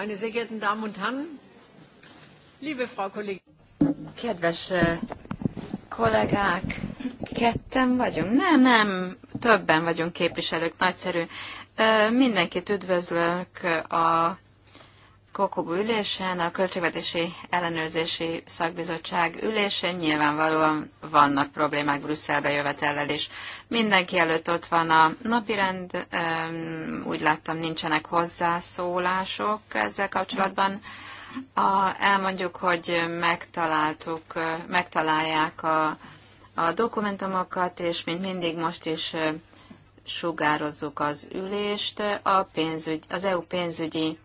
Meine sehr geehrten Damen und Herren, liebe Frau Kollegin. Kedves eh, kollégák, ketten vagyunk. Nem, nem, többen vagyunk képviselők, nagyszerű. Eh, mindenkit üdvözlök a Kokobu ülésen, a Költségvetési Ellenőrzési Szakbizottság ülésén nyilvánvalóan vannak problémák Brüsszelbe jövetellel is. Mindenki előtt ott van a napirend, úgy láttam nincsenek hozzászólások ezzel kapcsolatban. A, elmondjuk, hogy megtaláltuk, megtalálják a, a dokumentumokat, és mint mindig most is sugározzuk az ülést. A pénzügy, az EU pénzügyi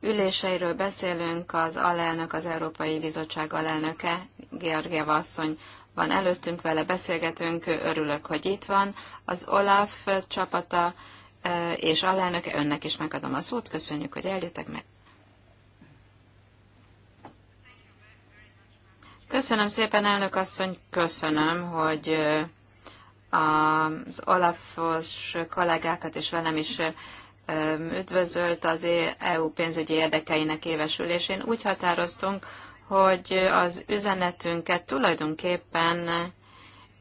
üléseiről beszélünk, az alelnök, az Európai Bizottság alelnöke, Georgieva asszony van előttünk, vele beszélgetünk, örülök, hogy itt van. Az Olaf csapata e, és alelnöke, önnek is megadom a szót, köszönjük, hogy eljöttek meg. Köszönöm szépen, elnök asszony, köszönöm, hogy e, az Olafos kollégákat és velem is üdvözölt az EU pénzügyi érdekeinek évesülésén. Úgy határoztunk, hogy az üzenetünket tulajdonképpen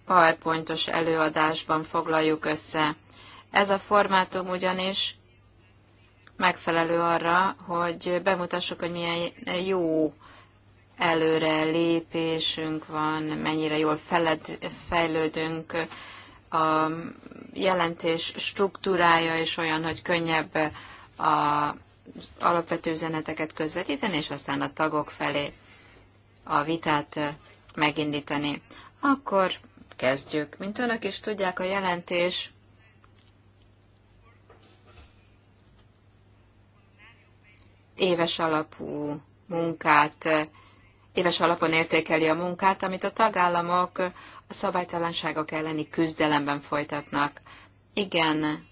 PowerPointos előadásban foglaljuk össze. Ez a formátum ugyanis megfelelő arra, hogy bemutassuk, hogy milyen jó előre lépésünk van, mennyire jól feled, fejlődünk a jelentés struktúrája is olyan, hogy könnyebb a alapvető üzeneteket közvetíteni, és aztán a tagok felé a vitát megindítani. Akkor kezdjük. Mint önök is tudják, a jelentés éves alapú munkát, éves alapon értékeli a munkát, amit a tagállamok a szabálytalanságok elleni küzdelemben folytatnak igen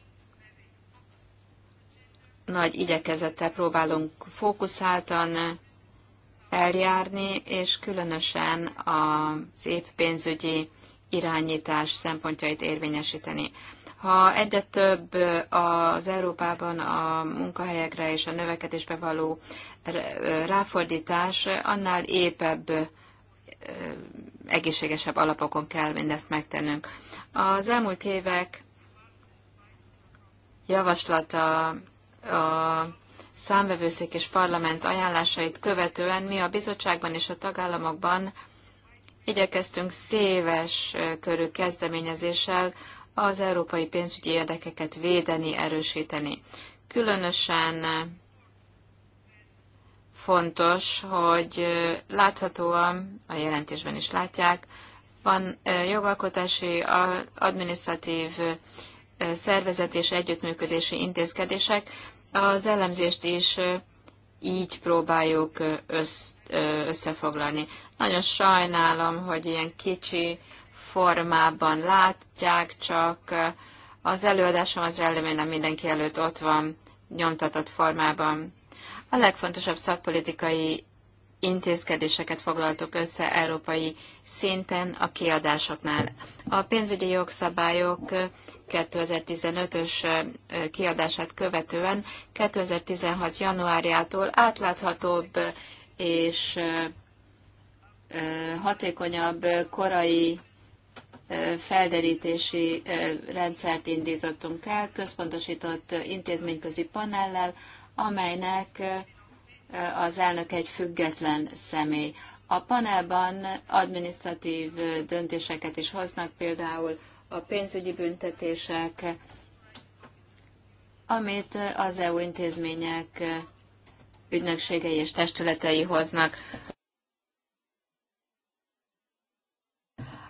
nagy igyekezettel próbálunk fókuszáltan eljárni, és különösen az épp pénzügyi irányítás szempontjait érvényesíteni. Ha egyre több az Európában a munkahelyekre és a növekedésbe való ráfordítás, annál épebb, egészségesebb alapokon kell mindezt megtennünk. Az elmúlt évek javaslata a számvevőszék és parlament ajánlásait követően mi a bizottságban és a tagállamokban igyekeztünk széles körű kezdeményezéssel az európai pénzügyi érdekeket védeni, erősíteni. Különösen fontos, hogy láthatóan, a jelentésben is látják, van jogalkotási, adminisztratív szervezet és együttműködési intézkedések. Az elemzést is így próbáljuk összefoglalni. Nagyon sajnálom, hogy ilyen kicsi formában látják, csak az előadásom az remélem mindenki előtt ott van, nyomtatott formában. A legfontosabb szakpolitikai intézkedéseket foglaltok össze európai szinten a kiadásoknál. A pénzügyi jogszabályok 2015-ös kiadását követően 2016. januárjától átláthatóbb és hatékonyabb korai felderítési rendszert indítottunk el, központosított intézményközi panellel, amelynek az elnök egy független személy. A panelban administratív döntéseket is hoznak, például a pénzügyi büntetések, amit az EU intézmények ügynökségei és testületei hoznak.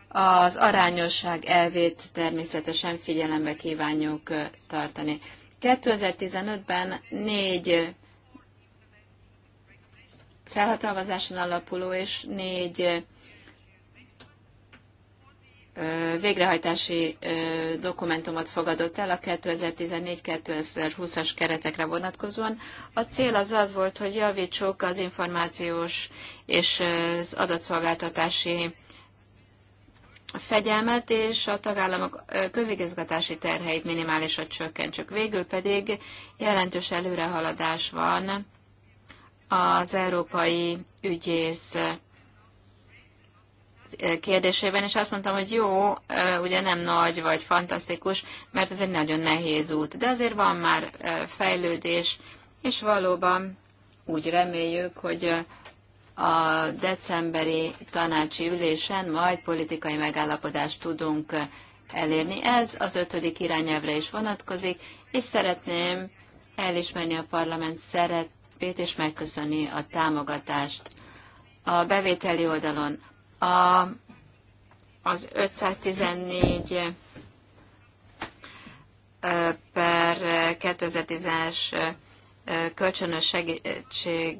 Az arányosság elvét természetesen figyelembe kívánjuk tartani. 2015-ben négy felhatalmazáson alapuló és négy végrehajtási dokumentumot fogadott el a 2014-2020-as keretekre vonatkozóan. A cél az az volt, hogy javítsuk az információs és az adatszolgáltatási fegyelmet és a tagállamok közigazgatási terheit minimálisra csökkentsük. Végül pedig jelentős előrehaladás van az európai ügyész kérdésében, és azt mondtam, hogy jó, ugye nem nagy vagy fantasztikus, mert ez egy nagyon nehéz út, de azért van már fejlődés, és valóban úgy reméljük, hogy a decemberi tanácsi ülésen majd politikai megállapodást tudunk elérni. Ez az ötödik irányelvre is vonatkozik, és szeretném elismerni a parlament szeret, szerepét, és megköszöni a támogatást. A bevételi oldalon a, az 514 per 2010-es kölcsönös segítség,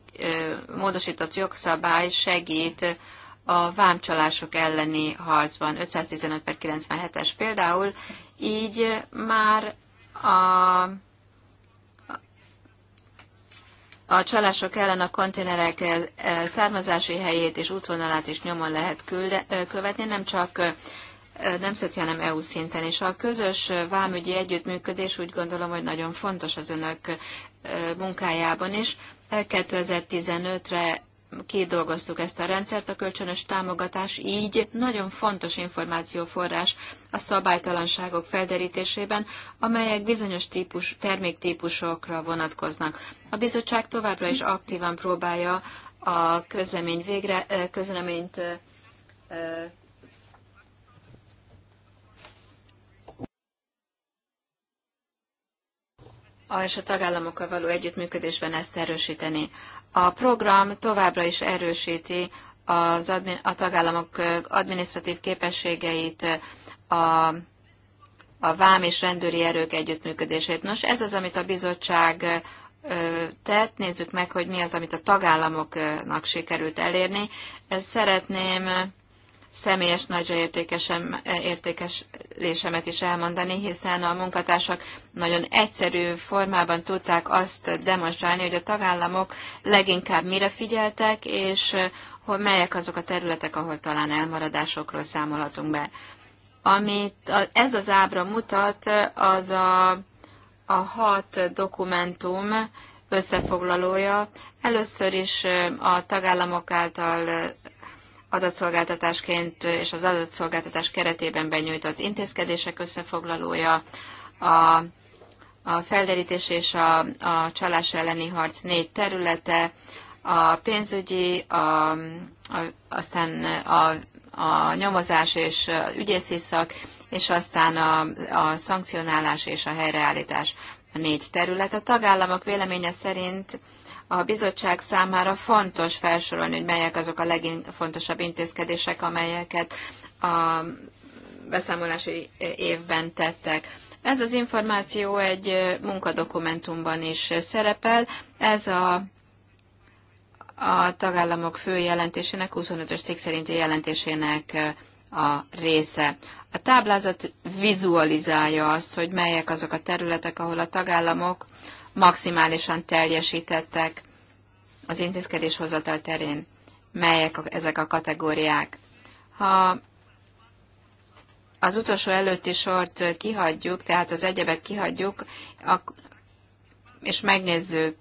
módosított jogszabály segít a vámcsalások elleni harcban, 515 per 97-es például, így már a a csalások ellen a konténerek eh, eh, származási helyét és útvonalát is nyomon lehet külde, eh, követni, nem csak nemzeti, hanem EU szinten. És a közös vámügyi együttműködés úgy gondolom, hogy nagyon fontos az önök munkájában is. 2015-re kidolgoztuk ezt a rendszert, a kölcsönös támogatás így nagyon fontos információforrás a szabálytalanságok felderítésében, amelyek bizonyos típus, terméktípusokra vonatkoznak. A bizottság továbbra is aktívan próbálja a közlemény végre, közleményt és a tagállamokkal való együttműködésben ezt erősíteni. A program továbbra is erősíti az admin, a tagállamok adminisztratív képességeit, a, a vám és rendőri erők együttműködését. Nos, ez az, amit a bizottság tett. Nézzük meg, hogy mi az, amit a tagállamoknak sikerült elérni. Ezt szeretném személyes nagyra értékesem, értékelésemet is elmondani, hiszen a munkatársak nagyon egyszerű formában tudták azt demonstrálni, hogy a tagállamok leginkább mire figyeltek, és hol melyek azok a területek, ahol talán elmaradásokról számolhatunk be. Amit ez az ábra mutat, az a, a hat dokumentum összefoglalója. Először is a tagállamok által adatszolgáltatásként és az adatszolgáltatás keretében benyújtott intézkedések összefoglalója, a, a felderítés és a, a csalás elleni harc négy területe, a pénzügyi, a, a, aztán a, a nyomozás és ügyészi szak, és aztán a, a szankcionálás és a helyreállítás a négy terület. A tagállamok véleménye szerint a bizottság számára fontos felsorolni, hogy melyek azok a legfontosabb intézkedések, amelyeket a beszámolási évben tettek. Ez az információ egy munkadokumentumban is szerepel. Ez a a tagállamok fő jelentésének, 25-ös cikk szerinti jelentésének a része. A táblázat vizualizálja azt, hogy melyek azok a területek, ahol a tagállamok maximálisan teljesítettek az intézkedéshozatal terén, melyek ezek a kategóriák. Ha az utolsó előtti sort kihagyjuk, tehát az egyebet kihagyjuk, és megnézzük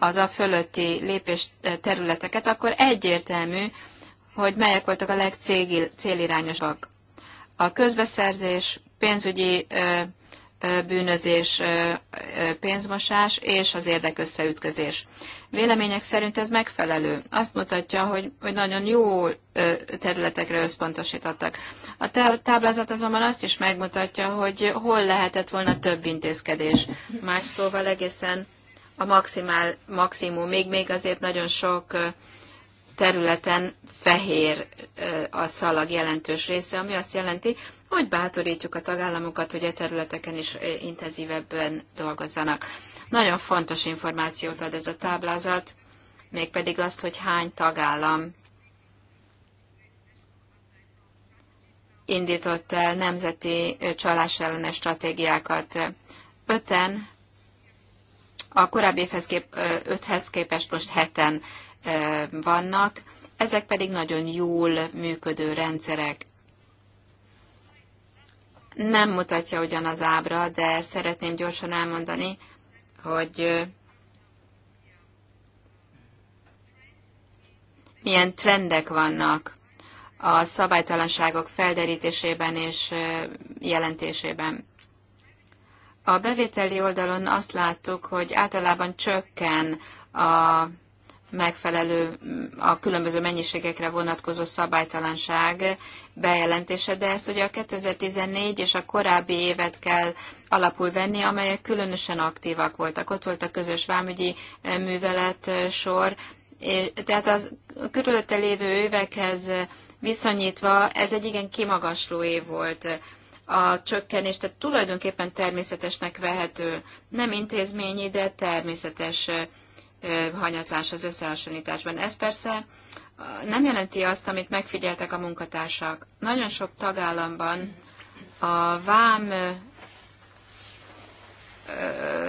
az a fölötti lépés eh, területeket, akkor egyértelmű, hogy melyek voltak a legcélirányosak. A közbeszerzés, pénzügyi bűnözés, pénzmosás és az érdekösszeütközés. Vélemények szerint ez megfelelő. Azt mutatja, hogy, hogy nagyon jó területekre összpontosítottak. A táblázat azonban azt is megmutatja, hogy hol lehetett volna több intézkedés. Más szóval egészen a maximál, maximum, még, még azért nagyon sok területen fehér a szalag jelentős része, ami azt jelenti, hogy bátorítjuk a tagállamokat, hogy a e területeken is intenzívebben dolgozzanak. Nagyon fontos információt ad ez a táblázat, mégpedig azt, hogy hány tagállam indított el nemzeti csalás ellenes stratégiákat. Öten a korábbi évhez kép, öthez képest most heten vannak, ezek pedig nagyon jól működő rendszerek. Nem mutatja ugyan az ábra, de szeretném gyorsan elmondani, hogy milyen trendek vannak a szabálytalanságok felderítésében és jelentésében. A bevételi oldalon azt láttuk, hogy általában csökken a megfelelő, a különböző mennyiségekre vonatkozó szabálytalanság bejelentése, de ezt ugye a 2014 és a korábbi évet kell alapul venni, amelyek különösen aktívak voltak. Ott volt a közös vámügyi eh, művelet eh, sor, és, tehát az körülötte lévő évekhez viszonyítva ez egy igen kimagasló év volt a csökkenés, tehát tulajdonképpen természetesnek vehető, nem intézményi, de természetes hanyatlás az összehasonlításban. Ez persze nem jelenti azt, amit megfigyeltek a munkatársak. Nagyon sok tagállamban a vám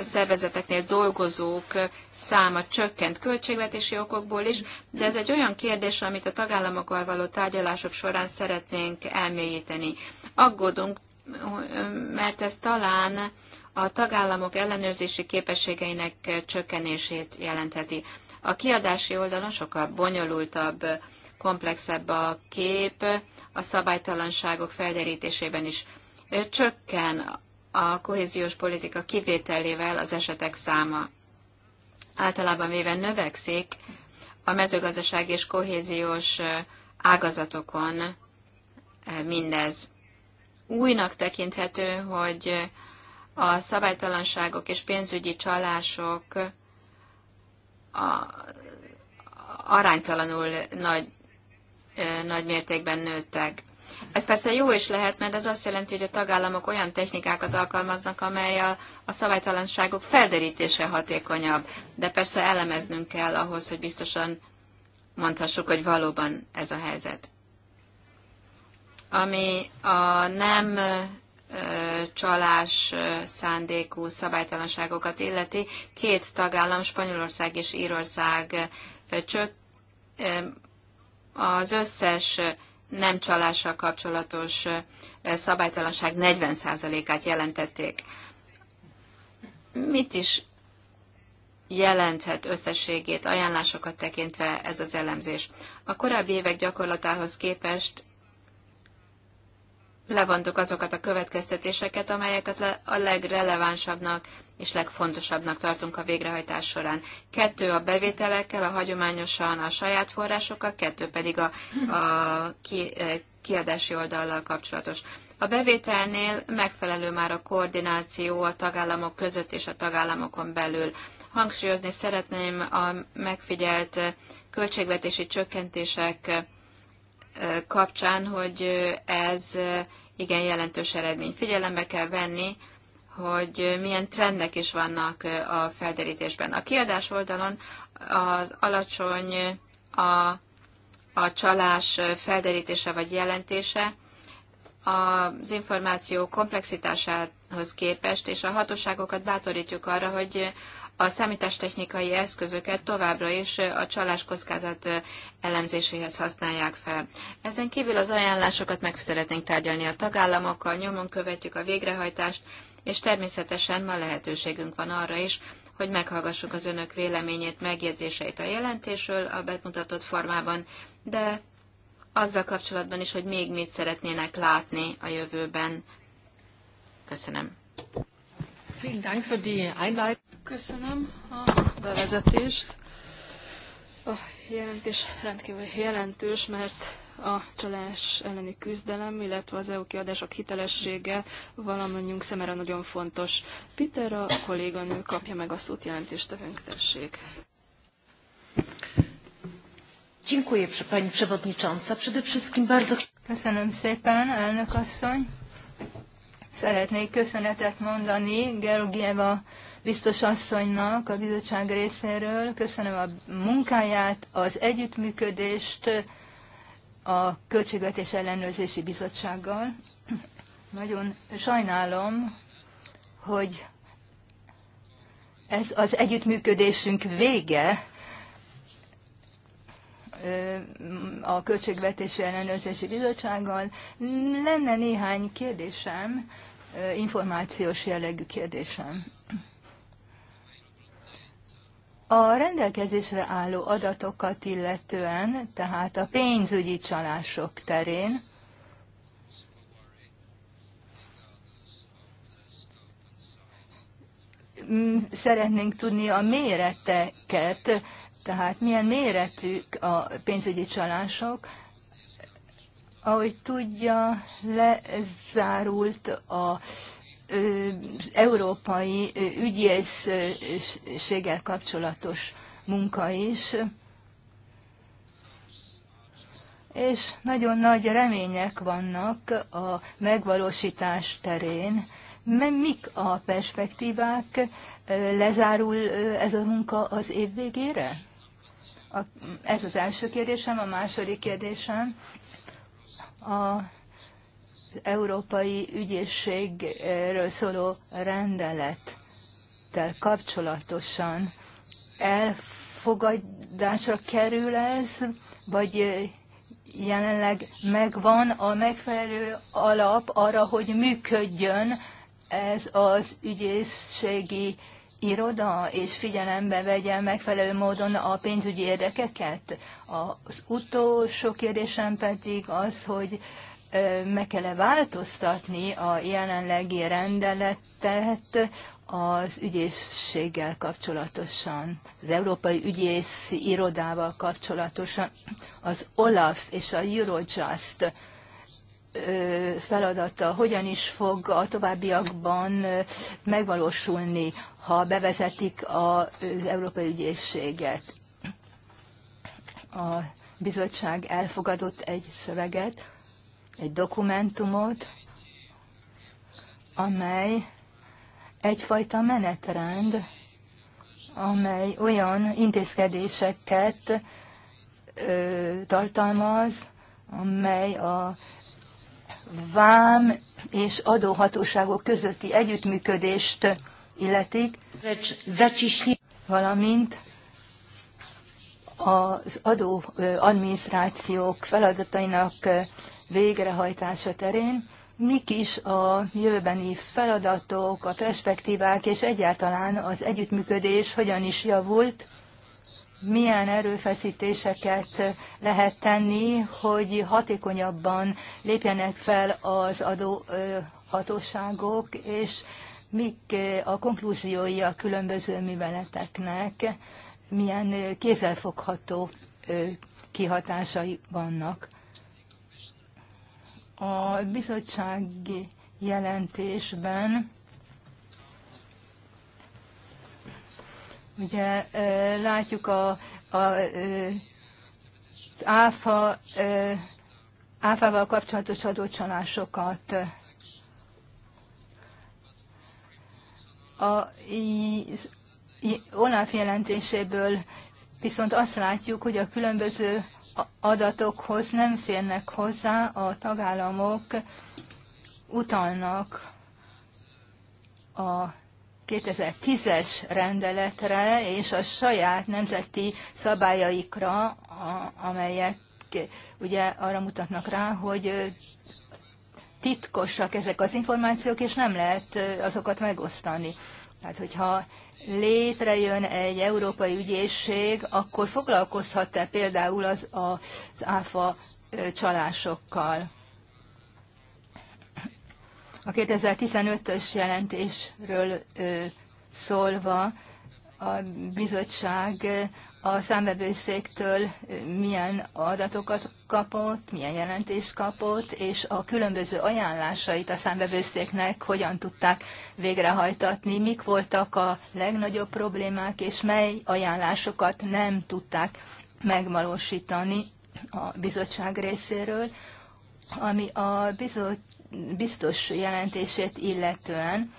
szervezeteknél dolgozók száma csökkent költségvetési okokból is, de ez egy olyan kérdés, amit a tagállamokkal való tárgyalások során szeretnénk elmélyíteni. Aggódunk mert ez talán a tagállamok ellenőrzési képességeinek csökkenését jelentheti. A kiadási oldalon sokkal bonyolultabb, komplexebb a kép, a szabálytalanságok felderítésében is csökken a kohéziós politika kivételével az esetek száma. Általában véve növekszik a mezőgazdaság és kohéziós ágazatokon mindez újnak tekinthető, hogy a szabálytalanságok és pénzügyi csalások a, aránytalanul nagy, nagy mértékben nőttek. Ez persze jó is lehet, mert ez azt jelenti, hogy a tagállamok olyan technikákat alkalmaznak, amely a, a szabálytalanságok felderítése hatékonyabb. De persze elemeznünk kell ahhoz, hogy biztosan mondhassuk, hogy valóban ez a helyzet ami a nem csalás szándékú szabálytalanságokat illeti. Két tagállam, Spanyolország és Írország csök, az összes nem csalással kapcsolatos szabálytalanság 40%-át jelentették. Mit is jelenthet összességét, ajánlásokat tekintve ez az elemzés? A korábbi évek gyakorlatához képest levontuk azokat a következtetéseket, amelyeket a legrelevánsabbnak és legfontosabbnak tartunk a végrehajtás során. Kettő a bevételekkel, a hagyományosan a saját forrásokkal, kettő pedig a, a ki, eh, kiadási oldallal kapcsolatos. A bevételnél megfelelő már a koordináció a tagállamok között és a tagállamokon belül. Hangsúlyozni szeretném a megfigyelt költségvetési csökkentések eh, kapcsán, hogy ez eh, igen jelentős eredmény. Figyelembe kell venni, hogy milyen trendek is vannak a felderítésben. A kiadás oldalon az alacsony a, a csalás felderítése vagy jelentése az információ komplexitásához képest, és a hatóságokat bátorítjuk arra, hogy a számítástechnikai eszközöket továbbra is a csalás kockázat elemzéséhez használják fel. Ezen kívül az ajánlásokat meg szeretnénk tárgyalni a tagállamokkal, nyomon követjük a végrehajtást, és természetesen ma lehetőségünk van arra is, hogy meghallgassuk az önök véleményét, megjegyzéseit a jelentésről a bemutatott formában, de azzal kapcsolatban is, hogy még mit szeretnének látni a jövőben. Köszönöm. Köszönöm a bevezetést. A jelentés rendkívül jelentős, mert a csalás elleni küzdelem, illetve az EU kiadások hitelessége valamennyiunk szemére nagyon fontos. Peter, a kolléganő kapja meg a szót jelentéstevőnk, tessék. Dziękuję, Pani Przewodnicząca. Przede wszystkim bardzo... Köszönöm szépen, elnök asszony. Szeretnék köszönetet mondani Georgieva biztos asszonynak a bizottság részéről. Köszönöm a munkáját, az együttműködést a Költségvetés Ellenőrzési Bizottsággal. Nagyon sajnálom, hogy ez az együttműködésünk vége, a Költségvetési Ellenőrzési Bizottsággal. Lenne néhány kérdésem, információs jellegű kérdésem. A rendelkezésre álló adatokat illetően, tehát a pénzügyi csalások terén, szeretnénk tudni a méreteket, tehát milyen méretűk a pénzügyi csalások. Ahogy tudja, lezárult a az európai ügyészséggel kapcsolatos munka is, és nagyon nagy remények vannak a megvalósítás terén. Mik a perspektívák? Lezárul ez a munka az év végére? A, ez az első kérdésem, a második kérdésem. A Európai Ügyészségről szóló rendelettel kapcsolatosan elfogadásra kerül ez, vagy jelenleg megvan a megfelelő alap arra, hogy működjön ez az ügyészségi iroda, és figyelembe vegye megfelelő módon a pénzügyi érdekeket. Az utolsó kérdésem pedig az, hogy meg kell -e változtatni a jelenlegi rendeletet az ügyészséggel kapcsolatosan, az Európai Ügyész Irodával kapcsolatosan, az OLAF és a Eurojust feladata hogyan is fog a továbbiakban megvalósulni, ha bevezetik az Európai Ügyészséget. A bizottság elfogadott egy szöveget, egy dokumentumot, amely egyfajta menetrend, amely olyan intézkedéseket ö, tartalmaz, amely a vám és adóhatóságok közötti együttműködést illetik, valamint az adó adminisztrációk feladatainak végrehajtása terén, mik is a jövőbeni feladatok, a perspektívák, és egyáltalán az együttműködés hogyan is javult milyen erőfeszítéseket lehet tenni, hogy hatékonyabban lépjenek fel az adóhatóságok, és mik a konklúziói a különböző műveleteknek, milyen kézzelfogható kihatásai vannak. A bizottsági jelentésben Ugye látjuk a, a, az áfa, áfával kapcsolatos adócsalásokat. A Olaf jelentéséből viszont azt látjuk, hogy a különböző adatokhoz nem férnek hozzá a tagállamok, utalnak a 2010-es rendeletre és a saját nemzeti szabályaikra, amelyek ugye arra mutatnak rá, hogy titkosak ezek az információk, és nem lehet azokat megosztani. Tehát, hogyha létrejön egy európai ügyészség, akkor foglalkozhat-e például az, az áfa csalásokkal? A 2015-ös jelentésről szólva a bizottság a számvevőszéktől milyen adatokat kapott, milyen jelentést kapott, és a különböző ajánlásait a számvevőszéknek hogyan tudták végrehajtatni, mik voltak a legnagyobb problémák, és mely ajánlásokat nem tudták megvalósítani a bizottság részéről, ami a bizot, biztos jelentését illetően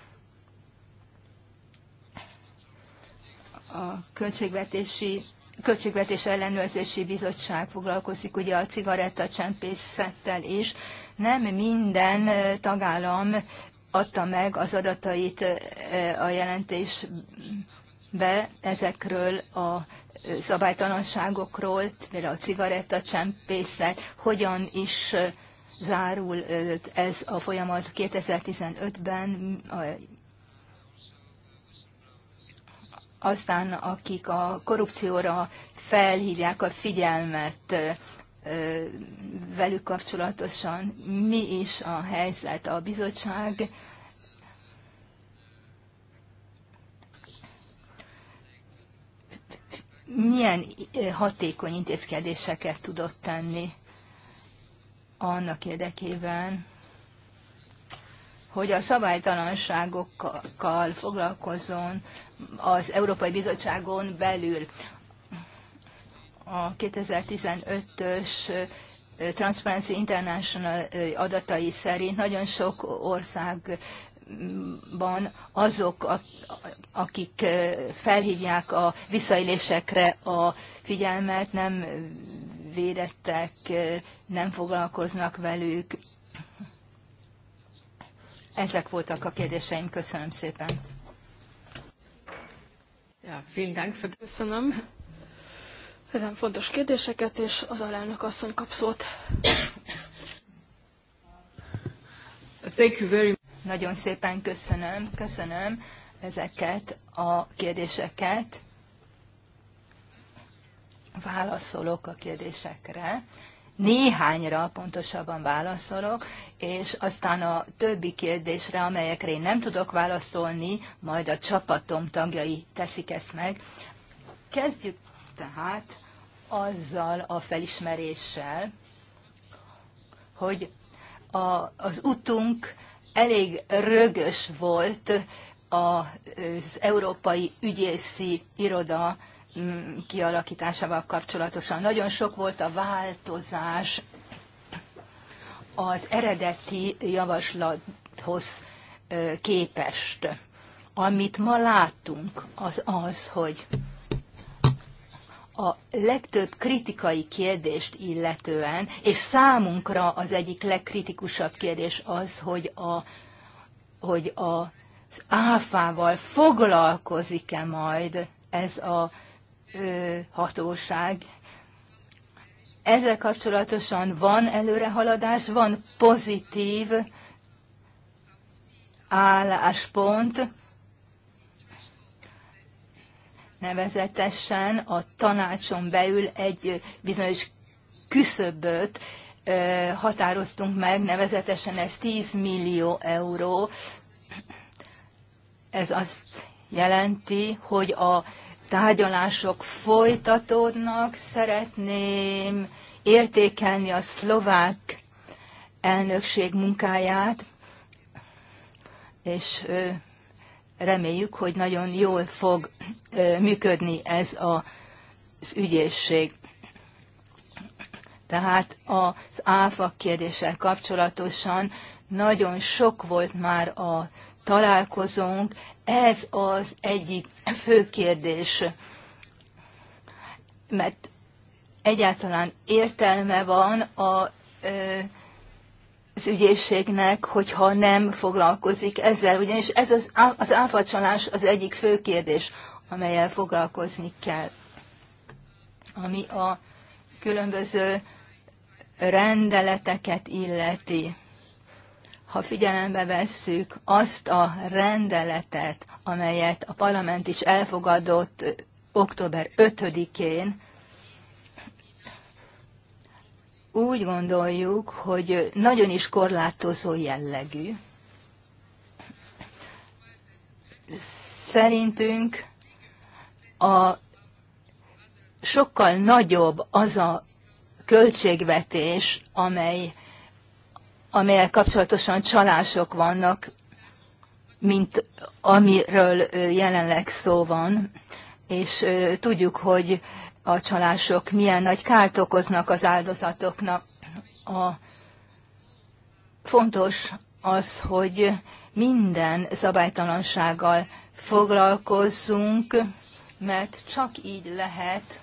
a költségvetési Költségvetés Ellenőrzési Bizottság foglalkozik ugye a cigarettacsempészettel is. Nem minden tagállam adta meg az adatait a jelentésbe ezekről a szabálytalanságokról, például a cigarettacsempészet hogyan is zárul ez a folyamat 2015-ben. Aztán akik a korrupcióra felhívják a figyelmet, velük kapcsolatosan mi is a helyzet a bizottság. Milyen hatékony intézkedéseket tudott tenni? annak érdekében, hogy a szabálytalanságokkal foglalkozzon az Európai Bizottságon belül. A 2015-ös Transparency International adatai szerint nagyon sok ország van azok, akik felhívják a visszaélésekre a figyelmet, nem védettek, nem foglalkoznak velük. Ezek voltak a kérdéseim. Köszönöm szépen. Ja, vielen Dank für Köszönöm ezen fontos kérdéseket, és az alelnök asszony kap szót. Thank you very much. Nagyon szépen köszönöm, köszönöm ezeket a kérdéseket válaszolok a kérdésekre, néhányra pontosabban válaszolok, és aztán a többi kérdésre, amelyekre én nem tudok válaszolni, majd a csapatom tagjai teszik ezt meg. Kezdjük tehát azzal a felismeréssel, hogy a, az utunk elég rögös volt az Európai Ügyészi Iroda kialakításával kapcsolatosan. Nagyon sok volt a változás az eredeti javaslathoz képest. Amit ma látunk az az, hogy a legtöbb kritikai kérdést illetően, és számunkra az egyik legkritikusabb kérdés az, hogy a, hogy a, az áfával foglalkozik-e majd ez a hatóság. Ezzel kapcsolatosan van előrehaladás, van pozitív álláspont, nevezetesen a tanácson belül egy bizonyos küszöböt határoztunk meg, nevezetesen ez 10 millió euró. Ez azt jelenti, hogy a tárgyalások folytatódnak. Szeretném értékelni a szlovák elnökség munkáját, és reméljük, hogy nagyon jól fog működni ez a, az ügyészség. Tehát az áfa kérdéssel kapcsolatosan nagyon sok volt már a találkozunk, ez az egyik fő kérdés, mert egyáltalán értelme van a, az ügyészségnek, hogyha nem foglalkozik ezzel, ugyanis ez az, az áfacsalás az egyik fő kérdés, amelyel foglalkozni kell, ami a különböző rendeleteket illeti ha figyelembe vesszük azt a rendeletet, amelyet a parlament is elfogadott október 5-én, úgy gondoljuk, hogy nagyon is korlátozó jellegű. Szerintünk a sokkal nagyobb az a költségvetés, amely amelyek kapcsolatosan csalások vannak, mint amiről jelenleg szó van, és tudjuk, hogy a csalások milyen nagy kárt okoznak az áldozatoknak. A fontos az, hogy minden szabálytalansággal foglalkozzunk, mert csak így lehet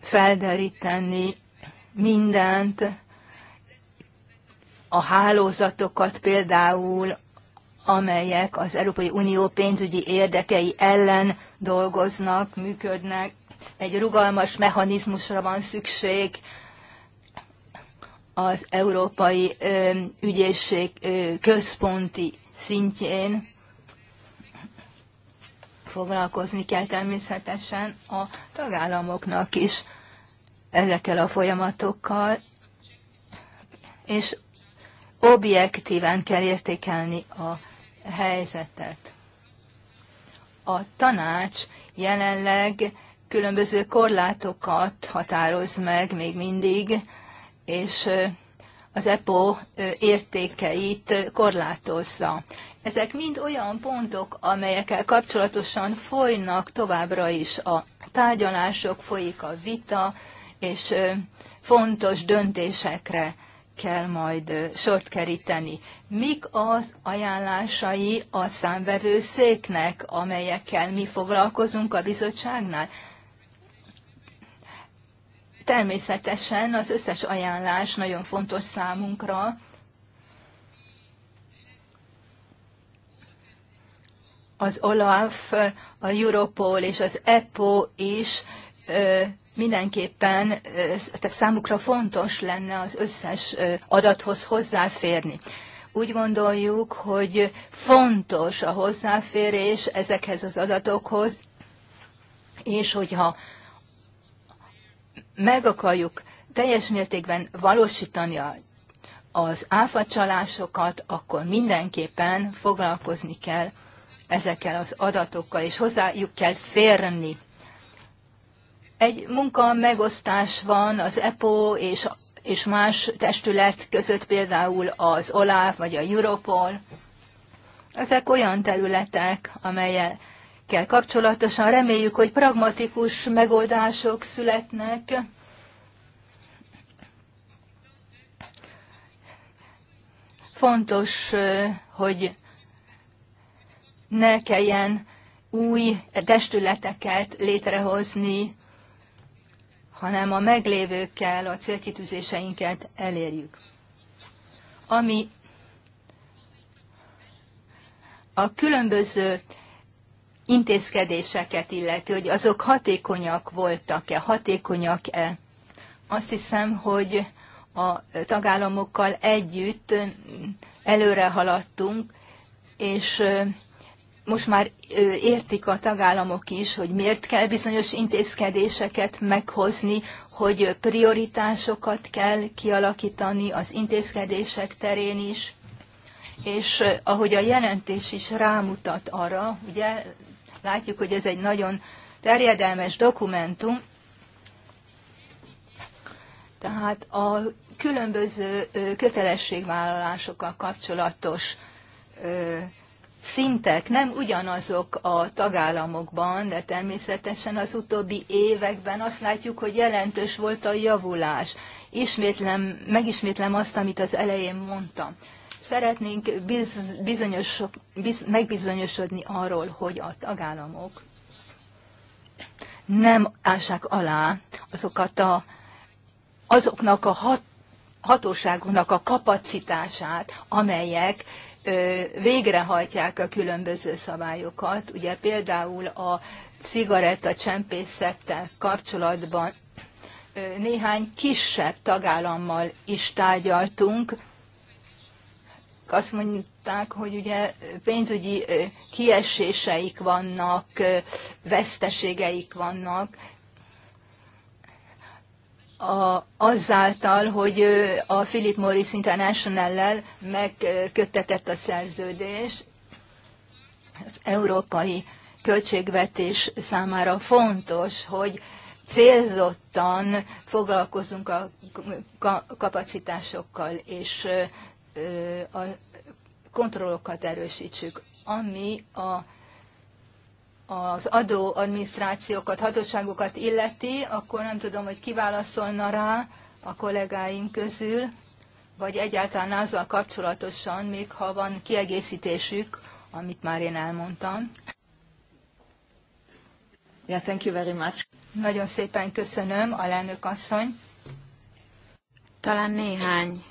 felderíteni mindent, a hálózatokat például, amelyek az Európai Unió pénzügyi érdekei ellen dolgoznak, működnek. Egy rugalmas mechanizmusra van szükség az Európai Ügyészség központi szintjén. Foglalkozni kell természetesen a tagállamoknak is ezekkel a folyamatokkal, és objektíven kell értékelni a helyzetet. A tanács jelenleg különböző korlátokat határoz meg még mindig, és az EPO értékeit korlátozza. Ezek mind olyan pontok, amelyekkel kapcsolatosan folynak továbbra is a tárgyalások, folyik a vita, és fontos döntésekre kell majd sort keríteni. Mik az ajánlásai a széknek, amelyekkel mi foglalkozunk a bizottságnál? Természetesen az összes ajánlás nagyon fontos számunkra. Az OLAF, a Europol és az EPO is mindenképpen tehát számukra fontos lenne az összes adathoz hozzáférni. Úgy gondoljuk, hogy fontos a hozzáférés ezekhez az adatokhoz, és hogyha meg akarjuk teljes mértékben valósítani a az csalásokat, akkor mindenképpen foglalkozni kell ezekkel az adatokkal, és hozzájuk kell férni. Egy munka megosztás van az EPO és, és más testület között, például az OLAF vagy a Europol. Ezek olyan területek, amelyekkel kapcsolatosan reméljük, hogy pragmatikus megoldások születnek. Fontos, hogy ne kelljen új testületeket létrehozni, hanem a meglévőkkel a célkitűzéseinket elérjük. Ami a különböző intézkedéseket illeti, hogy azok hatékonyak voltak-e, hatékonyak-e. Azt hiszem, hogy a tagállamokkal együtt előre haladtunk, és most már értik a tagállamok is, hogy miért kell bizonyos intézkedéseket meghozni, hogy prioritásokat kell kialakítani az intézkedések terén is, és ahogy a jelentés is rámutat arra, ugye látjuk, hogy ez egy nagyon terjedelmes dokumentum, tehát a különböző kötelességvállalásokkal kapcsolatos szintek nem ugyanazok a tagállamokban, de természetesen az utóbbi években azt látjuk, hogy jelentős volt a javulás. Ismétlem, megismétlem azt, amit az elején mondtam. Szeretnénk biz, bizonyos, biz, megbizonyosodni arról, hogy a tagállamok nem ássák alá azokat a, azoknak a hat, hatóságoknak a kapacitását, amelyek végrehajtják a különböző szabályokat. Ugye például a cigaretta csempészettel kapcsolatban néhány kisebb tagállammal is tárgyaltunk. Azt mondták, hogy ugye pénzügyi kieséseik vannak, veszteségeik vannak, a, azáltal, hogy a Philip Morris International-lel megköttetett a szerződés, az európai költségvetés számára fontos, hogy célzottan foglalkozunk a kapacitásokkal, és a kontrollokat erősítsük, ami a az adóadminisztrációkat, hatóságokat illeti, akkor nem tudom, hogy kiválaszolna rá a kollégáim közül, vagy egyáltalán azzal kapcsolatosan, még ha van kiegészítésük, amit már én elmondtam. Yeah, thank you very much. Nagyon szépen köszönöm, alelnök asszony. Talán néhány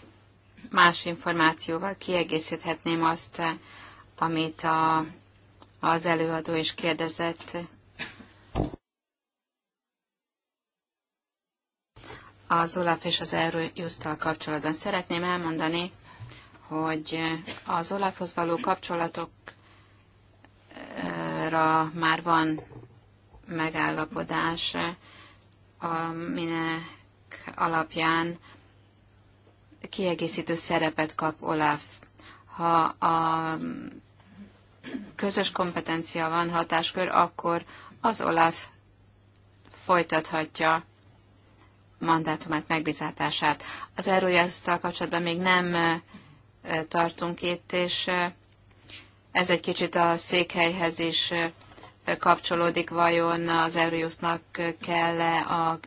más információval kiegészíthetném azt, amit a az előadó is kérdezett az Olaf és az Eurojusztal kapcsolatban. Szeretném elmondani, hogy az Olafhoz való kapcsolatokra már van megállapodás, aminek alapján kiegészítő szerepet kap Olaf. Ha a közös kompetencia van, hatáskör, akkor az OLAF folytathatja mandátumát, megbizátását. Az Eurojust-tal kapcsolatban még nem tartunk itt, és ez egy kicsit a székhelyhez is kapcsolódik, vajon az Eurojustnak kell -e a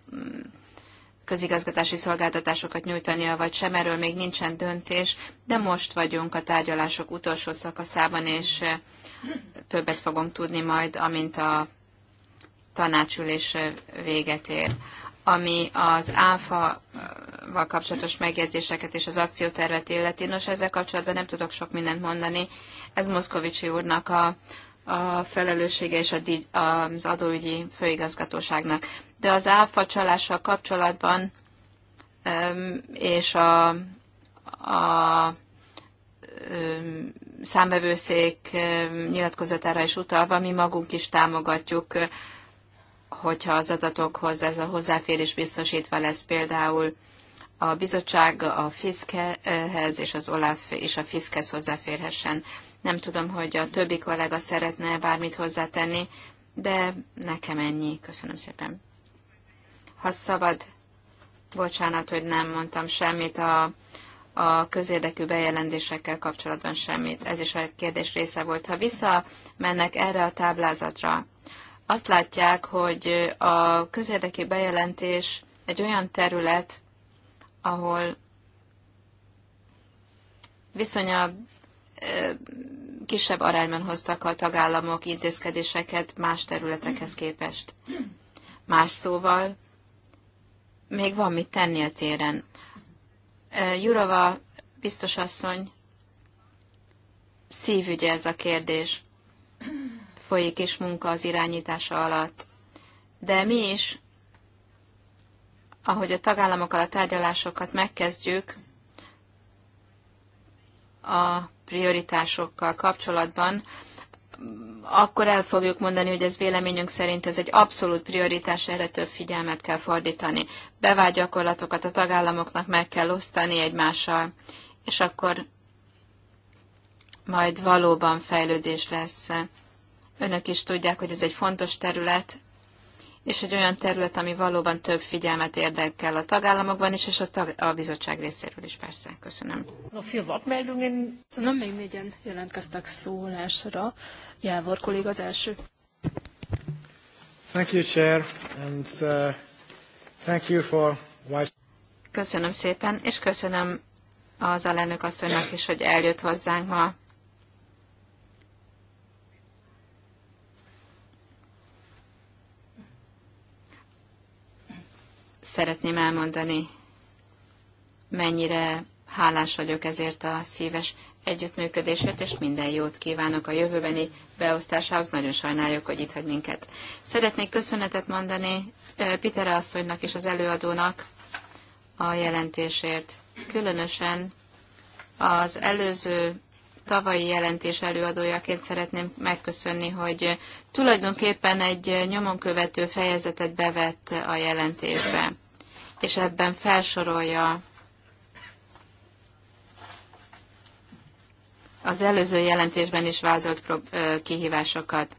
közigazgatási szolgáltatásokat nyújtania, vagy sem, erről még nincsen döntés, de most vagyunk a tárgyalások utolsó szakaszában, és többet fogunk tudni majd, amint a tanácsülés véget ér. Ami az áfa-val kapcsolatos megjegyzéseket és az akciótervet illeti, nos, ezzel kapcsolatban nem tudok sok mindent mondani. Ez Moszkovicsi úrnak a, a felelőssége és a, az adóügyi főigazgatóságnak de az áfa csalással kapcsolatban és a, a számvevőszék nyilatkozatára is utalva, mi magunk is támogatjuk, hogyha az adatokhoz ez a hozzáférés biztosítva lesz például a bizottság a Fiskehez és az OLAF és a FISZKEhez hozzáférhessen. Nem tudom, hogy a többi kollega szeretne bármit hozzátenni, de nekem ennyi. Köszönöm szépen ha szabad, bocsánat, hogy nem mondtam semmit a, a közérdekű bejelentésekkel kapcsolatban semmit. Ez is a kérdés része volt. Ha visszamennek erre a táblázatra, azt látják, hogy a közérdekű bejelentés egy olyan terület, ahol viszonya kisebb arányban hoztak a tagállamok intézkedéseket más területekhez képest. Más szóval, még van mit tenni a téren. Jurova biztos asszony, szívügye ez a kérdés. Folyik is munka az irányítása alatt. De mi is, ahogy a tagállamokkal a tárgyalásokat megkezdjük, a prioritásokkal kapcsolatban, akkor el fogjuk mondani, hogy ez véleményünk szerint ez egy abszolút prioritás, erre több figyelmet kell fordítani. Bevált gyakorlatokat a tagállamoknak meg kell osztani egymással, és akkor majd valóban fejlődés lesz. Önök is tudják, hogy ez egy fontos terület, és egy olyan terület, ami valóban több figyelmet érdekel a tagállamokban is, és a, tag, a bizottság részéről is persze. Köszönöm. No A filmapmeldungen... Szóval még négyen jelentkeztek szólásra. Jávor kolléga az első. Thank you, Chair, and uh, thank you for... Köszönöm szépen, és köszönöm az alelnök asszonynak is, hogy eljött hozzánk ma. szeretném elmondani, mennyire hálás vagyok ezért a szíves együttműködésért, és minden jót kívánok a jövőbeni beosztásához. Nagyon sajnáljuk, hogy itt hagy minket. Szeretnék köszönetet mondani Pitere asszonynak és az előadónak a jelentésért. Különösen az előző tavalyi jelentés előadójaként szeretném megköszönni, hogy tulajdonképpen egy nyomon követő fejezetet bevett a jelentésbe, és ebben felsorolja az előző jelentésben is vázolt kihívásokat.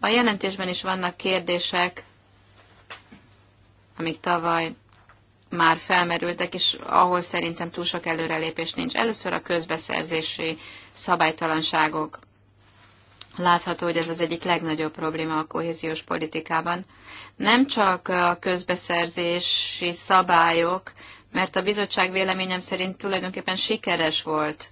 A jelentésben is vannak kérdések, amik tavaly már felmerültek, és ahol szerintem túl sok előrelépés nincs. Először a közbeszerzési szabálytalanságok. Látható, hogy ez az egyik legnagyobb probléma a kohéziós politikában. Nem csak a közbeszerzési szabályok, mert a bizottság véleményem szerint tulajdonképpen sikeres volt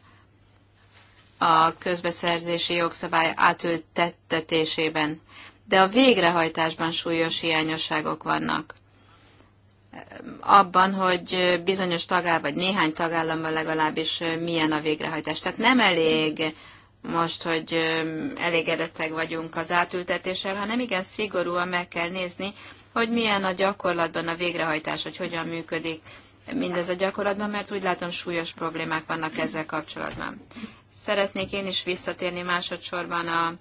a közbeszerzési jogszabály átültettetésében, de a végrehajtásban súlyos hiányosságok vannak abban, hogy bizonyos tagállam, vagy néhány tagállamban legalábbis milyen a végrehajtás. Tehát nem elég most, hogy elégedettek vagyunk az átültetéssel, hanem igen szigorúan meg kell nézni, hogy milyen a gyakorlatban a végrehajtás, hogy hogyan működik mindez a gyakorlatban, mert úgy látom súlyos problémák vannak ezzel kapcsolatban. Szeretnék én is visszatérni másodszorban a,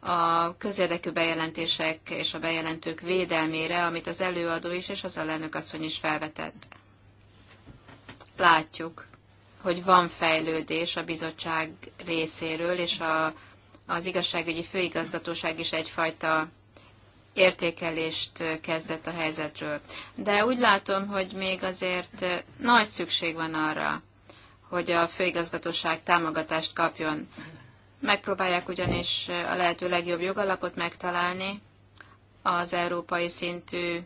a közérdekű bejelentések és a bejelentők védelmére, amit az előadó is és az alelnök asszony is felvetett. Látjuk, hogy van fejlődés a bizottság részéről, és a, az igazságügyi főigazgatóság is egyfajta értékelést kezdett a helyzetről. De úgy látom, hogy még azért nagy szükség van arra, hogy a főigazgatóság támogatást kapjon Megpróbálják ugyanis a lehető legjobb jogalapot megtalálni az európai szintű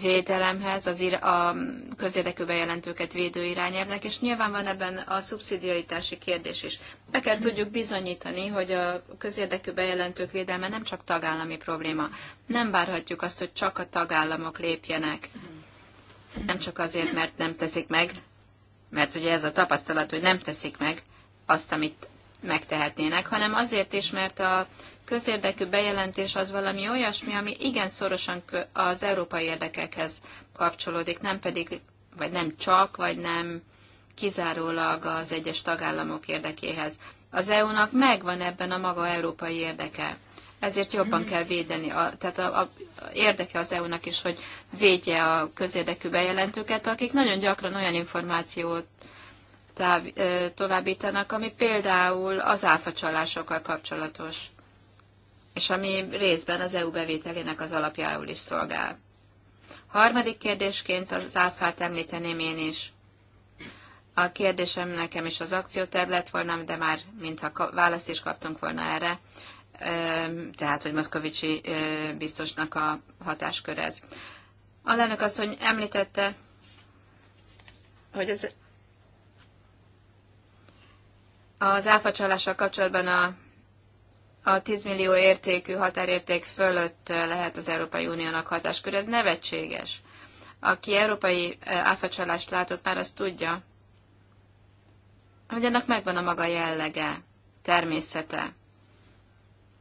védelemhez, az ir- a közérdekű bejelentőket védő irányelvnek, és nyilván van ebben a szubszidiaritási kérdés is. Be kell tudjuk bizonyítani, hogy a közérdekű bejelentők védelme nem csak tagállami probléma. Nem várhatjuk azt, hogy csak a tagállamok lépjenek. Nem csak azért, mert nem teszik meg, mert ugye ez a tapasztalat, hogy nem teszik meg azt, amit megtehetnének, hanem azért is, mert a közérdekű bejelentés az valami olyasmi, ami igen szorosan az európai érdekekhez kapcsolódik, nem pedig, vagy nem csak, vagy nem kizárólag az egyes tagállamok érdekéhez. Az EU-nak megvan ebben a maga európai érdeke. Ezért jobban kell védeni, a, tehát a, a érdeke az EU-nak is, hogy védje a közérdekű bejelentőket, akik nagyon gyakran olyan információt táv, továbbítanak, ami például az áfacsalásokkal kapcsolatos, és ami részben az EU bevételének az alapjául is szolgál. Harmadik kérdésként az áfát említeném én is. A kérdésem nekem is az akcióterv lett volna, de már mintha választ is kaptunk volna erre, tehát, hogy Moszkovicsi biztosnak a hatáskör ez. Alelnök asszony említette, hogy az az áfacsalással kapcsolatban a, a 10 millió értékű határérték fölött lehet az Európai Uniónak hatáskör. Ez nevetséges. Aki európai áfacsalást látott, már azt tudja, hogy ennek megvan a maga jellege, természete.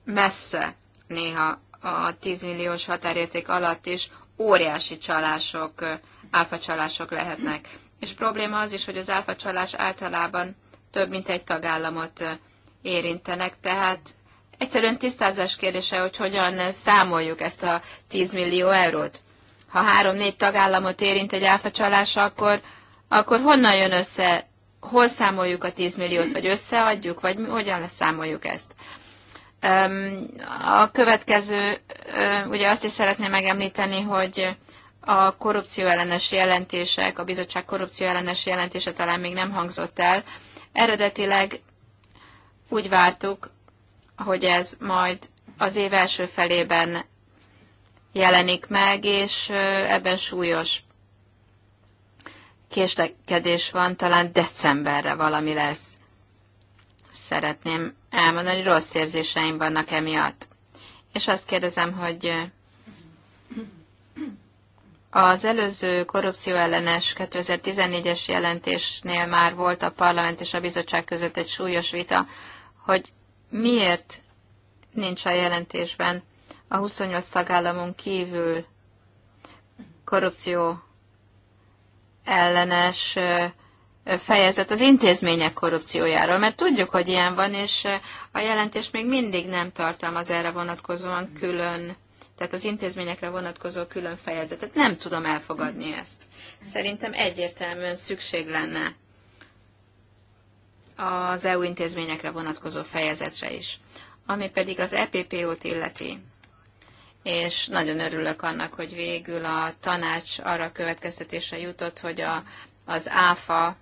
Messze néha a 10 milliós határérték alatt is óriási csalások, áfacsalások lehetnek. És probléma az is, hogy az áfacsalás általában több mint egy tagállamot érintenek, tehát egyszerűen tisztázás kérdése, hogy hogyan számoljuk ezt a 10 millió eurót. Ha három-négy tagállamot érint egy áfacsalás, akkor, akkor honnan jön össze, hol számoljuk a 10 milliót, vagy összeadjuk, vagy hogyan számoljuk ezt? A következő, ugye azt is szeretném megemlíteni, hogy a korrupcióellenes jelentések, a bizottság korrupcióellenes jelentése talán még nem hangzott el, Eredetileg úgy vártuk, hogy ez majd az év első felében jelenik meg, és ebben súlyos késlekedés van, talán decemberre valami lesz. Szeretném elmondani, rossz érzéseim vannak emiatt. És azt kérdezem, hogy az előző korrupcióellenes 2014-es jelentésnél már volt a parlament és a bizottság között egy súlyos vita, hogy miért nincs a jelentésben a 28 tagállamon kívül korrupció ellenes fejezet az intézmények korrupciójáról, mert tudjuk, hogy ilyen van, és a jelentés még mindig nem tartalmaz erre vonatkozóan külön tehát az intézményekre vonatkozó külön fejezetet. Nem tudom elfogadni ezt. Szerintem egyértelműen szükség lenne az EU intézményekre vonatkozó fejezetre is. Ami pedig az EPPO-t illeti, és nagyon örülök annak, hogy végül a tanács arra következtetésre jutott, hogy a, az ÁFA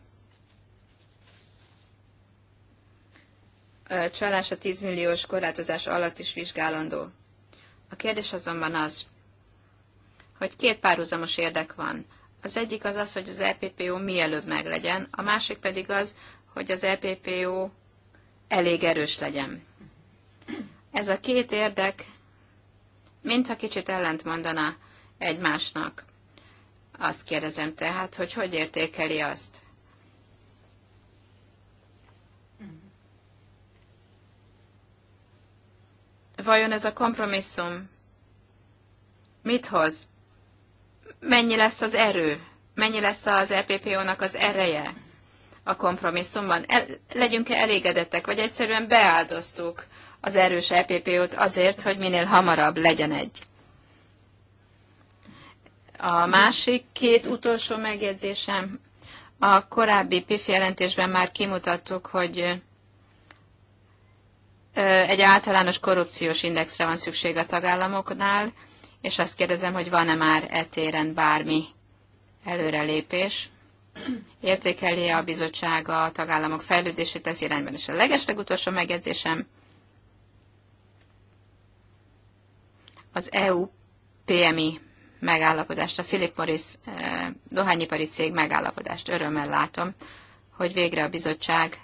csalás a 10 milliós korlátozás alatt is vizsgálandó. A kérdés azonban az, hogy két párhuzamos érdek van. Az egyik az az, hogy az EPPO mielőbb meglegyen, a másik pedig az, hogy az EPPO elég erős legyen. Ez a két érdek mintha kicsit mondana, egymásnak. Azt kérdezem tehát, hogy hogy értékeli azt? vajon ez a kompromisszum mit hoz? Mennyi lesz az erő? Mennyi lesz az EPPO-nak az ereje a kompromisszumban? El, legyünk-e elégedettek, vagy egyszerűen beáldoztuk az erős EPPO-t azért, hogy minél hamarabb legyen egy? A másik két utolsó megjegyzésem. A korábbi PIF jelentésben már kimutattuk, hogy egy általános korrupciós indexre van szükség a tagállamoknál, és azt kérdezem, hogy van-e már etéren bármi előrelépés. Érzékeli a bizottság a tagállamok fejlődését ez irányban, és a legeslegutolsó megjegyzésem az EU PMI megállapodást, a Philip Morris dohányipari cég megállapodást. Örömmel látom, hogy végre a bizottság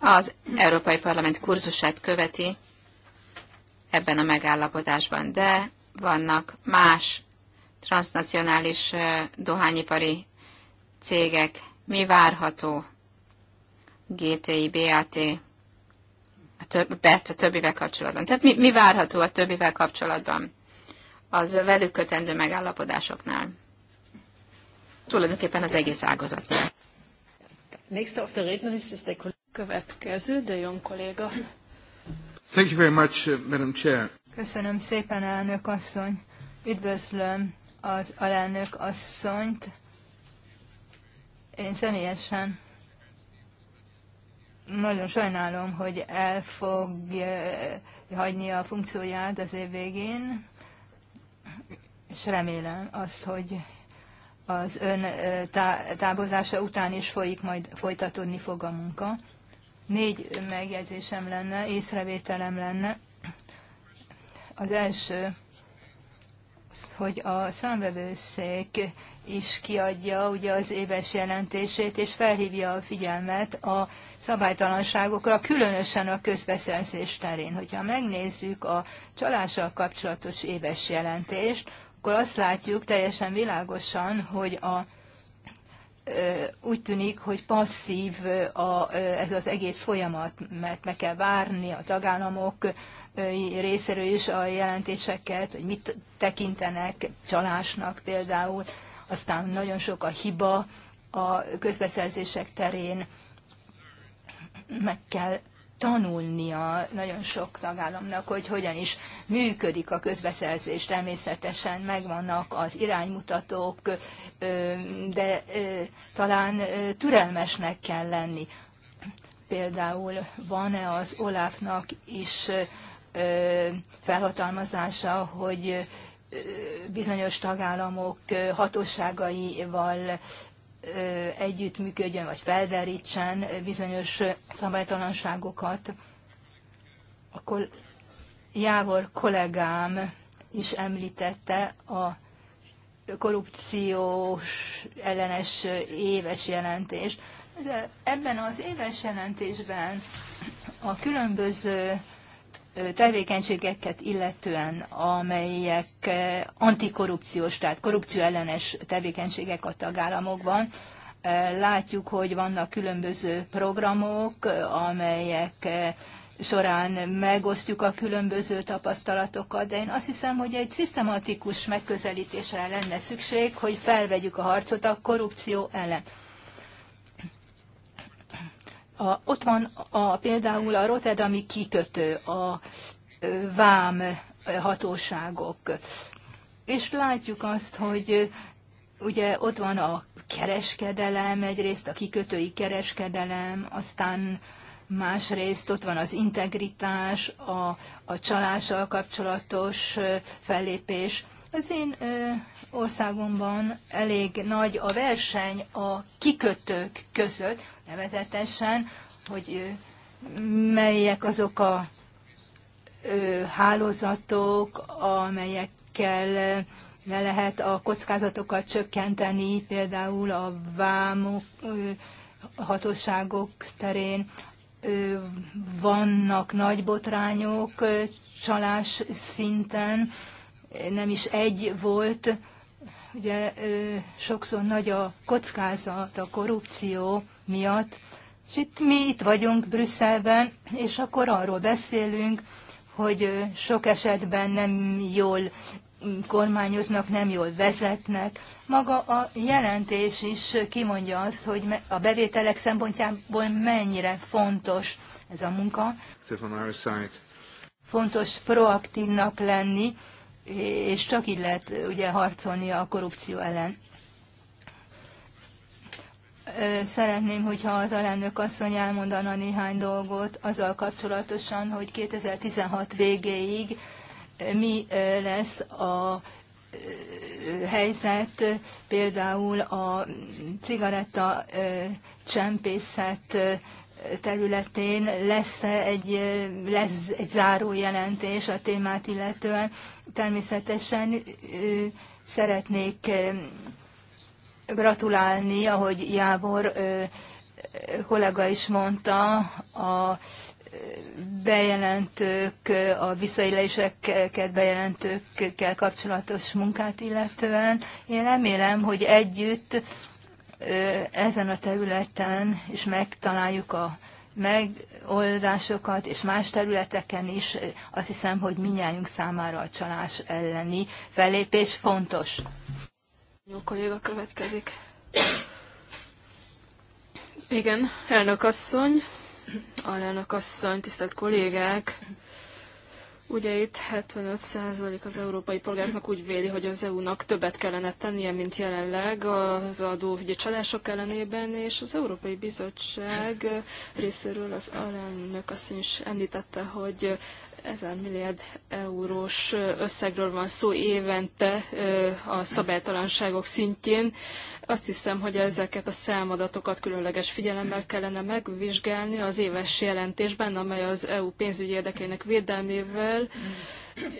az Európai Parlament kurzusát követi ebben a megállapodásban, de vannak más transnacionális dohányipari cégek. Mi várható? GTI, BAT, a, több, BET, a többivel kapcsolatban. Tehát mi, mi várható a többivel kapcsolatban az velük kötendő megállapodásoknál? Tulajdonképpen az egész ágazatnál. Nächster auf der következő, de jön kolléga. Thank you very much, uh, Madam Chair. Köszönöm szépen, elnök asszony. Üdvözlöm az alelnök asszonyt. Én személyesen nagyon sajnálom, hogy el fog hagyni a funkcióját az év végén, és remélem azt, hogy az ön távozása után is folyik, majd folytatódni fog a munka. Négy megjegyzésem lenne, észrevételem lenne. Az első, hogy a számvevőszék is kiadja ugye az éves jelentését, és felhívja a figyelmet a szabálytalanságokra, különösen a közbeszerzés terén. Hogyha megnézzük a csalással kapcsolatos éves jelentést, akkor azt látjuk teljesen világosan, hogy a úgy tűnik, hogy passzív a, ez az egész folyamat, mert meg kell várni a tagállamok részéről is a jelentéseket, hogy mit tekintenek csalásnak például, aztán nagyon sok a hiba a közbeszerzések terén, meg kell tanulnia nagyon sok tagállamnak, hogy hogyan is működik a közbeszerzés. Természetesen megvannak az iránymutatók, de talán türelmesnek kell lenni. Például van-e az Olafnak is felhatalmazása, hogy bizonyos tagállamok hatóságaival együttműködjön, vagy felderítsen bizonyos szabálytalanságokat, akkor Jávor kollégám is említette a korrupciós ellenes éves jelentést. Ebben az éves jelentésben a különböző tevékenységeket illetően, amelyek antikorrupciós, tehát korrupcióellenes tevékenységek a tagállamokban, látjuk, hogy vannak különböző programok, amelyek során megosztjuk a különböző tapasztalatokat, de én azt hiszem, hogy egy szisztematikus megközelítésre lenne szükség, hogy felvegyük a harcot a korrupció ellen. A, ott van a, például a Rotterdami kikötő, a vám hatóságok. És látjuk azt, hogy ugye ott van a kereskedelem, egyrészt a kikötői kereskedelem, aztán másrészt ott van az integritás, a, a csalással kapcsolatos fellépés. Az én országomban elég nagy a verseny a kikötők között, nevezetesen, hogy melyek azok a hálózatok, amelyekkel le lehet a kockázatokat csökkenteni, például a vámok hatóságok terén vannak nagy botrányok csalás szinten, nem is egy volt, ugye sokszor nagy a kockázat a korrupció miatt, és itt mi itt vagyunk Brüsszelben, és akkor arról beszélünk, hogy sok esetben nem jól kormányoznak, nem jól vezetnek. Maga a jelentés is kimondja azt, hogy a bevételek szempontjából mennyire fontos ez a munka. Fontos proaktívnak lenni, és csak így lehet ugye harcolni a korrupció ellen. Szeretném, hogyha az alelnök asszony elmondana néhány dolgot azzal kapcsolatosan, hogy 2016 végéig mi lesz a helyzet, például a cigaretta csempészet területén lesz -e egy, lesz egy jelentés a témát illetően, Természetesen szeretnék gratulálni, ahogy Jávor kollega is mondta, a bejelentők, a visszaéléseket bejelentőkkel kapcsolatos munkát illetően. Én remélem, hogy együtt ezen a területen is megtaláljuk a megoldásokat, és más területeken is azt hiszem, hogy minnyájunk számára a csalás elleni fellépés fontos. Jó kolléga következik. Igen, elnök asszony, alelnök asszony, tisztelt kollégák, Ugye itt 75% az európai polgároknak úgy véli, hogy az EU-nak többet kellene tennie, mint jelenleg az adó, ugye, csalások ellenében, és az Európai Bizottság részéről az alelnök azt is említette, hogy ezer milliárd eurós összegről van szó évente a szabálytalanságok szintjén. Azt hiszem, hogy ezeket a számadatokat különleges figyelemmel kellene megvizsgálni az éves jelentésben, amely az EU pénzügyi érdekeinek védelmével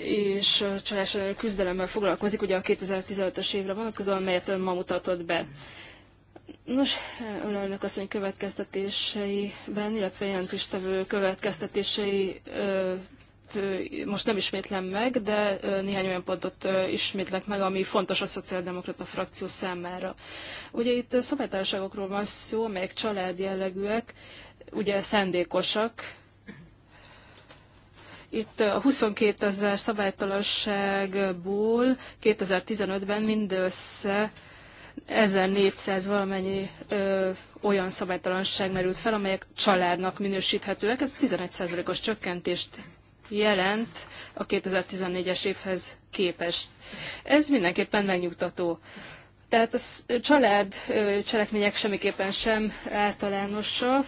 és csalás küzdelemmel foglalkozik, ugye a 2015-ös évre vonatkozóan, amelyet ön ma mutatott be. Nos, önök asszony következtetéseiben, illetve jelentéstevő következtetései most nem ismétlem meg, de néhány olyan pontot ismétlek meg, ami fontos a szociáldemokrata frakció számára. Ugye itt szabálytárságokról van szó, amelyek család jellegűek, ugye szendékosak. itt a 22 ezer szabálytalanságból 2015-ben mindössze 1400 valamennyi ö, olyan szabálytalanság merült fel, amelyek családnak minősíthetőek. Ez 11%-os csökkentést jelent a 2014-es évhez képest. Ez mindenképpen megnyugtató. Tehát a család cselekmények semmiképpen sem általánosak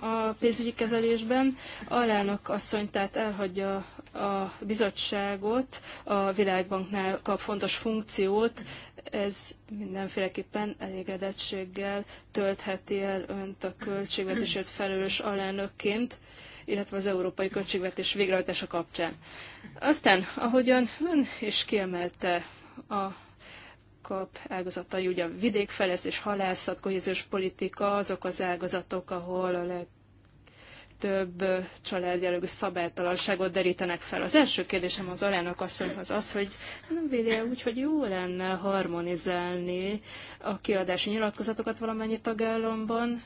a pénzügyi kezelésben. Alának asszony tehát elhagyja a bizottságot, a Világbanknál kap fontos funkciót, ez mindenféleképpen elégedettséggel töltheti el önt a költségvetésért felelős alelnökként illetve az európai költségvetés végrehajtása kapcsán. Aztán, ahogyan ön is kiemelte a kap ágazatai, ugye a vidékfejlesztés, halászat, kohéziós politika, azok az ágazatok, ahol a leg több családjelögű szabálytalanságot derítenek fel. Az első kérdésem az alának asszonyhoz az, hogy hát nem véli úgy, hogy jó lenne harmonizálni a kiadási nyilatkozatokat valamennyi tagállamban,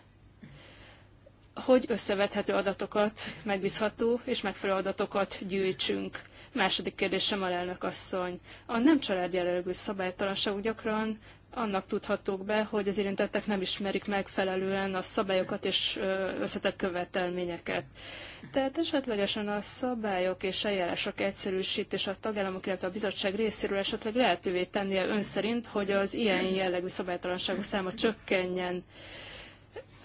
hogy összevethető adatokat, megbízható és megfelelő adatokat gyűjtsünk. Második kérdésem, elnök asszony. A nem családjelölgő szabálytalanságok gyakran annak tudhatók be, hogy az érintettek nem ismerik megfelelően a szabályokat és összetett követelményeket. Tehát esetlegesen a szabályok és eljárások egyszerűsítése a tagállamok, illetve a bizottság részéről esetleg lehetővé tennie ön szerint, hogy az ilyen jellegű szabálytalanságok száma csökkenjen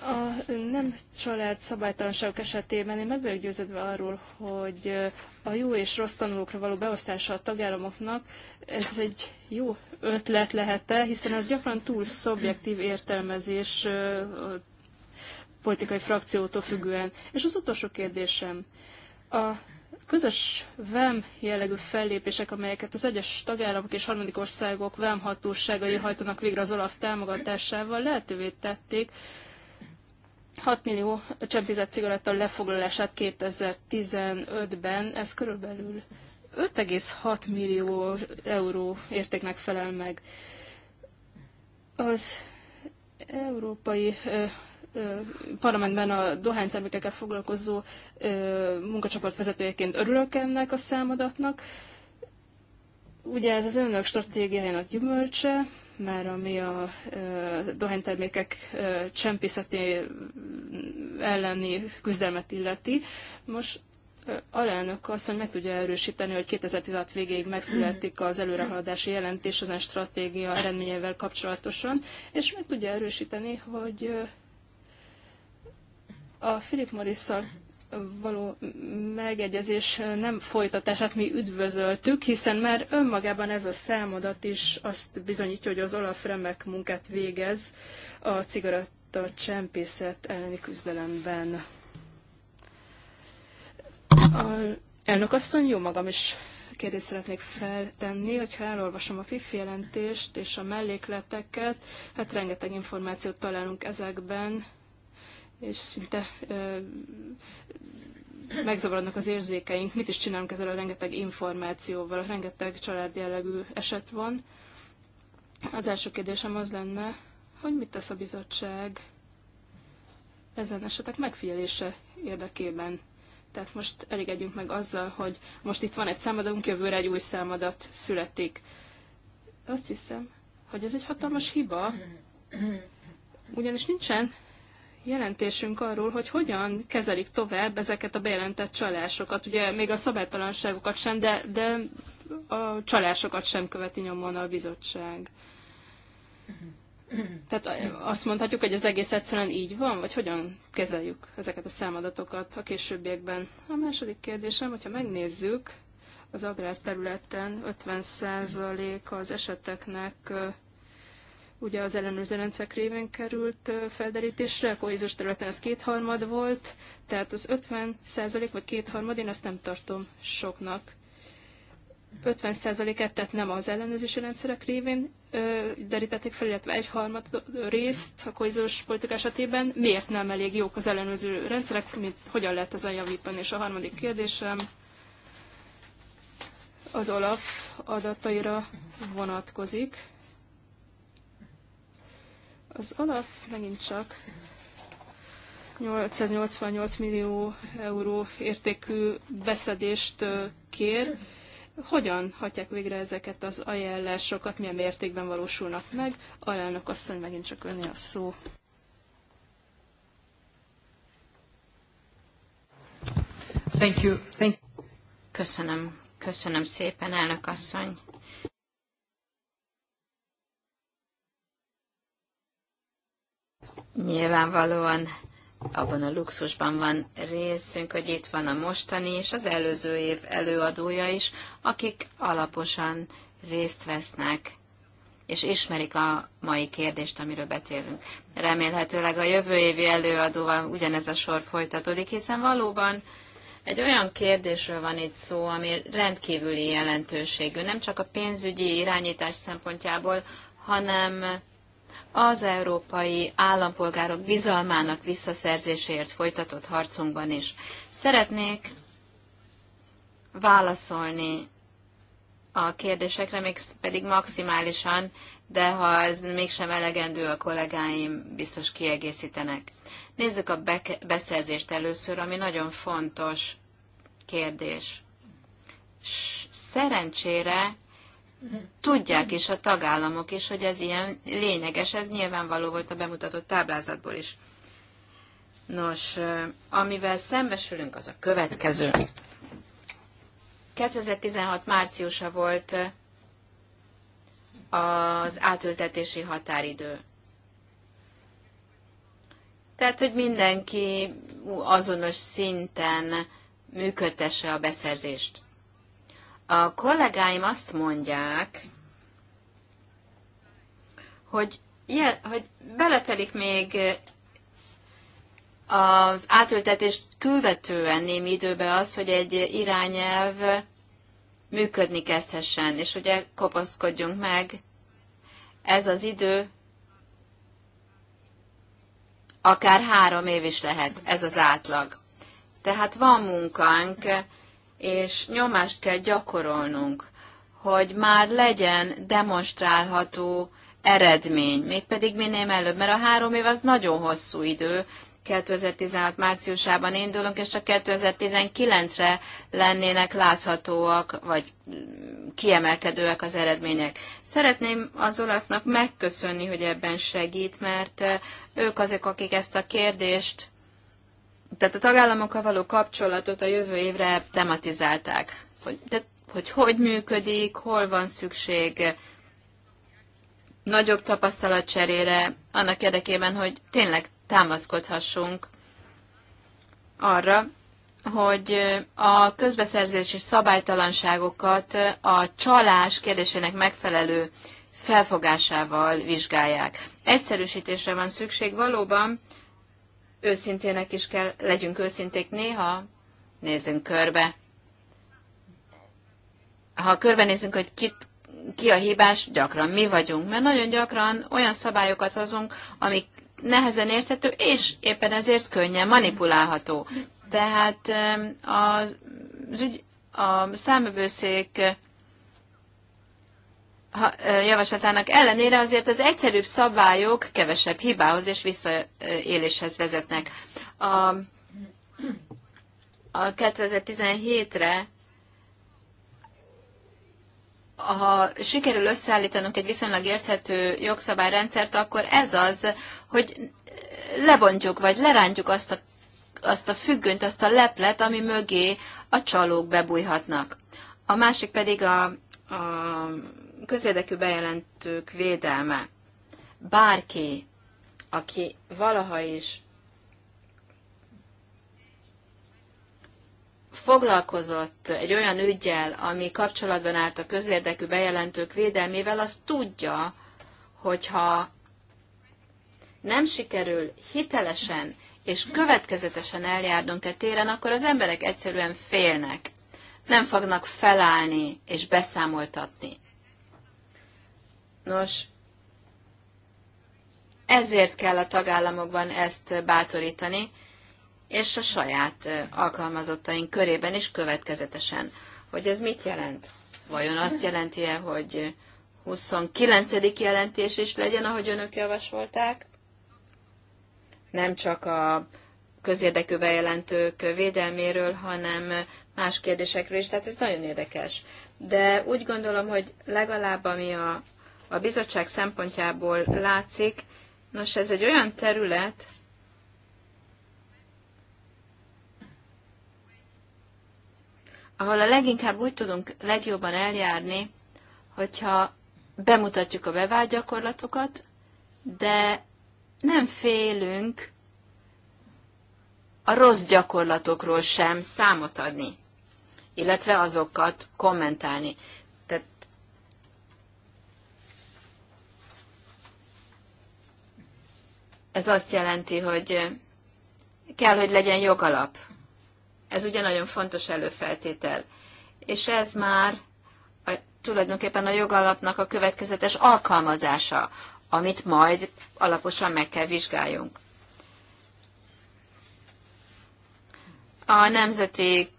a nem család szabálytalanságok esetében én meg vagyok győződve arról, hogy a jó és rossz tanulókra való beosztása a tagállamoknak, ez egy jó ötlet lehet-e, hiszen ez gyakran túl szubjektív értelmezés a politikai frakciótól függően. És az utolsó kérdésem. A közös VEM jellegű fellépések, amelyeket az egyes tagállamok és harmadik országok VEM hatóságai hajtanak végre az OLAF támogatásával, lehetővé tették, 6 millió cseppvizet cigaretta lefoglalását 2015-ben, ez körülbelül 5,6 millió euró értéknek felel meg. Az európai parlamentben a dohánytermékekkel foglalkozó munkacsoport vezetőjeként örülök ennek a számadatnak. Ugye ez az önök stratégiájának gyümölcse, már ami a dohánytermékek csempészeti elleni küzdelmet illeti. Most alelnök azt, hogy meg tudja erősíteni, hogy 2016 végéig megszületik az előrehaladási jelentés ezen stratégia eredményeivel kapcsolatosan, és meg tudja erősíteni, hogy a Philip morris való megegyezés nem folytatását mi üdvözöltük, hiszen már önmagában ez a számadat is azt bizonyítja, hogy az Olaf remek munkát végez a cigaretta csempészet elleni küzdelemben. A elnök asszony, jó magam is kérdést szeretnék feltenni, hogyha elolvasom a fifi jelentést és a mellékleteket, hát rengeteg információt találunk ezekben, és szinte ö, megzavarodnak az érzékeink, mit is csinálunk ezzel a rengeteg információval, rengeteg család jellegű eset van. Az első kérdésem az lenne, hogy mit tesz a bizottság ezen esetek megfigyelése érdekében. Tehát most elégedjünk meg azzal, hogy most itt van egy számadunk, jövőre egy új számadat születik. Azt hiszem, hogy ez egy hatalmas hiba, ugyanis nincsen jelentésünk arról, hogy hogyan kezelik tovább ezeket a bejelentett csalásokat. Ugye még a szabálytalanságokat sem, de, de a csalásokat sem követi nyomon a bizottság. Tehát azt mondhatjuk, hogy ez egész egyszerűen így van, vagy hogyan kezeljük ezeket a számadatokat a későbbiekben? A második kérdésem, hogyha megnézzük, az agrárterületen 50% az eseteknek ugye az ellenőrző rendszer révén került felderítésre, a kohézus területen ez kétharmad volt, tehát az 50 százalék vagy kétharmad, én ezt nem tartom soknak. 50 százalékát, tehát nem az ellenőrzési rendszerek révén derítették fel, illetve harmad részt a kohézus politika esetében. Miért nem elég jók az ellenőrző rendszerek, mint hogyan lehet ezen javítani? És a harmadik kérdésem, az Olaf adataira vonatkozik. Az alap megint csak 888 millió euró értékű beszedést kér. Hogyan hatják végre ezeket az ajánlásokat, milyen mértékben valósulnak meg? azt, asszony megint csak önni a szó. Thank you. Thank you. Köszönöm. Köszönöm szépen, elnök asszony. Nyilvánvalóan abban a luxusban van részünk, hogy itt van a mostani és az előző év előadója is, akik alaposan részt vesznek és ismerik a mai kérdést, amiről betélünk. Remélhetőleg a jövő évi előadóval ugyanez a sor folytatódik, hiszen valóban egy olyan kérdésről van itt szó, ami rendkívüli jelentőségű, nem csak a pénzügyi irányítás szempontjából, hanem az európai állampolgárok bizalmának visszaszerzéséért folytatott harcunkban is. Szeretnék válaszolni a kérdésekre, még pedig maximálisan, de ha ez mégsem elegendő, a kollégáim biztos kiegészítenek. Nézzük a beszerzést először, ami nagyon fontos kérdés. Szerencsére tudják is a tagállamok is, hogy ez ilyen lényeges, ez nyilvánvaló volt a bemutatott táblázatból is. Nos, amivel szembesülünk, az a következő. 2016 márciusa volt az átültetési határidő. Tehát, hogy mindenki azonos szinten működtesse a beszerzést. A kollégáim azt mondják, hogy, jel, hogy beletelik még az átültetést követően némi időbe az, hogy egy irányelv működni kezdhessen, és ugye kopaszkodjunk meg, ez az idő akár három év is lehet, ez az átlag. Tehát van munkánk, és nyomást kell gyakorolnunk, hogy már legyen demonstrálható eredmény, mégpedig minél előbb, mert a három év az nagyon hosszú idő, 2016 márciusában indulunk, és csak 2019-re lennének láthatóak, vagy kiemelkedőek az eredmények. Szeretném az Olafnak megköszönni, hogy ebben segít, mert ők azok, akik ezt a kérdést tehát a tagállamokkal való kapcsolatot a jövő évre tematizálták. Hogy, de, hogy hogy működik, hol van szükség nagyobb tapasztalatcserére, annak érdekében, hogy tényleg támaszkodhassunk arra, hogy a közbeszerzési szabálytalanságokat a csalás kérdésének megfelelő felfogásával vizsgálják. Egyszerűsítésre van szükség valóban, őszintének is kell, legyünk őszinték néha, nézzünk körbe. Ha körbenézünk, hogy kit, ki a hibás, gyakran mi vagyunk, mert nagyon gyakran olyan szabályokat hozunk, amik nehezen érthető, és éppen ezért könnyen manipulálható. Tehát az, az ügy, a számövőszék javaslatának ellenére azért az egyszerűbb szabályok kevesebb hibához és visszaéléshez vezetnek. A, a 2017-re ha sikerül összeállítanunk egy viszonylag érthető jogszabályrendszert, akkor ez az, hogy lebontjuk vagy lerántjuk azt a, azt a függönyt, azt a leplet, ami mögé a csalók bebújhatnak. A másik pedig a, a közérdekű bejelentők védelme. Bárki, aki valaha is foglalkozott egy olyan ügyjel, ami kapcsolatban állt a közérdekű bejelentők védelmével, az tudja, hogyha nem sikerül hitelesen és következetesen eljárnunk e téren, akkor az emberek egyszerűen félnek. Nem fognak felállni és beszámoltatni. Nos, ezért kell a tagállamokban ezt bátorítani, és a saját alkalmazottaink körében is következetesen. Hogy ez mit jelent? Vajon azt jelenti-e, hogy 29. jelentés is legyen, ahogy önök javasolták? Nem csak a közérdekű bejelentők védelméről, hanem más kérdésekről is, tehát ez nagyon érdekes. De úgy gondolom, hogy legalább ami a a bizottság szempontjából látszik. Nos, ez egy olyan terület, ahol a leginkább úgy tudunk legjobban eljárni, hogyha bemutatjuk a bevált gyakorlatokat, de nem félünk a rossz gyakorlatokról sem számot adni, illetve azokat kommentálni. Ez azt jelenti, hogy kell, hogy legyen jogalap. Ez ugye nagyon fontos előfeltétel. És ez már a, tulajdonképpen a jogalapnak a következetes alkalmazása, amit majd alaposan meg kell vizsgáljunk. A nemzeti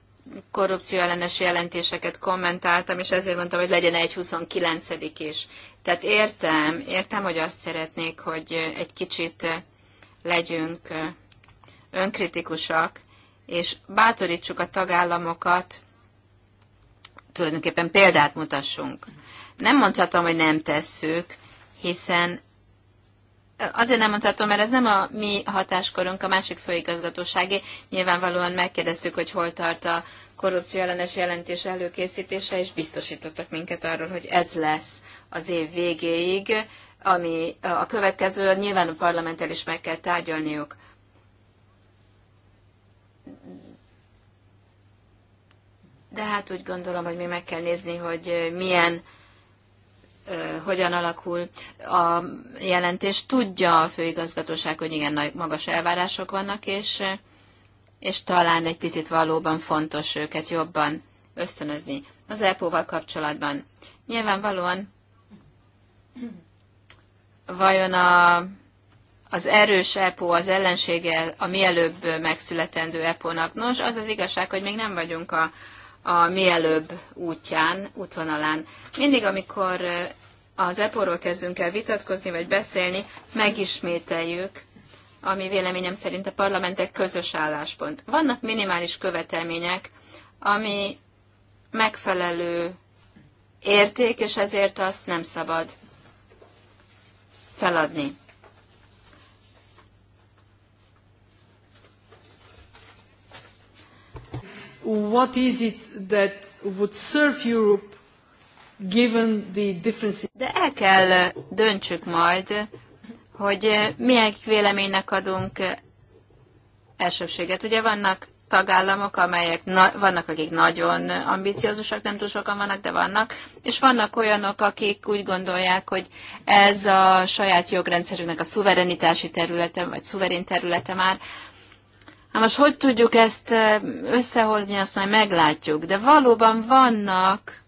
korrupció ellenes jelentéseket kommentáltam, és ezért mondtam, hogy legyen egy 29 is. Tehát értem, értem, hogy azt szeretnék, hogy egy kicsit legyünk önkritikusak, és bátorítsuk a tagállamokat, tulajdonképpen példát mutassunk. Nem mondhatom, hogy nem tesszük, hiszen azért nem mondhatom, mert ez nem a mi hatáskörünk, a másik főigazgatósági. Nyilvánvalóan megkérdeztük, hogy hol tart a korrupció ellenes jelentés előkészítése, és biztosítottak minket arról, hogy ez lesz az év végéig, ami a következő, nyilván a parlamenttel is meg kell tárgyalniuk. De hát úgy gondolom, hogy mi meg kell nézni, hogy milyen, hogyan alakul a jelentés. Tudja a főigazgatóság, hogy igen, nagy, magas elvárások vannak, és, és talán egy picit valóban fontos őket jobban ösztönözni. Az EPO-val kapcsolatban nyilvánvalóan vajon a, az erős EPO az ellensége a mielőbb megszületendő epónak. Nos, az az igazság, hogy még nem vagyunk a, a mielőbb útján, útvonalán. Mindig, amikor eh, az eporról kezdünk el vitatkozni vagy beszélni, megismételjük, ami véleményem szerint a parlamentek közös álláspont. Vannak minimális követelmények, ami megfelelő érték, és ezért azt nem szabad feladni. What is it that would serve Europe given the differences? De el kell döntsük majd, hogy milyen véleménynek adunk elsőbséget. Ugye vannak tagállamok, amelyek na, vannak, akik nagyon ambiciózusak, nem túl sokan vannak, de vannak, és vannak olyanok, akik úgy gondolják, hogy ez a saját jogrendszerüknek a szuverenitási területe, vagy szuverén területe már. Na most hogy tudjuk ezt összehozni, azt majd meglátjuk, de valóban vannak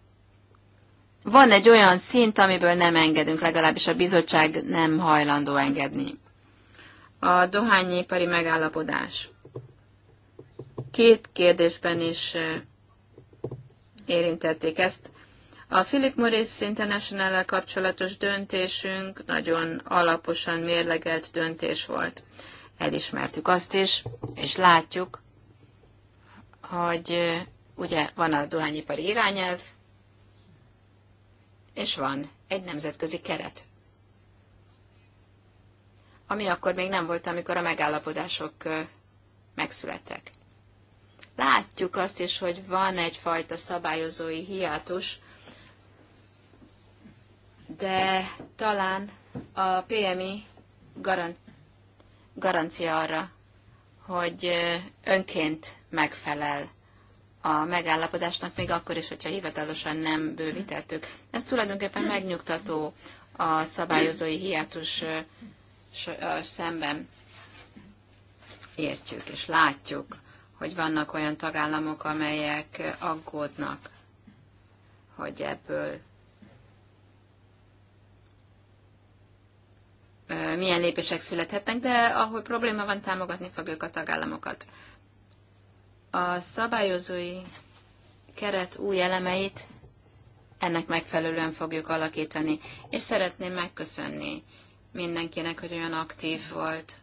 van egy olyan szint, amiből nem engedünk, legalábbis a bizottság nem hajlandó engedni. A dohányipari megállapodás. Két kérdésben is eh, érintették ezt. A Philip Morris international kapcsolatos döntésünk nagyon alaposan mérlegelt döntés volt. Elismertük azt is, és látjuk, hogy eh, ugye van a dohányipari irányelv, és van egy nemzetközi keret. Ami akkor még nem volt, amikor a megállapodások eh, megszülettek. Látjuk azt is, hogy van egyfajta szabályozói hiátus, de talán a PMI garant, garancia arra, hogy önként megfelel a megállapodásnak, még akkor is, hogyha hivatalosan nem bővítettük. Ez tulajdonképpen megnyugtató a szabályozói hiátus szemben. Értjük és látjuk, hogy vannak olyan tagállamok, amelyek aggódnak, hogy ebből milyen lépések születhetnek, de ahol probléma van, támogatni fogjuk a tagállamokat. A szabályozói keret új elemeit ennek megfelelően fogjuk alakítani, és szeretném megköszönni mindenkinek, hogy olyan aktív volt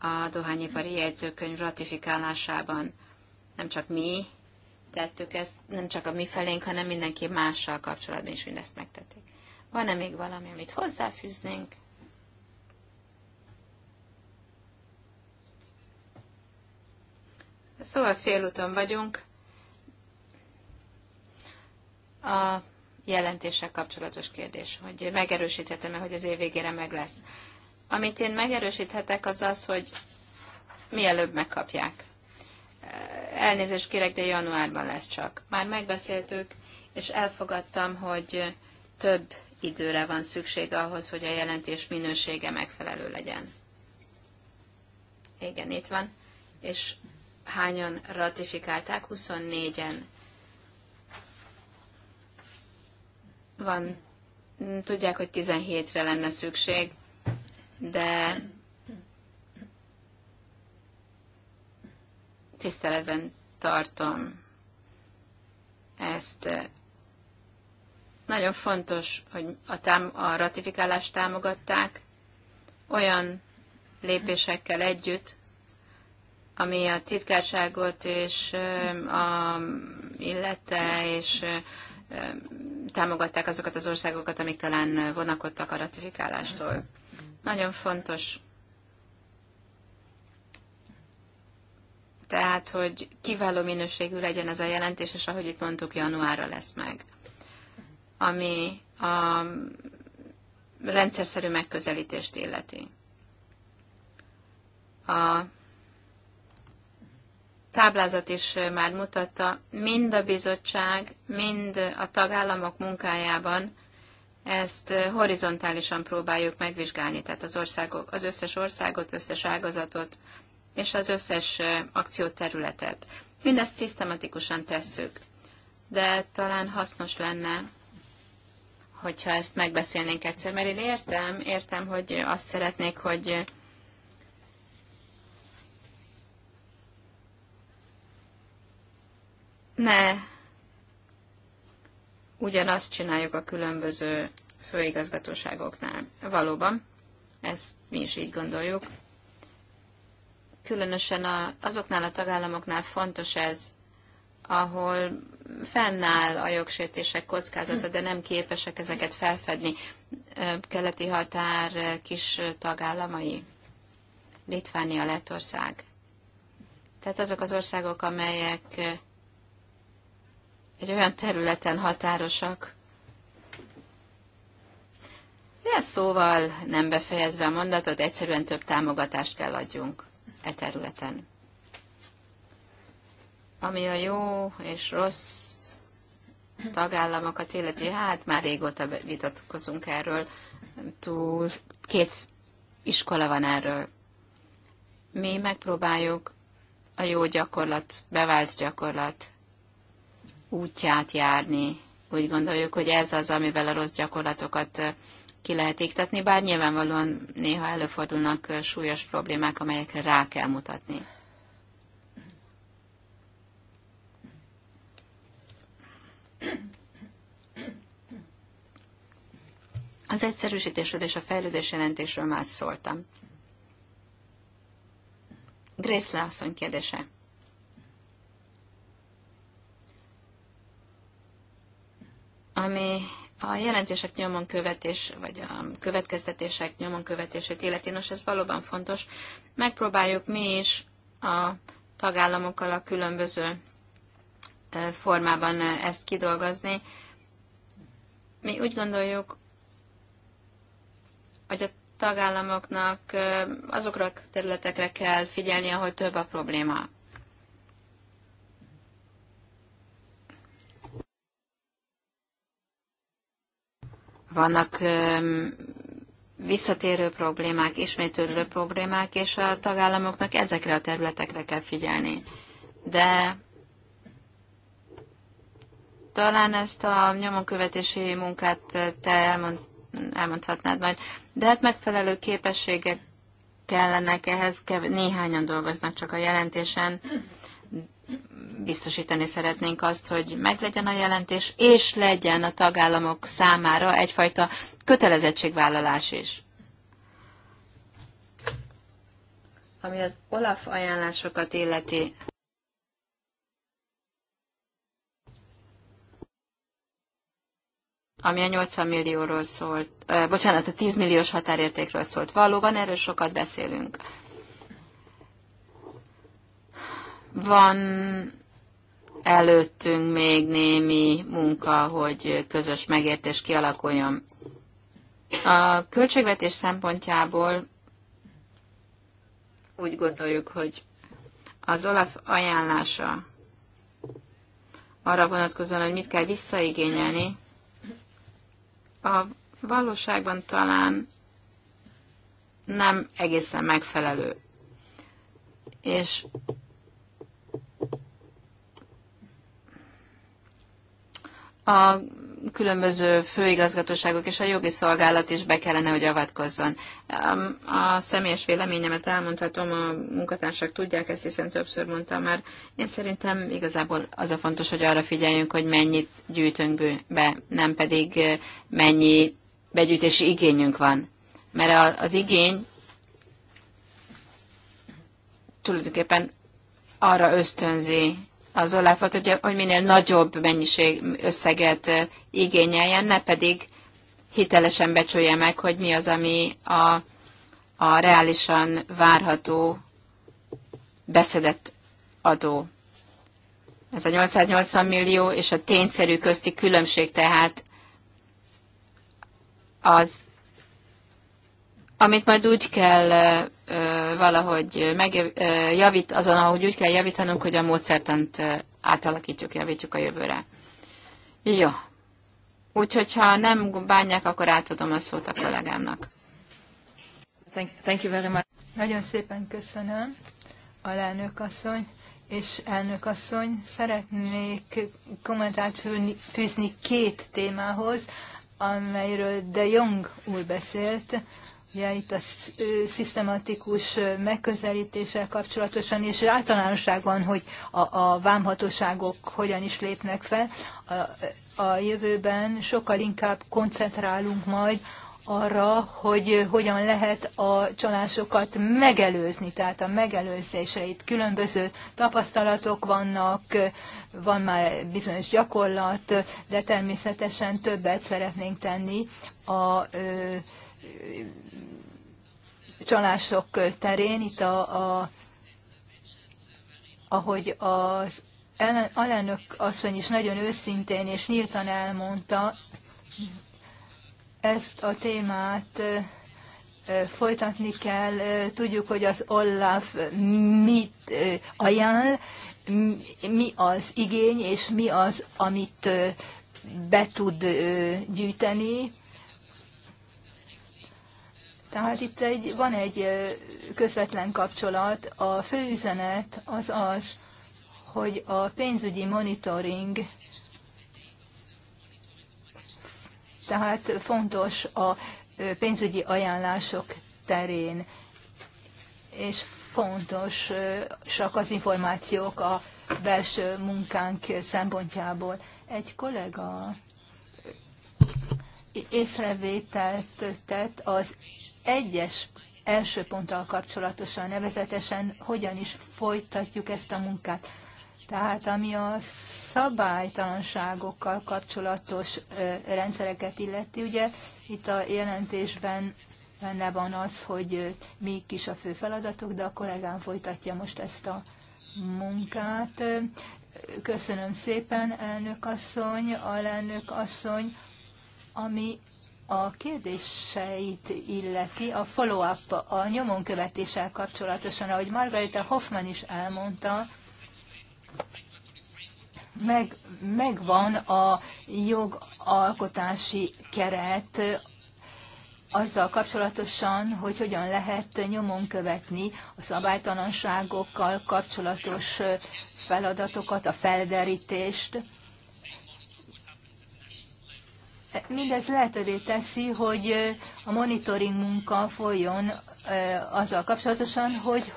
a dohányipari jegyzőkönyv ratifikálásában. Nem csak mi tettük ezt, nem csak a mi felénk, hanem mindenki mással kapcsolatban is mindezt megtették. Van-e még valami, amit hozzáfűznénk? Szóval félúton vagyunk. A jelentéssel kapcsolatos kérdés, hogy megerősíthetem-e, hogy az év végére meg lesz. Amit én megerősíthetek, az az, hogy mielőbb megkapják. Elnézést kérek, de januárban lesz csak. Már megbeszéltük, és elfogadtam, hogy több időre van szükség ahhoz, hogy a jelentés minősége megfelelő legyen. Igen, itt van. És hányan ratifikálták? 24-en. Van. Tudják, hogy 17-re lenne szükség de tiszteletben tartom ezt. Nagyon fontos, hogy a, tám- a ratifikálást támogatták olyan lépésekkel együtt, ami a titkárságot és a illete, és támogatták azokat az országokat, amik talán vonakodtak a ratifikálástól. Nagyon fontos. Tehát, hogy kiváló minőségű legyen ez a jelentés, és ahogy itt mondtuk, januárra lesz meg. Ami a rendszerszerű megközelítést illeti. A táblázat is már mutatta, mind a bizottság, mind a tagállamok munkájában ezt horizontálisan próbáljuk megvizsgálni, tehát az országok, az összes országot, összes ágazatot és az összes akcióterületet. Mindezt szisztematikusan tesszük, de talán hasznos lenne, hogyha ezt megbeszélnénk egyszer, mert én értem, értem, hogy azt szeretnék, hogy ne ugyanazt csináljuk a különböző főigazgatóságoknál. Valóban, ezt mi is így gondoljuk. Különösen a, azoknál a tagállamoknál fontos ez, ahol fennáll a jogsértések kockázata, de nem képesek ezeket felfedni. Keleti határ kis tagállamai, Litvánia, Lettország. Tehát azok az országok, amelyek egy olyan területen határosak. De szóval nem befejezve a mondatot, egyszerűen több támogatást kell adjunk e területen. Ami a jó és rossz tagállamokat illeti, hát már régóta vitatkozunk erről, túl két iskola van erről. Mi megpróbáljuk a jó gyakorlat, bevált gyakorlat útját járni. Úgy gondoljuk, hogy ez az, amivel a rossz gyakorlatokat ki lehet iktatni, bár nyilvánvalóan néha előfordulnak súlyos problémák, amelyekre rá kell mutatni. Az egyszerűsítésről és a fejlődés jelentésről már szóltam. Grace Lawson kérdése. ami a jelentések nyomon követés, vagy a következtetések nyomon követését illeti, nos, ez valóban fontos. Megpróbáljuk mi is a tagállamokkal a különböző formában ezt kidolgozni. Mi úgy gondoljuk, hogy a tagállamoknak azokra a területekre kell figyelni, ahol több a probléma. Vannak visszatérő problémák, ismétődő problémák, és a tagállamoknak ezekre a területekre kell figyelni. De talán ezt a nyomonkövetési munkát te elmond, elmondhatnád majd, de hát megfelelő képességek kellenek ehhez, kev- néhányan dolgoznak csak a jelentésen, biztosítani szeretnénk azt, hogy meglegyen a jelentés, és legyen a tagállamok számára egyfajta kötelezettségvállalás is. Ami az OLAF ajánlásokat illeti, ami a 80 millióról szólt, ö, bocsánat, a 10 milliós határértékről szólt. Valóban erről sokat beszélünk. Van előttünk még némi munka, hogy közös megértés kialakuljon. A költségvetés szempontjából úgy gondoljuk, hogy az Olaf ajánlása arra vonatkozóan, hogy mit kell visszaigényelni, a valóságban talán nem egészen megfelelő. És a különböző főigazgatóságok és a jogi szolgálat is be kellene, hogy avatkozzon. Um, a személyes véleményemet elmondhatom, a munkatársak tudják ezt, hiszen többször mondtam már. Én szerintem igazából az a fontos, hogy arra figyeljünk, hogy mennyit gyűjtünk be, nem pedig eh, mennyi begyűjtési igényünk van. Mert az igény tulajdonképpen arra ösztönzi az oláfot, hogy, hogy minél nagyobb mennyiség összeget igényeljen, ne pedig hitelesen becsülje meg, hogy mi az, ami a, a reálisan várható beszedett adó. Ez a 880 millió és a tényszerű közti különbség tehát az, amit majd úgy kell valahogy megjavít, azon, ahogy úgy kell javítanunk, hogy a módszertant átalakítjuk, javítjuk a jövőre. Jó. Úgyhogy, ha nem bánják, akkor átadom a szót a kollégámnak. Thank, thank you very much. Nagyon szépen köszönöm, alelnök asszony. És elnök asszony, szeretnék kommentárt fűzni két témához, amelyről De Jong úr beszélt ugye itt a szisztematikus megközelítéssel kapcsolatosan, és általánosságban, hogy a, a vámhatóságok hogyan is lépnek fel, a, a jövőben sokkal inkább koncentrálunk majd arra, hogy hogyan lehet a csalásokat megelőzni, tehát a megelőzésre itt különböző tapasztalatok vannak, van már bizonyos gyakorlat, de természetesen többet szeretnénk tenni a csalások terén, itt a, a ahogy az alelnök asszony is nagyon őszintén és nyíltan elmondta, ezt a témát folytatni kell. Tudjuk, hogy az Olaf mit ajánl, mi az igény, és mi az, amit be tud gyűjteni. Tehát itt egy, van egy közvetlen kapcsolat. A fő üzenet az az, hogy a pénzügyi monitoring, tehát fontos a pénzügyi ajánlások terén, és fontosak az információk a belső munkánk szempontjából. Egy kollega észrevételt tett az egyes első ponttal kapcsolatosan, nevezetesen hogyan is folytatjuk ezt a munkát. Tehát ami a szabálytalanságokkal kapcsolatos rendszereket illeti, ugye itt a jelentésben benne van az, hogy mik is a fő feladatok, de a kollégám folytatja most ezt a munkát. Köszönöm szépen, elnök asszony, alelnök asszony, ami a kérdéseit illeti, a follow-up, a nyomon követéssel kapcsolatosan, ahogy Margarita Hoffman is elmondta, meg, megvan a jogalkotási keret azzal kapcsolatosan, hogy hogyan lehet nyomon követni a szabálytalanságokkal kapcsolatos feladatokat, a felderítést. Mindez lehetővé teszi, hogy a monitoring munka folyjon azzal kapcsolatosan, hogy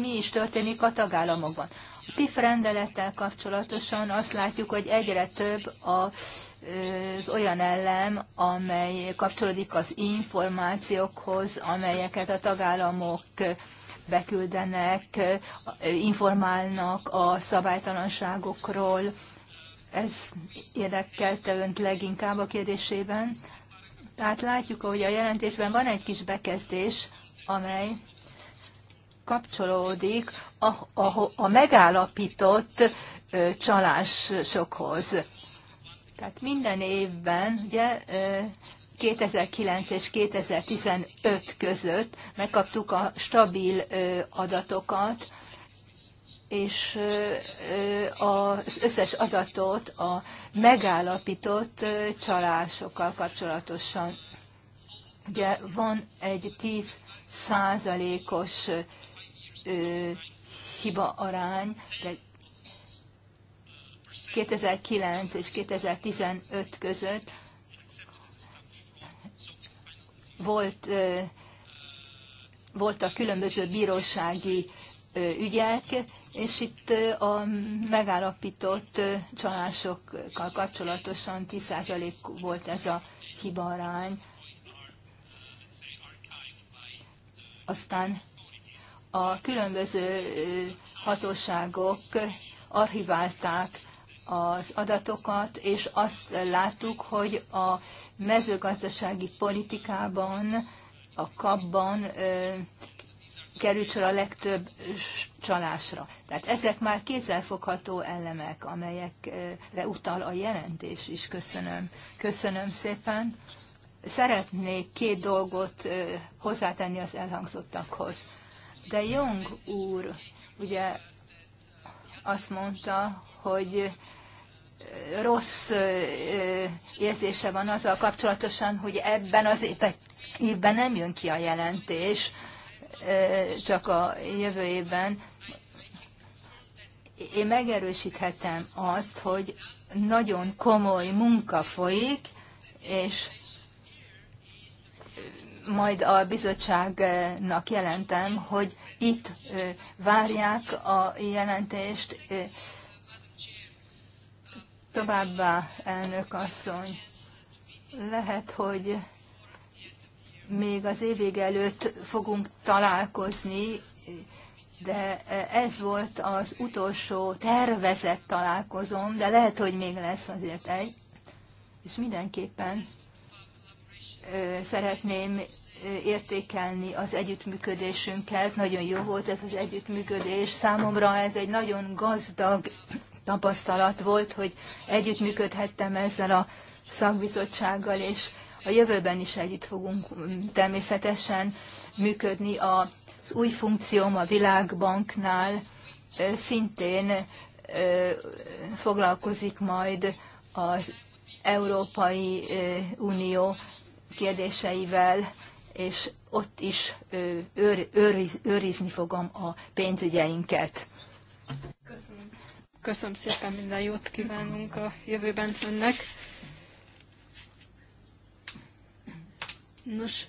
mi is történik a tagállamokban. A TIF rendelettel kapcsolatosan azt látjuk, hogy egyre több a az olyan ellem, amely kapcsolódik az információkhoz, amelyeket a tagállamok beküldenek, informálnak a szabálytalanságokról, ez érdekelte önt leginkább a kérdésében. Tehát látjuk, hogy a jelentésben van egy kis bekezdés, amely kapcsolódik a, a, a megállapított ö, csalásokhoz. Tehát minden évben, ugye, ö, 2009 és 2015 között megkaptuk a stabil ö, adatokat és az összes adatot a megállapított csalásokkal kapcsolatosan. Ugye van egy 10 százalékos hiba arány, de 2009 és 2015 között volt, voltak különböző bírósági ügyek, és itt a megállapított csalásokkal kapcsolatosan 10% volt ez a hibarány. Aztán a különböző hatóságok archiválták az adatokat, és azt láttuk, hogy a mezőgazdasági politikában, a kapban került sor a legtöbb csalásra. Tehát ezek már kézzelfogható elemek, amelyekre utal a jelentés is. Köszönöm. Köszönöm szépen. Szeretnék két dolgot hozzátenni az elhangzottakhoz. De Jong úr ugye azt mondta, hogy rossz érzése van azzal kapcsolatosan, hogy ebben az évben nem jön ki a jelentés, csak a jövő évben. Én megerősíthetem azt, hogy nagyon komoly munka folyik, és majd a bizottságnak jelentem, hogy itt várják a jelentést. Továbbá, elnök asszony, lehet, hogy még az évvége előtt fogunk találkozni, de ez volt az utolsó tervezett találkozom, de lehet, hogy még lesz azért egy, és mindenképpen szeretném értékelni az együttműködésünket. Nagyon jó volt ez az együttműködés. Számomra ez egy nagyon gazdag tapasztalat volt, hogy együttműködhettem ezzel a szakbizottsággal, és a jövőben is együtt fogunk mm, természetesen működni az új funkcióm a Világbanknál, szintén foglalkozik majd az Európai Unió kérdéseivel, és ott is őr, őrizni fogom a pénzügyeinket. Köszönöm. Köszönöm szépen, minden jót kívánunk a jövőben önnek. Nos,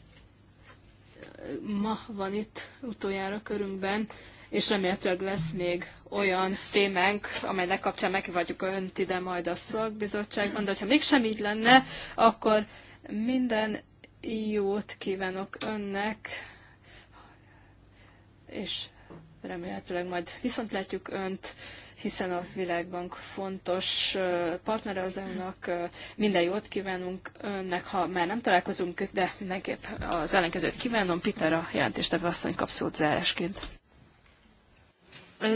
ma van itt utoljára körünkben, és remélhetőleg lesz még olyan témánk, amelynek kapcsán meghívjuk önt ide majd a szakbizottságban, de ha mégsem így lenne, akkor minden jót kívánok önnek, és remélhetőleg majd viszont látjuk önt hiszen a Világbank fontos partnere az önnek. Minden jót kívánunk önnek, ha már nem találkozunk, de mindenképp az ellenkezőt kívánom. Peter a jelentéstevő asszony kap szót zárásként. E,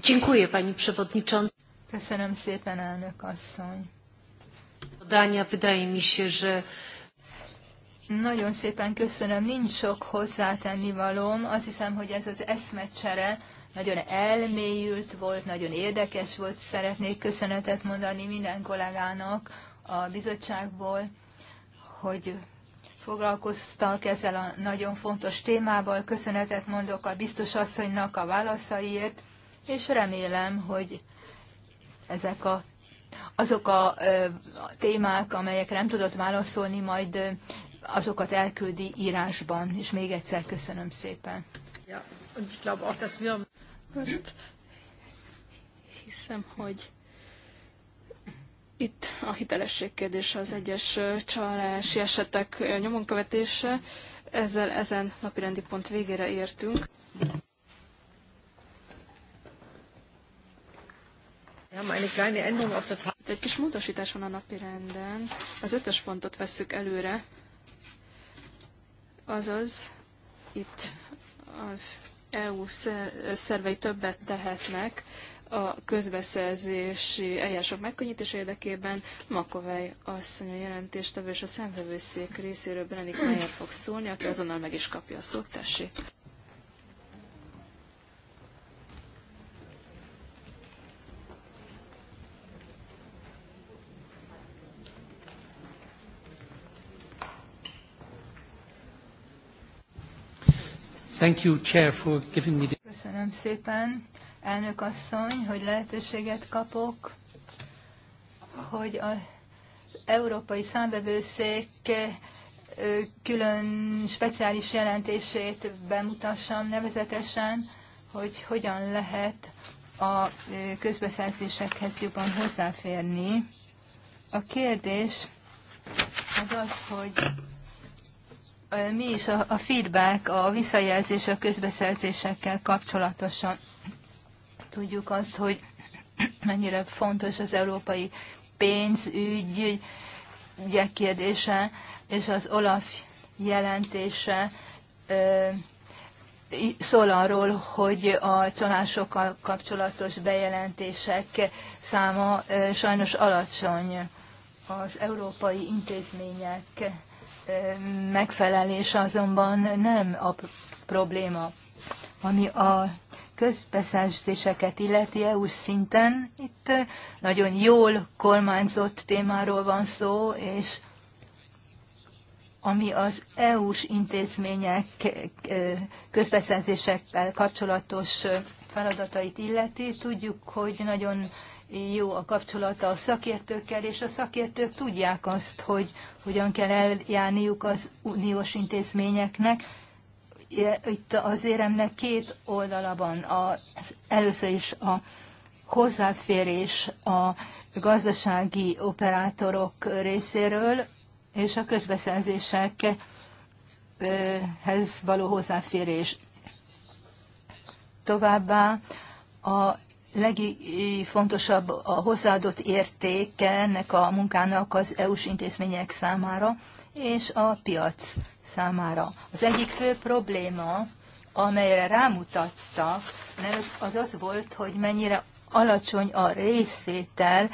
dziękuję, pani przewodnicząca. Köszönöm szépen, elnök asszony. Dánia, wydaje mi się, że nagyon szépen köszönöm, nincs sok hozzátenni Azt hiszem, hogy ez az eszmecsere nagyon elmélyült volt, nagyon érdekes volt. Szeretnék köszönetet mondani minden kollégának a bizottságból, hogy foglalkoztak ezzel a nagyon fontos témával. Köszönetet mondok a biztos asszonynak a válaszaiért, és remélem, hogy ezek a azok a, ö, témák, amelyekre nem tudott válaszolni, majd ö, azokat elküldi írásban. És még egyszer köszönöm szépen. Ja, und ich glaube auch, dass wir... Azt hiszem, hogy itt a hitelesség kérdése az egyes csalási esetek nyomon követése. Ezzel ezen napirendi pont végére értünk. Itt egy kis módosítás van a napi renden. Az ötös pontot vesszük előre. Azaz, itt az EU szervei többet tehetnek a közbeszerzési eljárások megkönnyítése érdekében. Makovej asszony a jelentéstevő és a szemvevőszék részéről Brenik Meyer fog szólni, aki azonnal meg is kapja a szót, tessék. Thank you, Chair, for giving me the... Köszönöm szépen, elnök asszony, hogy lehetőséget kapok, hogy az Európai Számbevőszék külön speciális jelentését bemutassam nevezetesen, hogy hogyan lehet a közbeszerzésekhez jobban hozzáférni. A kérdés az az, hogy mi is a, a feedback, a visszajelzés a közbeszerzésekkel kapcsolatosan. Tudjuk azt, hogy mennyire fontos az európai pénzügy ügyek kérdése, és az Olaf jelentése ö, szól arról, hogy a csalásokkal kapcsolatos bejelentések száma ö, sajnos alacsony az európai intézmények megfelelés azonban nem a probléma. Ami a közbeszerzéseket illeti EU szinten, itt nagyon jól kormányzott témáról van szó, és ami az EU-s intézmények közbeszerzésekkel kapcsolatos feladatait illeti, tudjuk, hogy nagyon jó a kapcsolata a szakértőkkel, és a szakértők tudják azt, hogy hogyan kell eljárniuk az uniós intézményeknek. Itt az éremnek két oldala van. A, először is a hozzáférés a gazdasági operátorok részéről, és a közbeszerzésekhez való hozzáférés. Továbbá a legfontosabb a hozzáadott értéke ennek a munkának az EU-s intézmények számára és a piac számára. Az egyik fő probléma, amelyre rámutattak, az az volt, hogy mennyire alacsony a részvétel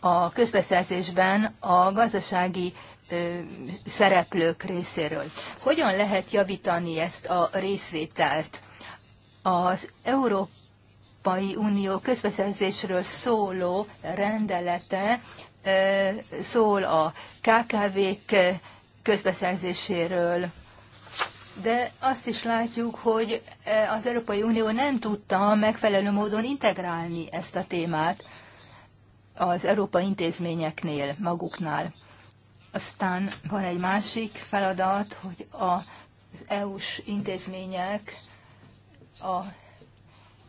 a közbeszerzésben a gazdasági szereplők részéről. Hogyan lehet javítani ezt a részvételt? Az Európa Európai Unió közbeszerzésről szóló rendelete szól a KKV-k közbeszerzéséről. De azt is látjuk, hogy az Európai Unió nem tudta megfelelő módon integrálni ezt a témát az Európa intézményeknél, maguknál. Aztán van egy másik feladat, hogy az EU-s intézmények a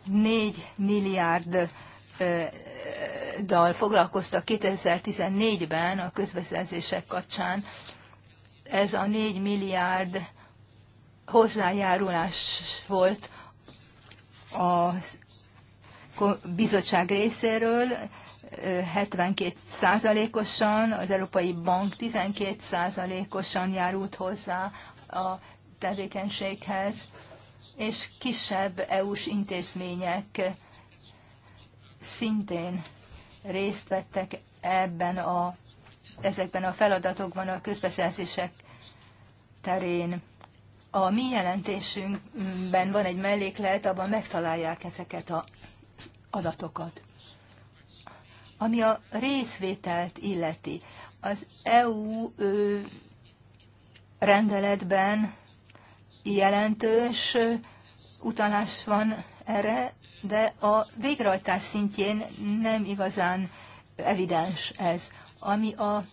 4 milliárd dal foglalkoztak 2014-ben a közbeszerzések kapcsán. Ez a 4 milliárd hozzájárulás volt a bizottság részéről, 72 százalékosan, az Európai Bank 12 százalékosan járult hozzá a tevékenységhez és kisebb EU-s intézmények szintén részt vettek ebben a, ezekben a feladatokban a közbeszerzések terén. A mi jelentésünkben van egy melléklet, abban megtalálják ezeket az adatokat. Ami a részvételt illeti, az EU rendeletben jelentős utalás van erre, de a végrehajtás szintjén nem igazán evidens ez. Ami a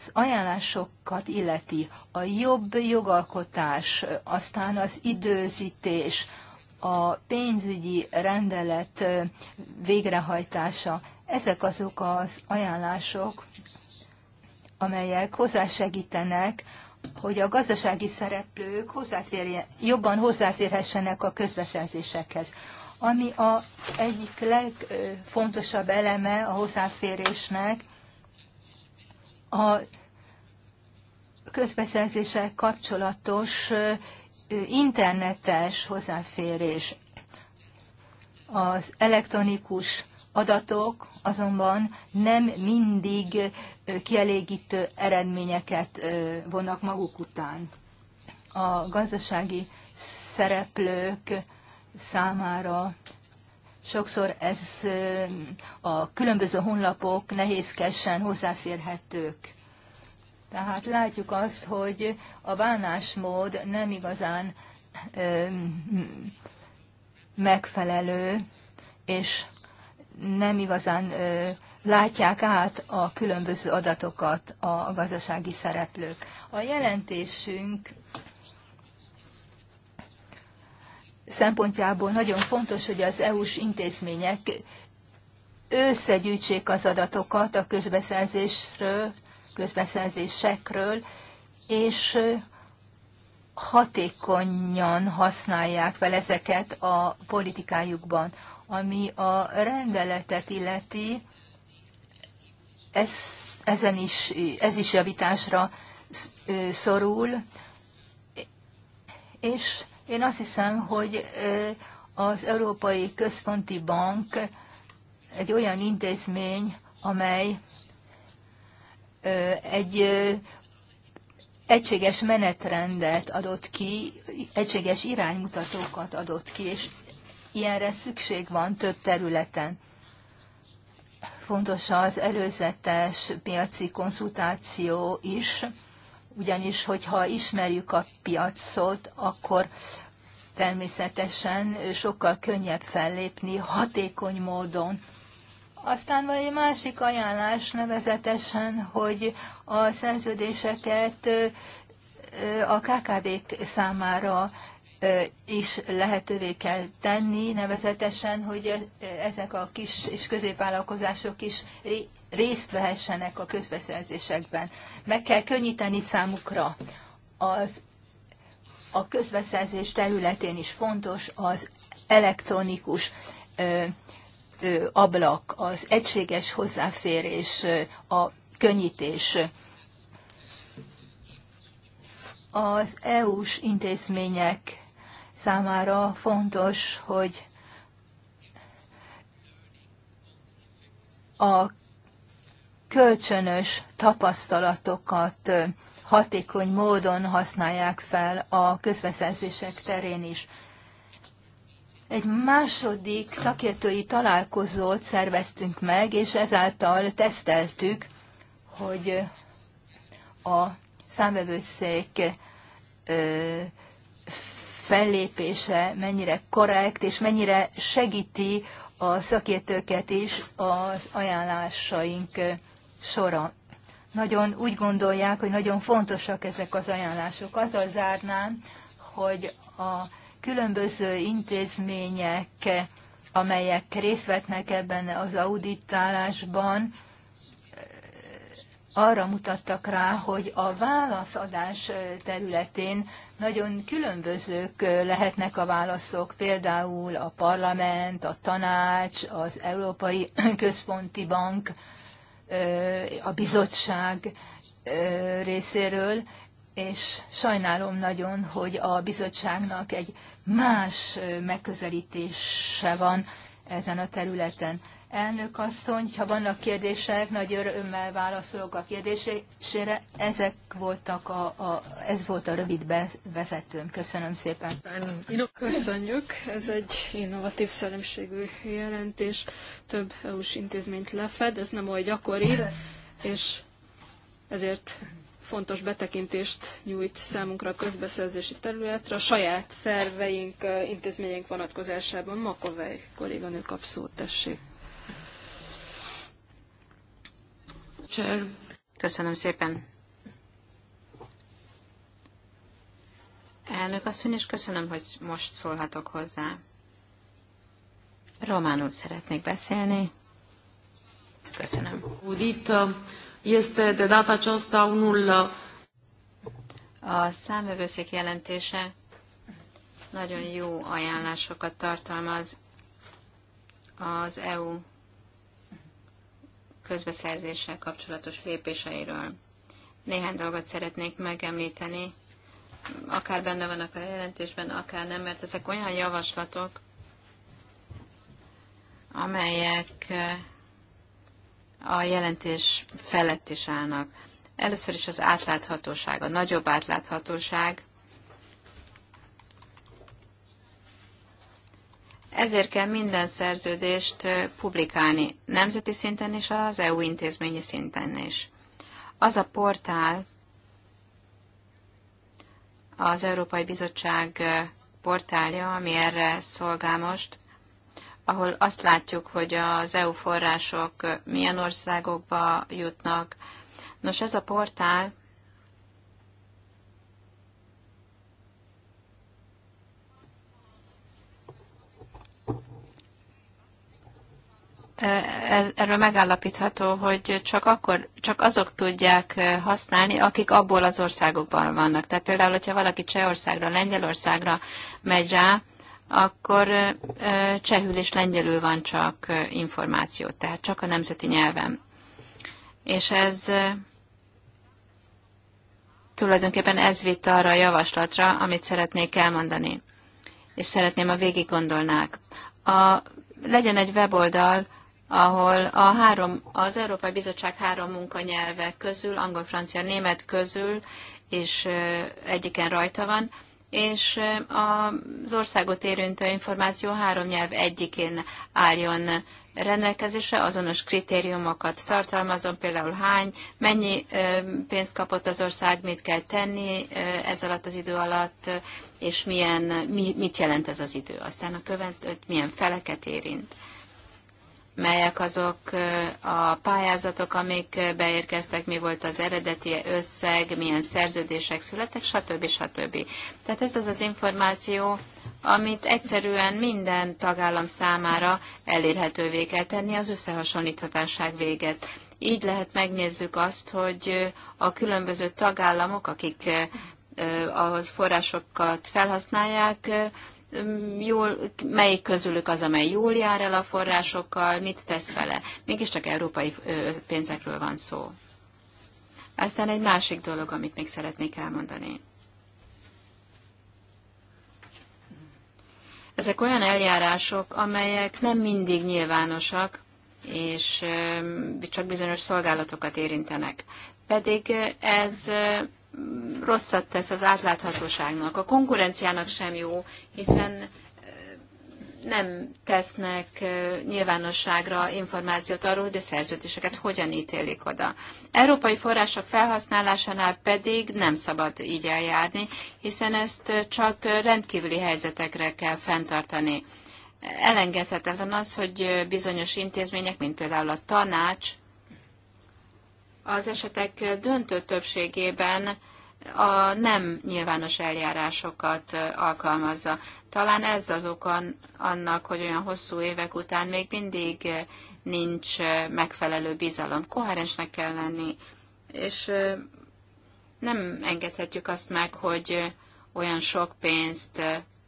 az ajánlásokat illeti, a jobb jogalkotás, aztán az időzítés, a pénzügyi rendelet végrehajtása, ezek azok az ajánlások, amelyek hozzásegítenek hogy a gazdasági szereplők hozzáférje, jobban hozzáférhessenek a közbeszerzésekhez. Ami a egyik legfontosabb eleme a hozzáférésnek a közbeszerzések kapcsolatos internetes hozzáférés, az elektronikus adatok azonban nem mindig kielégítő eredményeket vonnak maguk után. A gazdasági szereplők számára sokszor ez a különböző honlapok nehézkesen hozzáférhetők. Tehát látjuk azt, hogy a bánásmód nem igazán megfelelő, és nem igazán látják át a különböző adatokat a gazdasági szereplők. A jelentésünk szempontjából nagyon fontos, hogy az EU-s intézmények összegyűjtsék az adatokat a közbeszerzésről, közbeszerzésekről, és hatékonyan használják fel ezeket a politikájukban. Ami a rendeletet illeti, ez, ezen is, ez is javításra szorul, és én azt hiszem, hogy az Európai Központi Bank egy olyan intézmény, amely egy egységes menetrendet adott ki, egységes iránymutatókat adott ki, és ilyenre szükség van több területen. Fontos az előzetes piaci konzultáció is, ugyanis hogyha ismerjük a piacot, akkor természetesen sokkal könnyebb fellépni hatékony módon. Aztán van egy másik ajánlás nevezetesen, hogy a szerződéseket a KKV-k számára is lehetővé kell tenni, nevezetesen, hogy e, ezek a kis és középvállalkozások is részt vehessenek a közbeszerzésekben. Meg kell könnyíteni számukra az a közbeszerzés területén is fontos az elektronikus ö, ö, ablak, az egységes hozzáférés, a könnyítés. Az EU-s intézmények számára fontos, hogy a kölcsönös tapasztalatokat hatékony módon használják fel a közbeszerzések terén is. Egy második szakértői találkozót szerveztünk meg, és ezáltal teszteltük, hogy a számvevőszék fellépése mennyire korrekt, és mennyire segíti a szakértőket is az ajánlásaink sora. Nagyon úgy gondolják, hogy nagyon fontosak ezek az ajánlások. Azzal zárnám, hogy a különböző intézmények, amelyek részt vetnek ebben az auditálásban, arra mutattak rá, hogy a válaszadás területén nagyon különbözők lehetnek a válaszok, például a parlament, a tanács, az Európai Központi Bank, a bizottság részéről, és sajnálom nagyon, hogy a bizottságnak egy más megközelítése van ezen a területen. Elnök asszony, ha vannak kérdések, nagy örömmel válaszolok a kérdésére. Ezek voltak a, a, ez volt a rövid bevezetőm. Köszönöm szépen. Köszönjük. Ez egy innovatív szellemségű jelentés. Több EU-s intézményt lefed, ez nem olyan gyakori, és ezért fontos betekintést nyújt számunkra a közbeszerzési területre, a saját szerveink, intézményeink vonatkozásában. Makovej kolléganő kap szót, tessék. Köszönöm szépen. Elnök asszony, és köszönöm, hogy most szólhatok hozzá. Románul szeretnék beszélni. Köszönöm. este de data aceasta unul... A számövőszék jelentése nagyon jó ajánlásokat tartalmaz az EU közbeszerzéssel kapcsolatos lépéseiről. Néhány dolgot szeretnék megemlíteni, akár benne vannak a jelentésben, akár nem, mert ezek olyan javaslatok, amelyek eh, a jelentés felett is állnak. Először is az átláthatóság, a nagyobb átláthatóság Ezért kell minden szerződést publikálni, nemzeti szinten és az EU intézményi szinten is. Az a portál, az Európai Bizottság portálja, ami erre szolgál most, ahol azt látjuk, hogy az EU források milyen országokba jutnak. Nos, ez a portál erről megállapítható, hogy csak, akkor, csak azok tudják eh, használni, akik abból az országokban vannak. Tehát például, hogyha valaki Csehországra, Lengyelországra megy rá, akkor eh, eh, csehül és lengyelül van csak információ, tehát csak a nemzeti nyelven. És ez tulajdonképpen ez vitt arra a javaslatra, amit szeretnék elmondani, és szeretném, ha végig gondolnák. A, legyen egy weboldal, ahol a három, az Európai Bizottság három munkanyelve közül, angol, francia, német közül, és egyiken rajta van, és az országot érintő információ három nyelv egyikén álljon rendelkezésre, azonos kritériumokat tartalmazom, például hány, mennyi pénzt kapott az ország, mit kell tenni ez alatt az idő alatt, és milyen, mi, mit jelent ez az idő. Aztán a követ, milyen feleket érint melyek azok a pályázatok, amik beérkeztek, mi volt az eredeti összeg, milyen szerződések születtek, stb. stb. Tehát ez az az információ, amit egyszerűen minden tagállam számára elérhetővé kell tenni az összehasonlíthatáság véget. Így lehet megnézzük azt, hogy a különböző tagállamok, akik az forrásokat felhasználják, jól, melyik közülük az, amely jól jár el a forrásokkal, mit tesz vele. Mégiscsak európai pénzekről van szó. Aztán egy másik dolog, amit még szeretnék elmondani. Ezek olyan eljárások, amelyek nem mindig nyilvánosak, és csak bizonyos szolgálatokat érintenek. Pedig ez rosszat tesz az átláthatóságnak. A konkurenciának sem jó, hiszen nem tesznek nyilvánosságra információt arról, hogy a szerződéseket hogyan ítélik oda. Európai források felhasználásánál pedig nem szabad így eljárni, hiszen ezt csak rendkívüli helyzetekre kell fenntartani. Elengedhetetlen az, hogy bizonyos intézmények, mint például a tanács, az esetek döntő többségében a nem nyilvános eljárásokat alkalmazza. Talán ez az oka annak, hogy olyan hosszú évek után még mindig nincs megfelelő bizalom. Koherensnek kell lenni, és nem engedhetjük azt meg, hogy olyan sok pénzt,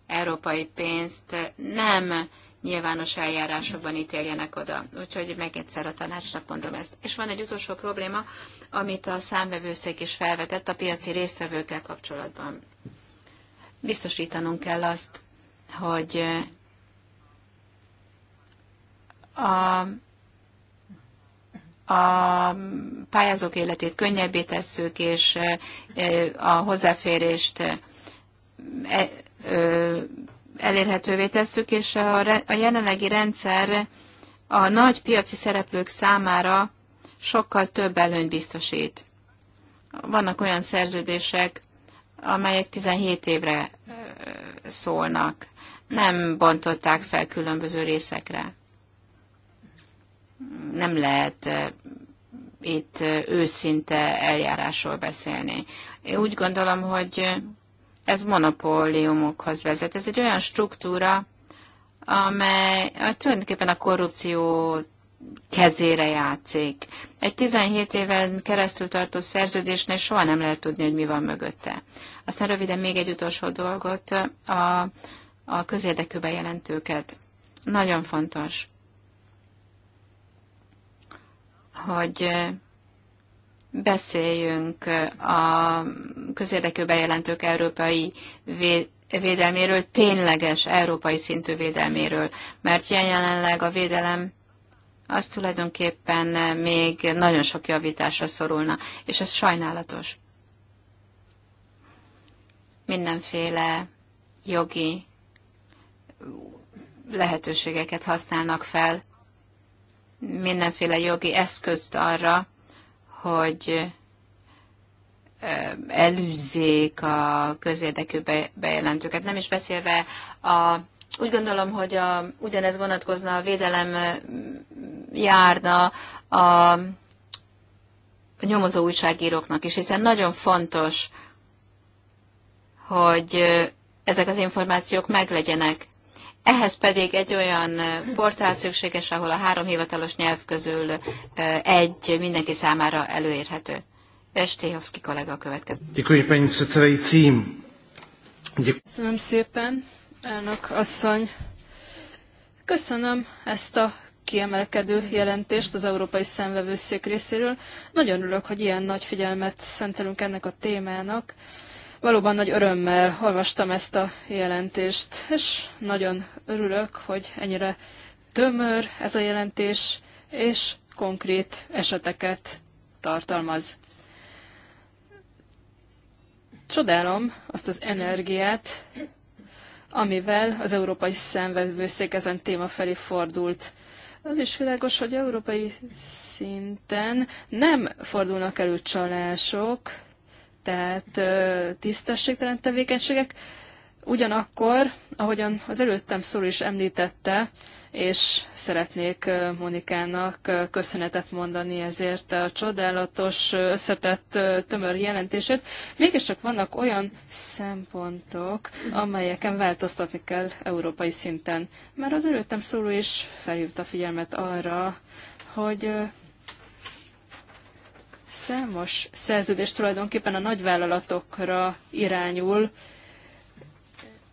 európai pénzt nem nyilvános eljárásokban ítéljenek oda. Úgyhogy meg egyszer a tanácsnak mondom ezt. És van egy utolsó probléma, amit a számvevőszék is felvetett a piaci résztvevőkkel kapcsolatban. Biztosítanunk kell azt, hogy a a pályázók életét könnyebbé tesszük, és a hozzáférést elérhetővé tesszük, és a, a jelenlegi rendszer a nagy piaci szereplők számára sokkal több előnyt biztosít. Vannak olyan szerződések, amelyek 17 évre szólnak. Nem bontották fel különböző részekre. Nem lehet itt őszinte eljárásról beszélni. Én úgy gondolom, hogy ez monopóliumokhoz vezet. Ez egy olyan struktúra, amely tulajdonképpen a korrupció kezére játszik. Egy 17 éven keresztül tartó szerződésnél soha nem lehet tudni, hogy mi van mögötte. Aztán röviden még egy utolsó dolgot, a, a közérdekű bejelentőket. Nagyon fontos, hogy beszéljünk a közérdekű bejelentők európai védelméről, tényleges európai szintű védelméről, mert jelenleg a védelem az tulajdonképpen még nagyon sok javításra szorulna, és ez sajnálatos. Mindenféle jogi lehetőségeket használnak fel, mindenféle jogi eszközt arra, hogy elűzzék a közérdekű bejelentőket. Nem is beszélve a úgy gondolom, hogy a, ugyanez vonatkozna a védelem járna a nyomozó újságíróknak is, hiszen nagyon fontos, hogy ezek az információk meglegyenek. Ehhez pedig egy olyan portál szükséges, ahol a három hivatalos nyelv közül egy mindenki számára előérhető. Stéhovszki kollega a következő. Szépen paní předsedající. Köszönöm szépen, elnök asszony. Köszönöm ezt a kiemelkedő jelentést az Európai Szemvevőszék részéről. Nagyon örülök, hogy ilyen nagy figyelmet szentelünk ennek a témának. Valóban nagy örömmel olvastam ezt a jelentést, és nagyon örülök, hogy ennyire tömör ez a jelentés, és konkrét eseteket tartalmaz. Csodálom azt az energiát, amivel az Európai Szemvevőszék ezen téma felé fordult. Az is világos, hogy európai szinten nem fordulnak elő csalások, tehát tisztességtelen tevékenységek. Ugyanakkor, ahogyan az előttem szól is említette, és szeretnék Monikának köszönetet mondani ezért a csodálatos, összetett tömör jelentését. Mégiscsak vannak olyan szempontok, amelyeken változtatni kell európai szinten. mert az előttem szóló is felhívta a figyelmet arra, hogy Számos szerződés tulajdonképpen a nagyvállalatokra irányul.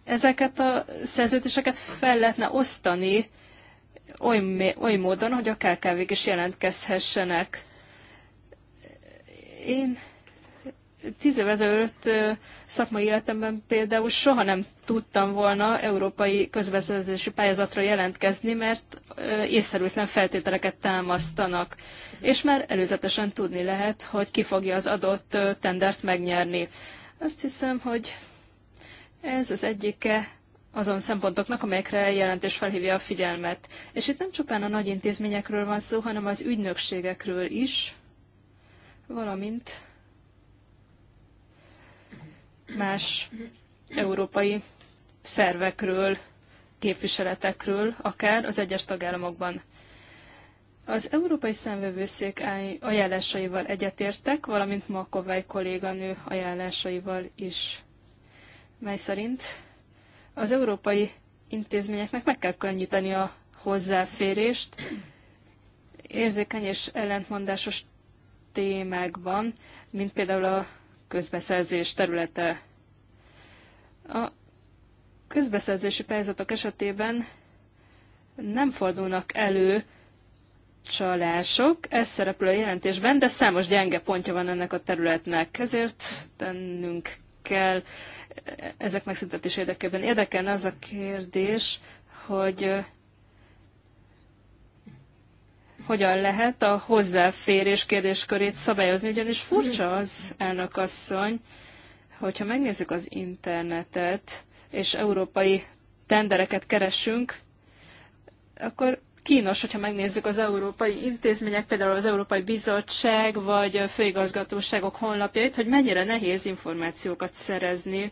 Ezeket a szerződéseket fel lehetne osztani oly, oly módon, hogy a KKV-k is jelentkezhessenek. Én Tíz évvel ezelőtt szakmai életemben például soha nem tudtam volna európai közbeszerzési pályázatra jelentkezni, mert észszerűtlen feltételeket támasztanak. És már előzetesen tudni lehet, hogy ki fogja az adott tendert megnyerni. Azt hiszem, hogy ez az egyike azon szempontoknak, amelyekre jelentés felhívja a figyelmet. És itt nem csupán a nagy intézményekről van szó, hanem az ügynökségekről is, valamint más európai szervekről, képviseletekről, akár az egyes tagállamokban. Az Európai Szemvevőszék ajánlásaival egyetértek, valamint Makovály kolléganő ajánlásaival is, mely szerint az európai intézményeknek meg kell könnyíteni a hozzáférést érzékeny és ellentmondásos témákban, mint például a közbeszerzés területe. A közbeszerzési pályázatok esetében nem fordulnak elő csalások, ez szereplő a jelentésben, de számos gyenge pontja van ennek a területnek, ezért tennünk kell ezek megszüntetés érdekében. Érdekelne az a kérdés, hogy hogyan lehet a hozzáférés kérdéskörét szabályozni, ugyanis furcsa az, elnök asszony, hogyha megnézzük az internetet, és európai tendereket keresünk, akkor kínos, hogyha megnézzük az európai intézmények, például az Európai Bizottság vagy a főigazgatóságok honlapjait, hogy mennyire nehéz információkat szerezni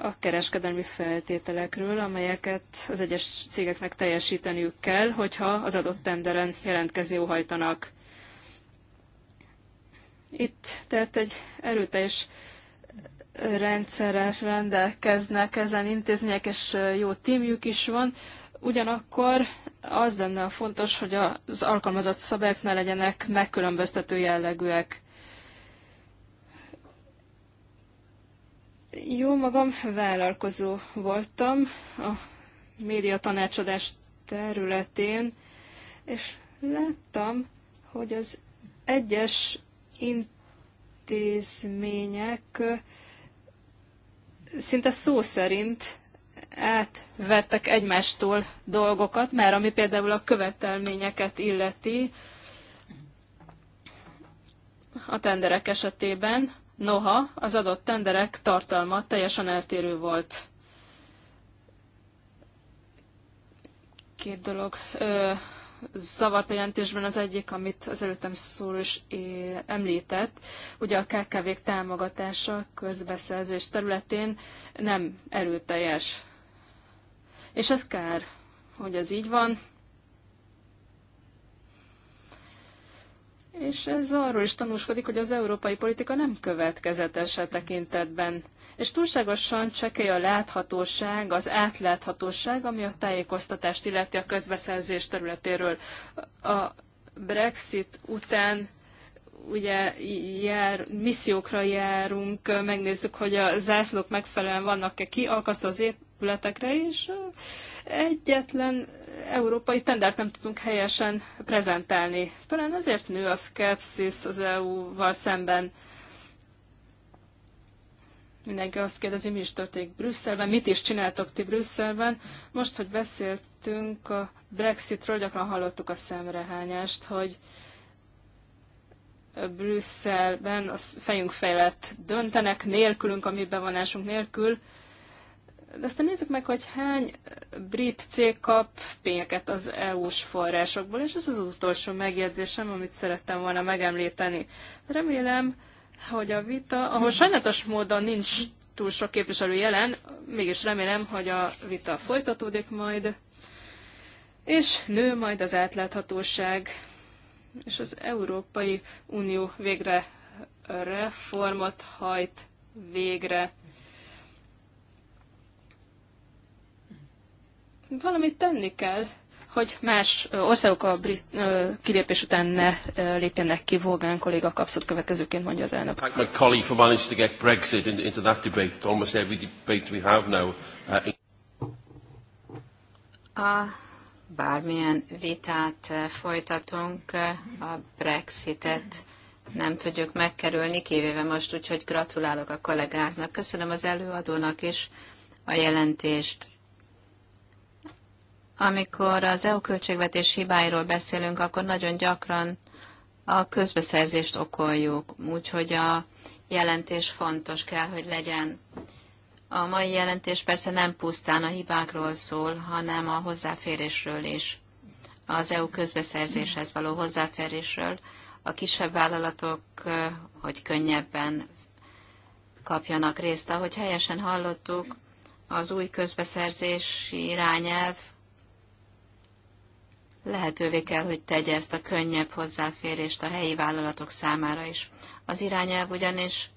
a kereskedelmi feltételekről, amelyeket az egyes cégeknek teljesíteniük kell, hogyha az adott tenderen jelentkezni óhajtanak. Itt tehát egy erőteljes rendszerrel rendelkeznek ezen intézmények, és jó tímjük is van. Ugyanakkor az lenne a fontos, hogy az alkalmazott szabályok ne legyenek megkülönböztető jellegűek. Jó magam, vállalkozó voltam a média tanácsadás területén, és láttam, hogy az egyes intézmények szinte szó szerint átvettek egymástól dolgokat, mert ami például a követelményeket illeti a tenderek esetében, noha az adott tenderek tartalma teljesen eltérő volt. Két dolog ö, zavart a jelentésben, az egyik, amit az előttem szóló is említett, ugye a kkv támogatása közbeszerzés területén nem erőteljes. És ez kár, hogy ez így van, És ez arról is tanúskodik, hogy az európai politika nem következetes a e tekintetben. És túlságosan csekély a láthatóság, az átláthatóság, ami a tájékoztatást illeti a közbeszerzés területéről. A Brexit után ugye jár, missziókra járunk, megnézzük, hogy a zászlók megfelelően vannak-e kiakasztva az épületekre, és egyetlen európai tendert nem tudunk helyesen prezentálni. Talán azért nő a szkepszisz az EU-val szemben. Mindenki azt kérdezi, mi is történik Brüsszelben, mit is csináltok ti Brüsszelben. Most, hogy beszéltünk a Brexitről, gyakran hallottuk a szemrehányást, hogy Brüsszelben a fejünk fejlett döntenek, nélkülünk, a mi bevonásunk nélkül, de aztán nézzük meg, hogy hány brit cég kap pénzeket az EU-s forrásokból, és ez az utolsó megjegyzésem, amit szerettem volna megemlíteni. Remélem, hogy a vita, ahol sajnálatos módon nincs túl sok képviselő jelen, mégis remélem, hogy a vita folytatódik majd, és nő majd az átláthatóság, és az Európai Unió végre reformot hajt végre valamit tenni kell, hogy más országok a brit ö, kilépés után ne ö, lépjenek ki. Volgán kolléga kapszott következőként, mondja az elnök. Thank uh, a bármilyen vitát folytatunk, a Brexitet nem tudjuk megkerülni, kivéve most, úgyhogy gratulálok a kollégáknak. Köszönöm az előadónak is a jelentést. Amikor az EU költségvetés hibáiról beszélünk, akkor nagyon gyakran a közbeszerzést okoljuk, úgyhogy a jelentés fontos kell, hogy legyen. A mai jelentés persze nem pusztán a hibákról szól, hanem a hozzáférésről is, az EU közbeszerzéshez való hozzáférésről, a kisebb vállalatok, hogy könnyebben kapjanak részt. Ahogy helyesen hallottuk, az új közbeszerzési irányelv lehetővé kell, hogy tegye ezt a könnyebb hozzáférést a helyi vállalatok számára is. Az irányelv ugyanis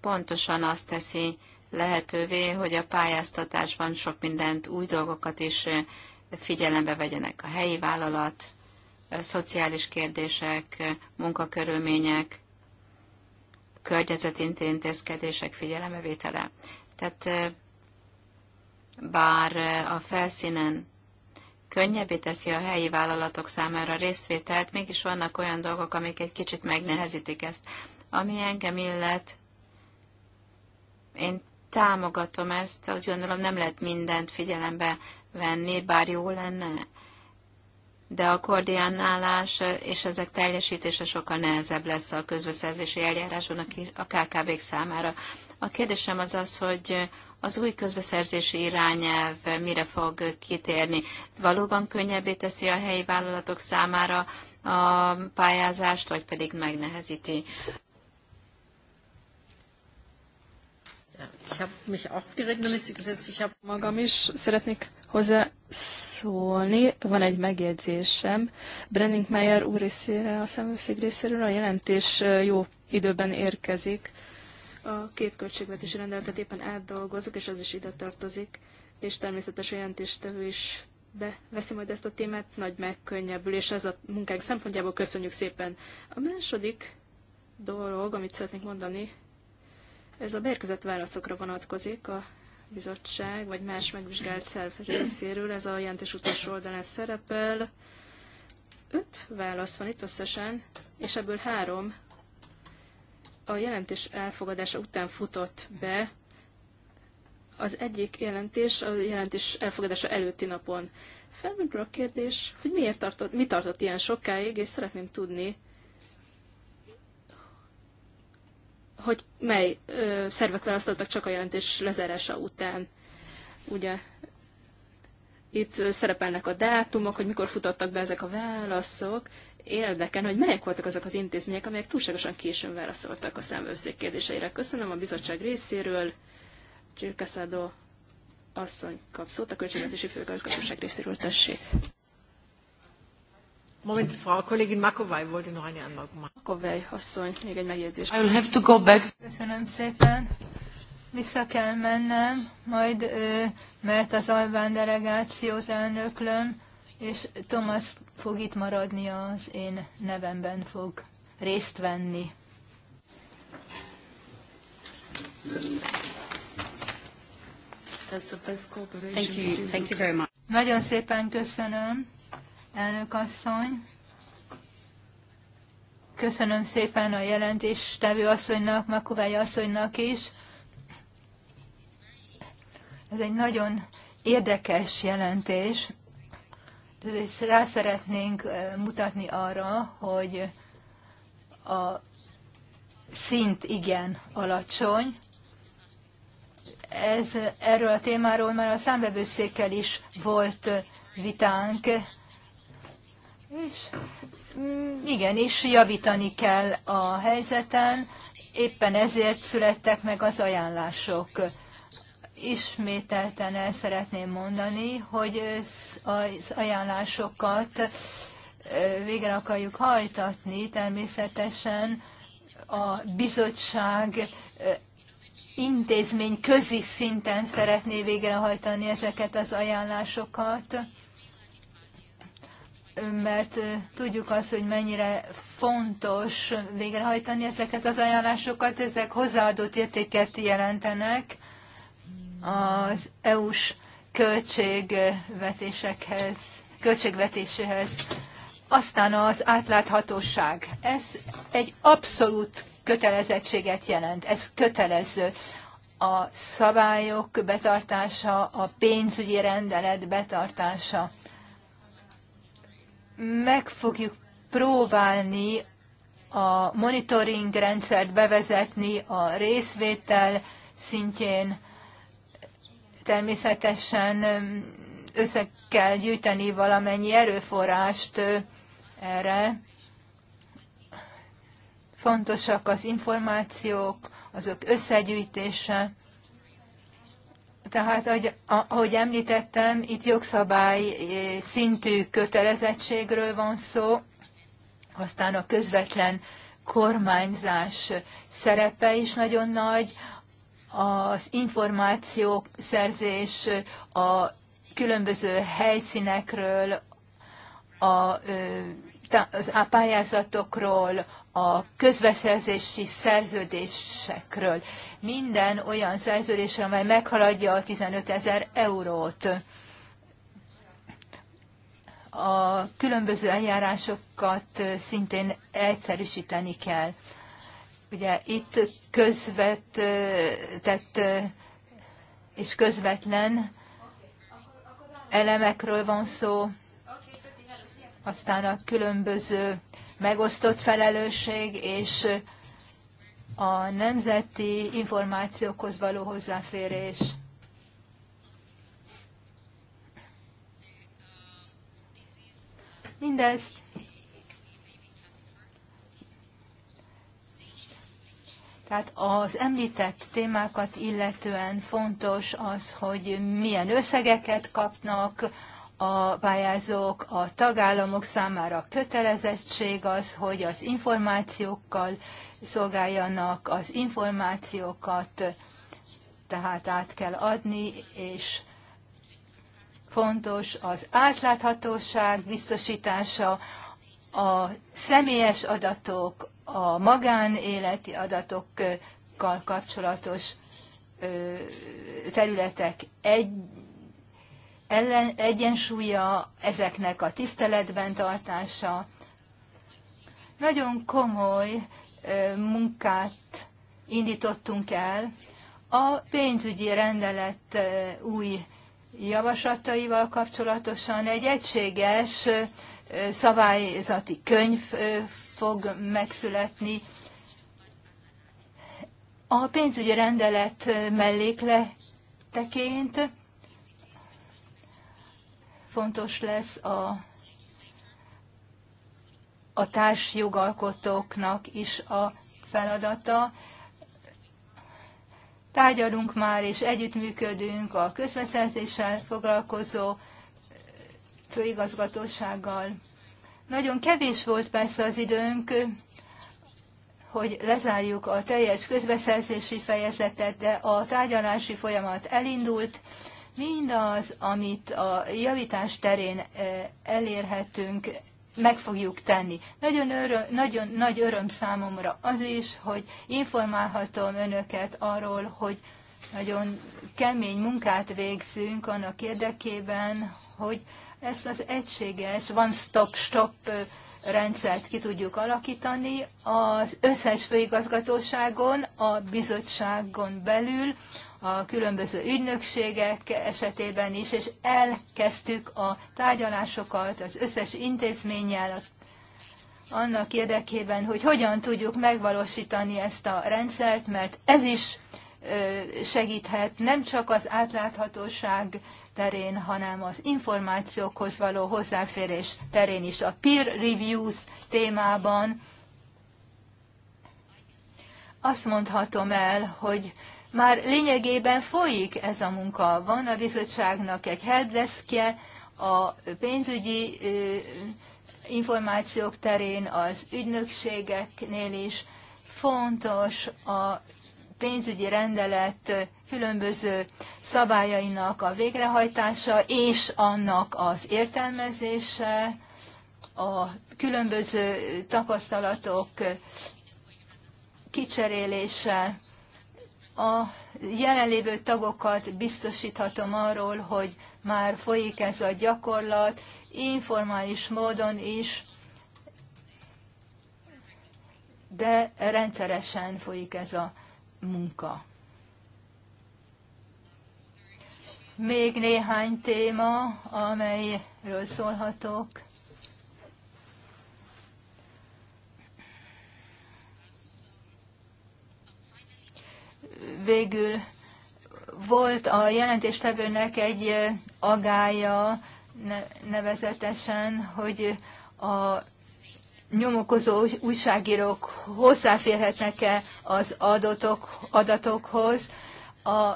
pontosan azt teszi lehetővé, hogy a pályáztatásban sok mindent, új dolgokat is figyelembe vegyenek a helyi vállalat, a szociális kérdések, munkakörülmények, környezeti intézkedések figyelembevétele. Tehát bár a felszínen könnyebbé teszi a helyi vállalatok számára részvételt, mégis vannak olyan dolgok, amik egy kicsit megnehezítik ezt. Ami engem illet, én támogatom ezt, úgy gondolom nem lehet mindent figyelembe venni, bár jó lenne, de a koordinálás és ezek teljesítése sokkal nehezebb lesz a közbeszerzési eljáráson a KKB-k számára. A kérdésem az az, hogy az új közbeszerzési irányelv mire fog kitérni? Valóban könnyebbé teszi a helyi vállalatok számára a pályázást, vagy pedig megnehezíti? Ich habe mich auch direkt in Liste gesetzt. Ich habe magam is szeretnék hozzá szólni. Van egy megjegyzésem. Brenning Meyer úr részére, a szemőszék részéről a jelentés jó időben érkezik a két költségvetési rendeletet éppen átdolgozok, és az is ide tartozik, és természetesen jelentéstevő is beveszi majd ezt a témát, nagy megkönnyebbülés ez a munkánk szempontjából. Köszönjük szépen! A második dolog, amit szeretnék mondani, ez a beérkezett válaszokra vonatkozik a bizottság, vagy más megvizsgált szerv részéről. Ez a jelentés utolsó oldalán szerepel. Öt válasz van itt összesen, és ebből három a jelentés elfogadása után futott be az egyik jelentés a jelentés elfogadása előtti napon. Felmerül a kérdés, hogy miért tartott, mi tartott ilyen sokáig, és szeretném tudni, hogy mely ö, szervek választottak csak a jelentés lezárása után. Ugye itt szerepelnek a dátumok, hogy mikor futottak be ezek a válaszok, érdekelne, hogy melyek voltak azok az intézmények, amelyek túlságosan későn válaszoltak a számvőszék kérdéseire. Köszönöm a bizottság részéről. Csirkeszádó asszony kap szót a Költségvetési Főgazgatóság részéről. Tessék. Moment, Frau Kollegin Makovai wollte noch eine Anmerkung machen. Makovej asszony, még egy megjegyzés. I will have to go back. Köszönöm szépen. Vissza kell mennem, majd, mert az Albán delegációt elnöklöm és Thomas fog itt maradni, az én nevemben fog részt venni. Thank you. Thank you very much. Nagyon szépen köszönöm, elnök asszony. Köszönöm szépen a jelentéstevő asszonynak, Makovály asszonynak is. Ez egy nagyon érdekes jelentés és rá szeretnénk mutatni arra, hogy a szint igen alacsony. Ez, erről a témáról már a számvevőszékkel is volt vitánk, és mm, igenis javítani kell a helyzeten, éppen ezért születtek meg az ajánlások. Ismételten el szeretném mondani, hogy az ajánlásokat végre akarjuk hajtatni, természetesen a bizottság intézmény közi szinten szeretné végrehajtani ezeket az ajánlásokat, mert tudjuk azt, hogy mennyire fontos végrehajtani ezeket az ajánlásokat, ezek hozzáadott értéket jelentenek az EU-s költségvetésekhez, költségvetéséhez. Aztán az átláthatóság. Ez egy abszolút kötelezettséget jelent. Ez kötelező. A szabályok betartása, a pénzügyi rendelet betartása. Meg fogjuk próbálni a monitoring rendszert bevezetni a részvétel szintjén, természetesen össze kell gyűjteni valamennyi erőforrást erre. Fontosak az információk, azok összegyűjtése. Tehát, ahogy említettem, itt jogszabály szintű kötelezettségről van szó, aztán a közvetlen kormányzás szerepe is nagyon nagy, az információk szerzés a különböző helyszínekről, a, a pályázatokról, a közbeszerzési szerződésekről. Minden olyan szerződésre, amely meghaladja a 15 ezer eurót. A különböző eljárásokat szintén egyszerűsíteni kell. Ugye itt közvetett és közvetlen elemekről van szó, aztán a különböző megosztott felelősség és a nemzeti információkhoz való hozzáférés. Mindezt Tehát az említett témákat illetően fontos az, hogy milyen összegeket kapnak a pályázók, a tagállamok számára kötelezettség az, hogy az információkkal szolgáljanak, az információkat tehát át kell adni, és fontos az átláthatóság biztosítása, a személyes adatok, a magánéleti adatokkal kapcsolatos területek egy, ellen, egyensúlya, ezeknek a tiszteletben tartása. Nagyon komoly munkát indítottunk el a pénzügyi rendelet új javaslataival kapcsolatosan egy egységes szabályzati könyv fog megszületni. A pénzügyi rendelet mellékleteként fontos lesz a, a társjogalkotóknak is a feladata. Tárgyalunk már és együttműködünk a közbeszerzéssel foglalkozó főigazgatósággal. Nagyon kevés volt persze az időnk, hogy lezárjuk a teljes közbeszerzési fejezetet, de a tárgyalási folyamat elindult. Mindaz, amit a javítás terén eh, elérhetünk, meg fogjuk tenni. Nagyon, öröm, nagyon nagy öröm számomra az is, hogy informálhatom önöket arról, hogy nagyon kemény munkát végzünk annak érdekében, hogy ezt az egységes one-stop-stop rendszert ki tudjuk alakítani az összes főigazgatóságon, a bizottságon belül, a különböző ügynökségek esetében is, és elkezdtük a tárgyalásokat az összes intézménnyel annak érdekében, hogy hogyan tudjuk megvalósítani ezt a rendszert, mert ez is segíthet nem csak az átláthatóság terén, hanem az információkhoz való hozzáférés terén is, a peer reviews témában. Azt mondhatom el, hogy már lényegében folyik ez a munka. Van a bizottságnak egy helpdeskje, a pénzügyi információk terén, az ügynökségeknél is fontos a pénzügyi rendelet különböző szabályainak a végrehajtása és annak az értelmezése, a különböző tapasztalatok kicserélése, a jelenlévő tagokat biztosíthatom arról, hogy már folyik ez a gyakorlat, informális módon is, de rendszeresen folyik ez a munka. Még néhány téma, amelyről szólhatok. Végül volt a jelentéstevőnek egy agája, nevezetesen, hogy a nyomokozó újságírók hozzáférhetnek-e az adatok, adatokhoz. A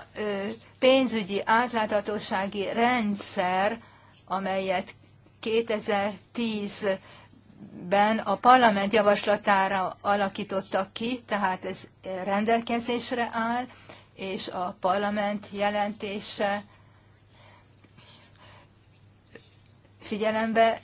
pénzügyi átláthatósági rendszer, amelyet 2010-ben a parlament javaslatára alakítottak ki, tehát ez rendelkezésre áll, és a parlament jelentése figyelembe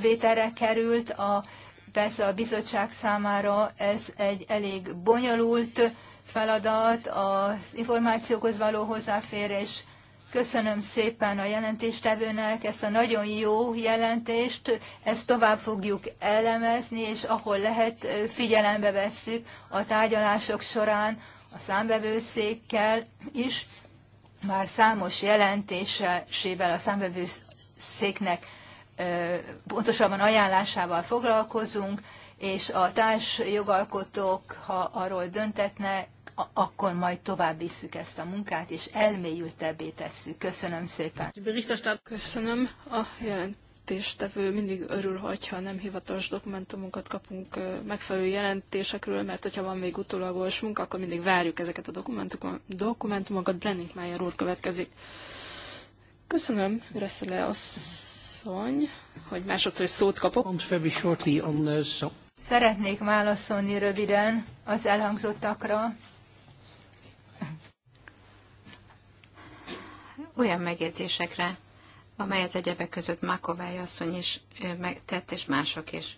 vételre került. A, persze a bizottság számára ez egy elég bonyolult feladat az információkhoz való hozzáférés. Köszönöm szépen a jelentéstevőnek ezt a nagyon jó jelentést, ezt tovább fogjuk elemezni, és ahol lehet figyelembe vesszük a tárgyalások során a számbevőszékkel is, már számos jelentésével a számbevőszéknek pontosabban ajánlásával foglalkozunk, és a társ jogalkotók, ha arról döntetnek, akkor majd tovább visszük ezt a munkát, és elmélyültebbé tesszük. Köszönöm szépen. Köszönöm a jelentéstevő. Mindig örül, hogyha nem hivatalos dokumentumokat kapunk megfelelő jelentésekről, mert hogyha van még utólagos munka, akkor mindig várjuk ezeket a dokumentumokat. Brenning Meyer úr következik. Köszönöm, Gressele asszony, hogy másodszor is szót kapok. Uh, Szeretnék válaszolni röviden az elhangzottakra. olyan megjegyzésekre, amely az egyebek között Makovály asszony is tett, és mások is.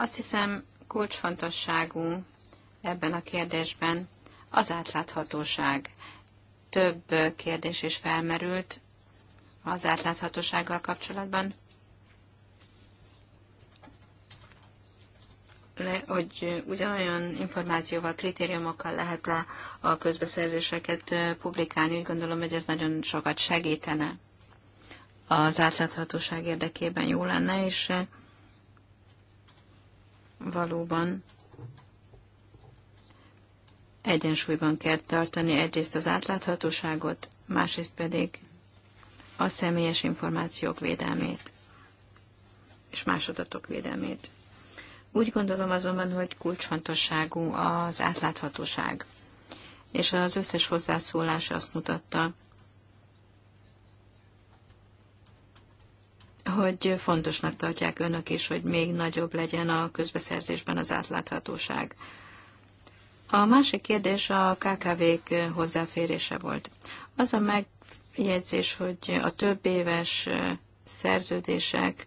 Azt hiszem, kulcsfontosságú ebben a kérdésben az átláthatóság. Több kérdés is felmerült az átláthatósággal kapcsolatban. le, hogy ugyanolyan információval, kritériumokkal lehet le a közbeszerzéseket publikálni. Úgy gondolom, hogy ez nagyon sokat segítene az átláthatóság érdekében jó lenne, és valóban egyensúlyban kell tartani egyrészt az átláthatóságot, másrészt pedig a személyes információk védelmét és más adatok védelmét. Úgy gondolom azonban, hogy kulcsfontosságú az átláthatóság. És az összes hozzászólás azt mutatta, hogy fontosnak tartják önök is, hogy még nagyobb legyen a közbeszerzésben az átláthatóság. A másik kérdés a KKV-k hozzáférése volt. Az a megjegyzés, hogy a több éves szerződések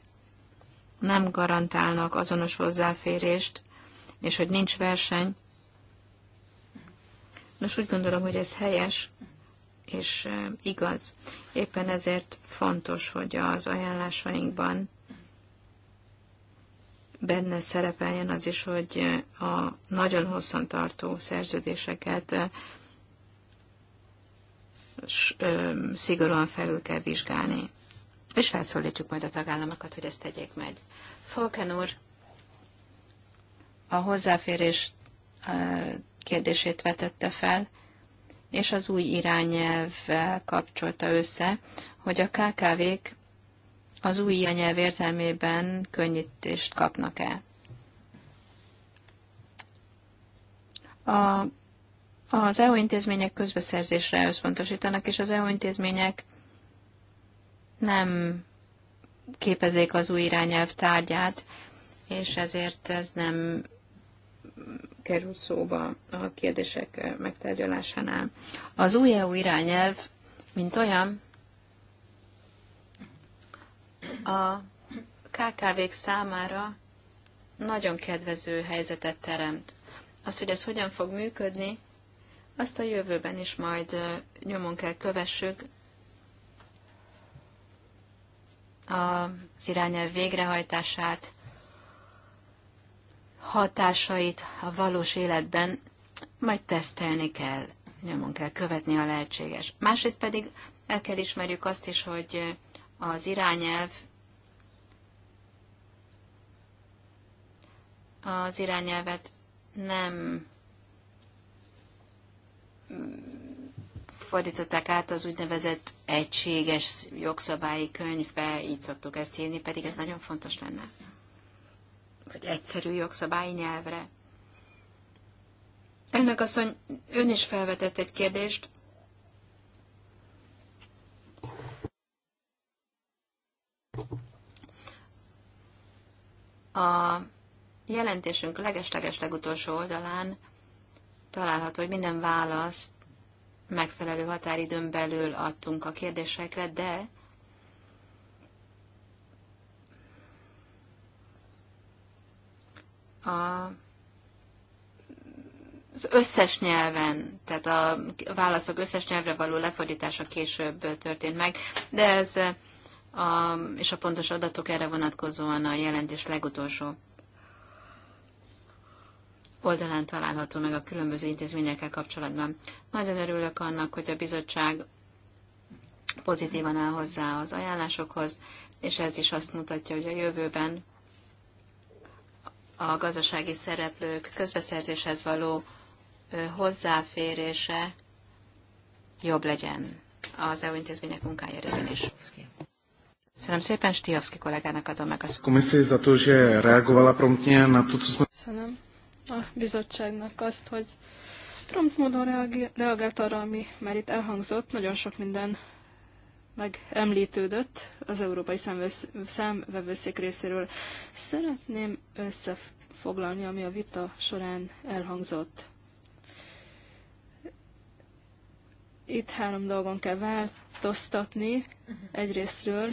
nem garantálnak azonos hozzáférést, és hogy nincs verseny. Nos, úgy gondolom, hogy ez helyes és igaz. Éppen ezért fontos, hogy az ajánlásainkban benne szerepeljen az is, hogy a nagyon hosszan tartó szerződéseket szigorúan felül kell vizsgálni és felszólítjuk majd a tagállamokat, hogy ezt tegyék meg. Falken úr a hozzáférés kérdését vetette fel, és az új irányelvvel kapcsolta össze, hogy a KKV-k az új irányelv értelmében könnyítést kapnak el. A, az EU intézmények közbeszerzésre összpontosítanak, és az EU intézmények nem képezik az új irányelv tárgyát, és ezért ez nem került szóba a kérdések megtárgyalásánál. Az új EU irányelv, mint olyan, a KKV-k számára nagyon kedvező helyzetet teremt. Az, hogy ez hogyan fog működni, azt a jövőben is majd nyomon kell kövessük, az irányelv végrehajtását, hatásait a valós életben majd tesztelni kell, nyomon kell követni a lehetséges. Másrészt pedig el kell ismerjük azt is, hogy az irányelv az irányelvet nem fordították át az úgynevezett egységes jogszabályi könyvbe, így szoktuk ezt hívni, pedig ez nagyon fontos lenne. Vagy egyszerű jogszabályi nyelvre. Ennek asszony, ön is felvetett egy kérdést. A jelentésünk legesleges legutolsó oldalán található, hogy minden választ megfelelő határidőn belül adtunk a kérdésekre, de a, az összes nyelven, tehát a válaszok összes nyelvre való lefordítása később történt meg, de ez a, és a pontos adatok erre vonatkozóan a jelentés legutolsó oldalán található meg a különböző intézményekkel kapcsolatban. Nagyon örülök annak, hogy a bizottság pozitívan áll hozzá az ajánlásokhoz, és ez is azt mutatja, hogy a jövőben a gazdasági szereplők közbeszerzéshez való hozzáférése jobb legyen az EU intézmények munkája révén is. Köszönöm szépen, Stiavski kollégának adom meg a szót. Köszönöm a bizottságnak azt, hogy prompt módon reagált arra, ami már itt elhangzott. Nagyon sok minden megemlítődött az Európai Számvevőszék részéről. Szeretném összefoglalni, ami a vita során elhangzott. Itt három dolgon kell vált változtatni egyrésztről,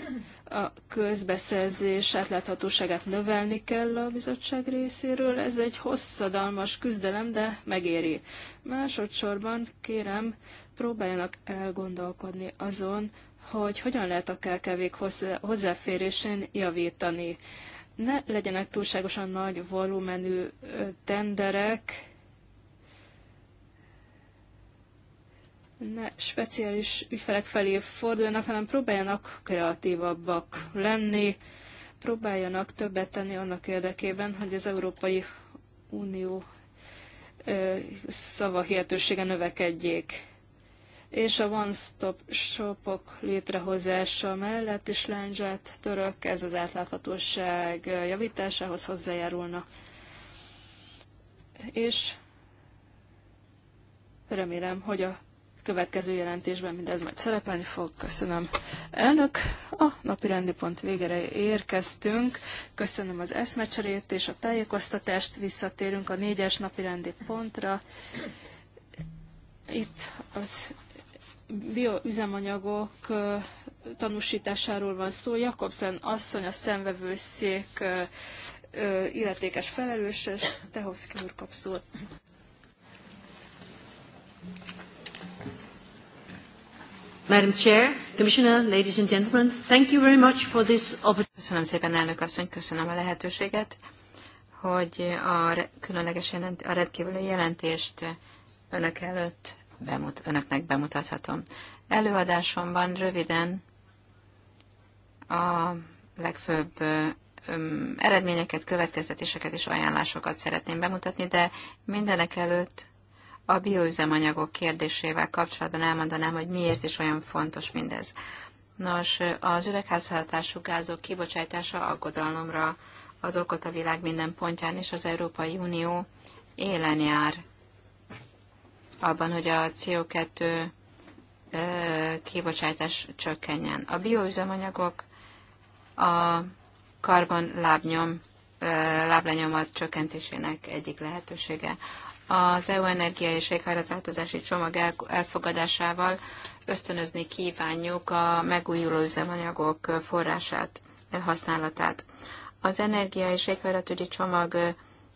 a közbeszerzés átláthatóságát növelni kell a bizottság részéről. Ez egy hosszadalmas küzdelem, de megéri. Másodszorban kérem, próbáljanak elgondolkodni azon, hogy hogyan lehet a KKV-k hozzáférésén javítani. Ne legyenek túlságosan nagy volumenű tenderek, ne speciális ügyfelek felé forduljanak, hanem próbáljanak kreatívabbak lenni, próbáljanak többet tenni annak érdekében, hogy az Európai Unió szavahihetősége növekedjék. És a one-stop shopok -ok létrehozása mellett is lányzsát török, ez az átláthatóság javításához hozzájárulna. És remélem, hogy a következő jelentésben mindez majd szerepelni fog. Köszönöm, elnök. A napi rendi pont végére érkeztünk. Köszönöm az eszmecserét és a tájékoztatást. Visszatérünk a négyes napi rendi pontra. Itt az bioüzemanyagok tanúsításáról van szó. Jakobsen asszony a szenvevőszék illetékes felelős, és Tehovszki úr kap Madam Chair, Commissioner, ladies and gentlemen, thank you very much for this opportunity. Köszönöm szépen, elnök asszony, köszönöm a lehetőséget, hogy a különleges jelent, a rendkívüli jelentést önök előtt bemut, önöknek bemutathatom. Előadásomban röviden a legfőbb eredményeket, következtetéseket és ajánlásokat szeretném bemutatni, de mindenek előtt a bioüzemanyagok kérdésével kapcsolatban elmondanám, hogy miért is olyan fontos mindez. Nos, az üvegházhatású gázok kibocsátása aggodalomra ad okot a világ minden pontján, és az Európai Unió élen jár abban, hogy a CO2 kibocsátás csökkenjen. A bioüzemanyagok a karbon lábnyom, láblenyomat csökkentésének egyik lehetősége az EU energia és éghajlatváltozási csomag elfogadásával ösztönözni kívánjuk a megújuló üzemanyagok forrását, használatát. Az energia és éghajlatügyi csomag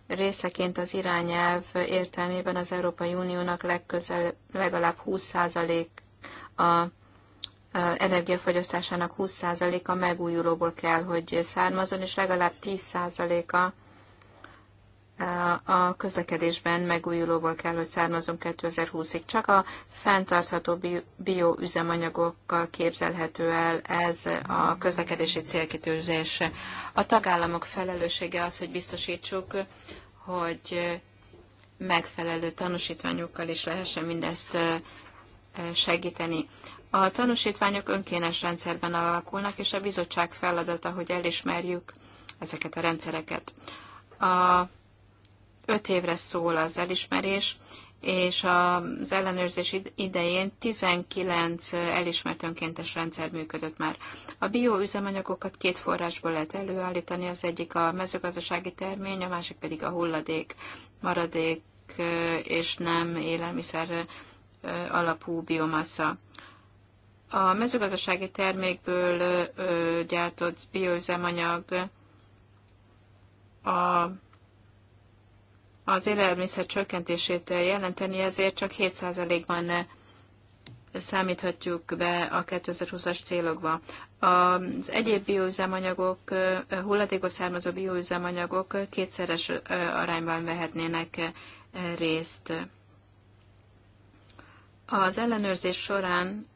részeként az irányelv értelmében az Európai Uniónak legközel, legalább 20% a energiafogyasztásának 20%-a megújulóból kell, hogy származon, és legalább 10%-a a közlekedésben megújulóból kell, hogy származom 2020-ig. Csak a fenntartható bioüzemanyagokkal képzelhető el ez a közlekedési célkitűzés. A tagállamok felelőssége az, hogy biztosítsuk, hogy megfelelő tanúsítványokkal is lehessen mindezt segíteni. A tanúsítványok önkénes rendszerben alakulnak, és a bizottság feladata, hogy elismerjük ezeket a rendszereket. A 5 évre szól az elismerés, és az ellenőrzés idején 19 elismert önkéntes rendszer működött már. A bioüzemanyagokat két forrásból lehet előállítani, az egyik a mezőgazdasági termény, a másik pedig a hulladék, maradék és nem élelmiszer alapú biomassa. A mezőgazdasági termékből gyártott bioüzemanyag a az élelmiszer csökkentését jelenteni, ezért csak 7%-ban számíthatjuk be a 2020-as célokba. Az egyéb bioüzemanyagok, hulladékos származó bioüzemanyagok kétszeres arányban vehetnének részt. Az ellenőrzés során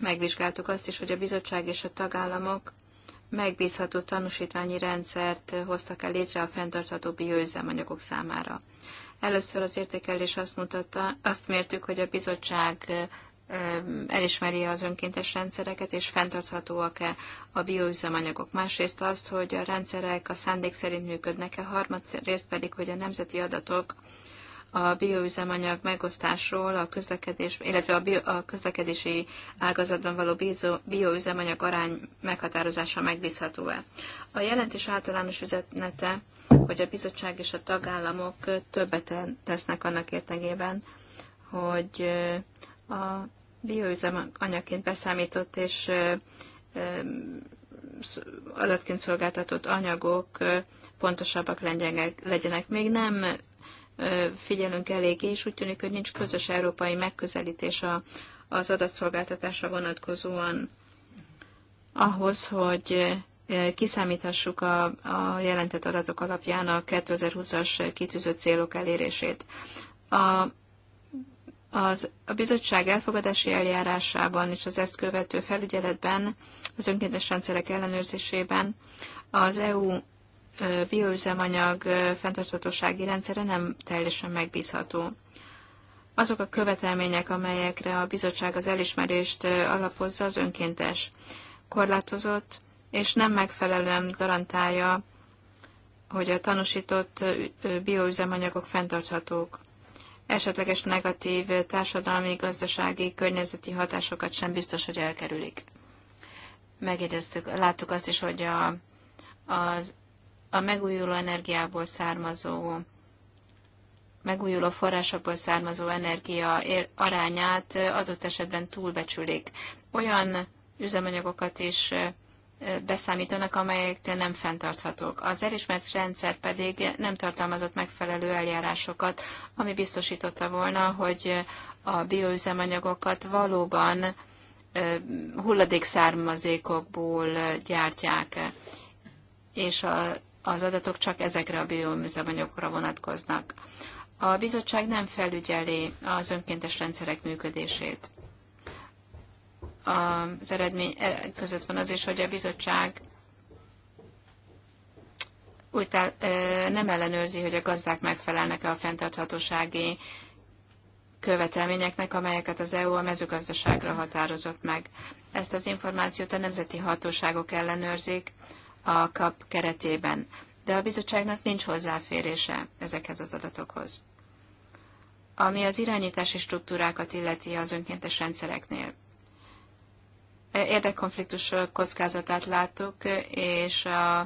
megvizsgáltuk azt is, hogy a bizottság és a tagállamok megbízható tanúsítványi rendszert hoztak el létre a fenntartható bioüzemanyagok számára. Először az értékelés azt mutatta, azt mértük, hogy a bizottság elismeri az önkéntes rendszereket, és fenntarthatóak-e a bioüzemanyagok. Másrészt azt, hogy a rendszerek a szándék szerint működnek-e, harmadrészt pedig, hogy a nemzeti adatok a bioüzemanyag megosztásról a közlekedés, illetve a, bio, a közlekedési ágazatban való bizo bioüzemanyag arány meghatározása megbízható-e. A jelentés általános üzenete, hogy a bizottság és a tagállamok többet tesznek annak értegében, hogy a bioüzemanyagként beszámított és adatként szolgáltatott anyagok pontosabbak legyenek. Még nem figyelünk eléggé, és úgy tűnik, hogy nincs közös európai megközelítés a, az adatszolgáltatásra vonatkozóan ahhoz, hogy kiszámíthassuk a, a jelentett adatok alapján a 2020-as kitűzött célok elérését. A, az, a bizottság elfogadási eljárásában és az ezt követő felügyeletben, az önkéntes rendszerek ellenőrzésében az EU bioüzemanyag fenntarthatósági rendszere nem teljesen megbízható. Azok a követelmények, amelyekre a bizottság az elismerést alapozza, az önkéntes, korlátozott, és nem megfelelően garantálja, hogy a tanúsított bioüzemanyagok fenntarthatók. Esetleges negatív társadalmi, gazdasági, környezeti hatásokat sem biztos, hogy elkerülik. Megjegyeztük, láttuk azt is, hogy a, az a megújuló energiából származó megújuló forrásokból származó energia arányát adott esetben túlbecsülik. Olyan üzemanyagokat is beszámítanak, amelyek nem fenntarthatók. Az elismert rendszer pedig nem tartalmazott megfelelő eljárásokat, ami biztosította volna, hogy a bioüzemanyagokat valóban hulladékszármazékokból gyártják, és a az adatok csak ezekre a bioműzemanyagokra vonatkoznak. A bizottság nem felügyeli az önkéntes rendszerek működését. Az eredmény e, között van az is, hogy a bizottság úgy tál, e, nem ellenőrzi, hogy a gazdák megfelelnek-e a fenntarthatósági követelményeknek, amelyeket az EU a mezőgazdaságra határozott meg. Ezt az információt a nemzeti hatóságok ellenőrzik, a kap keretében, de a bizottságnak nincs hozzáférése ezekhez az adatokhoz. Ami az irányítási struktúrákat illeti az önkéntes rendszereknél. Érdekkonfliktus kockázatát láttuk, és a,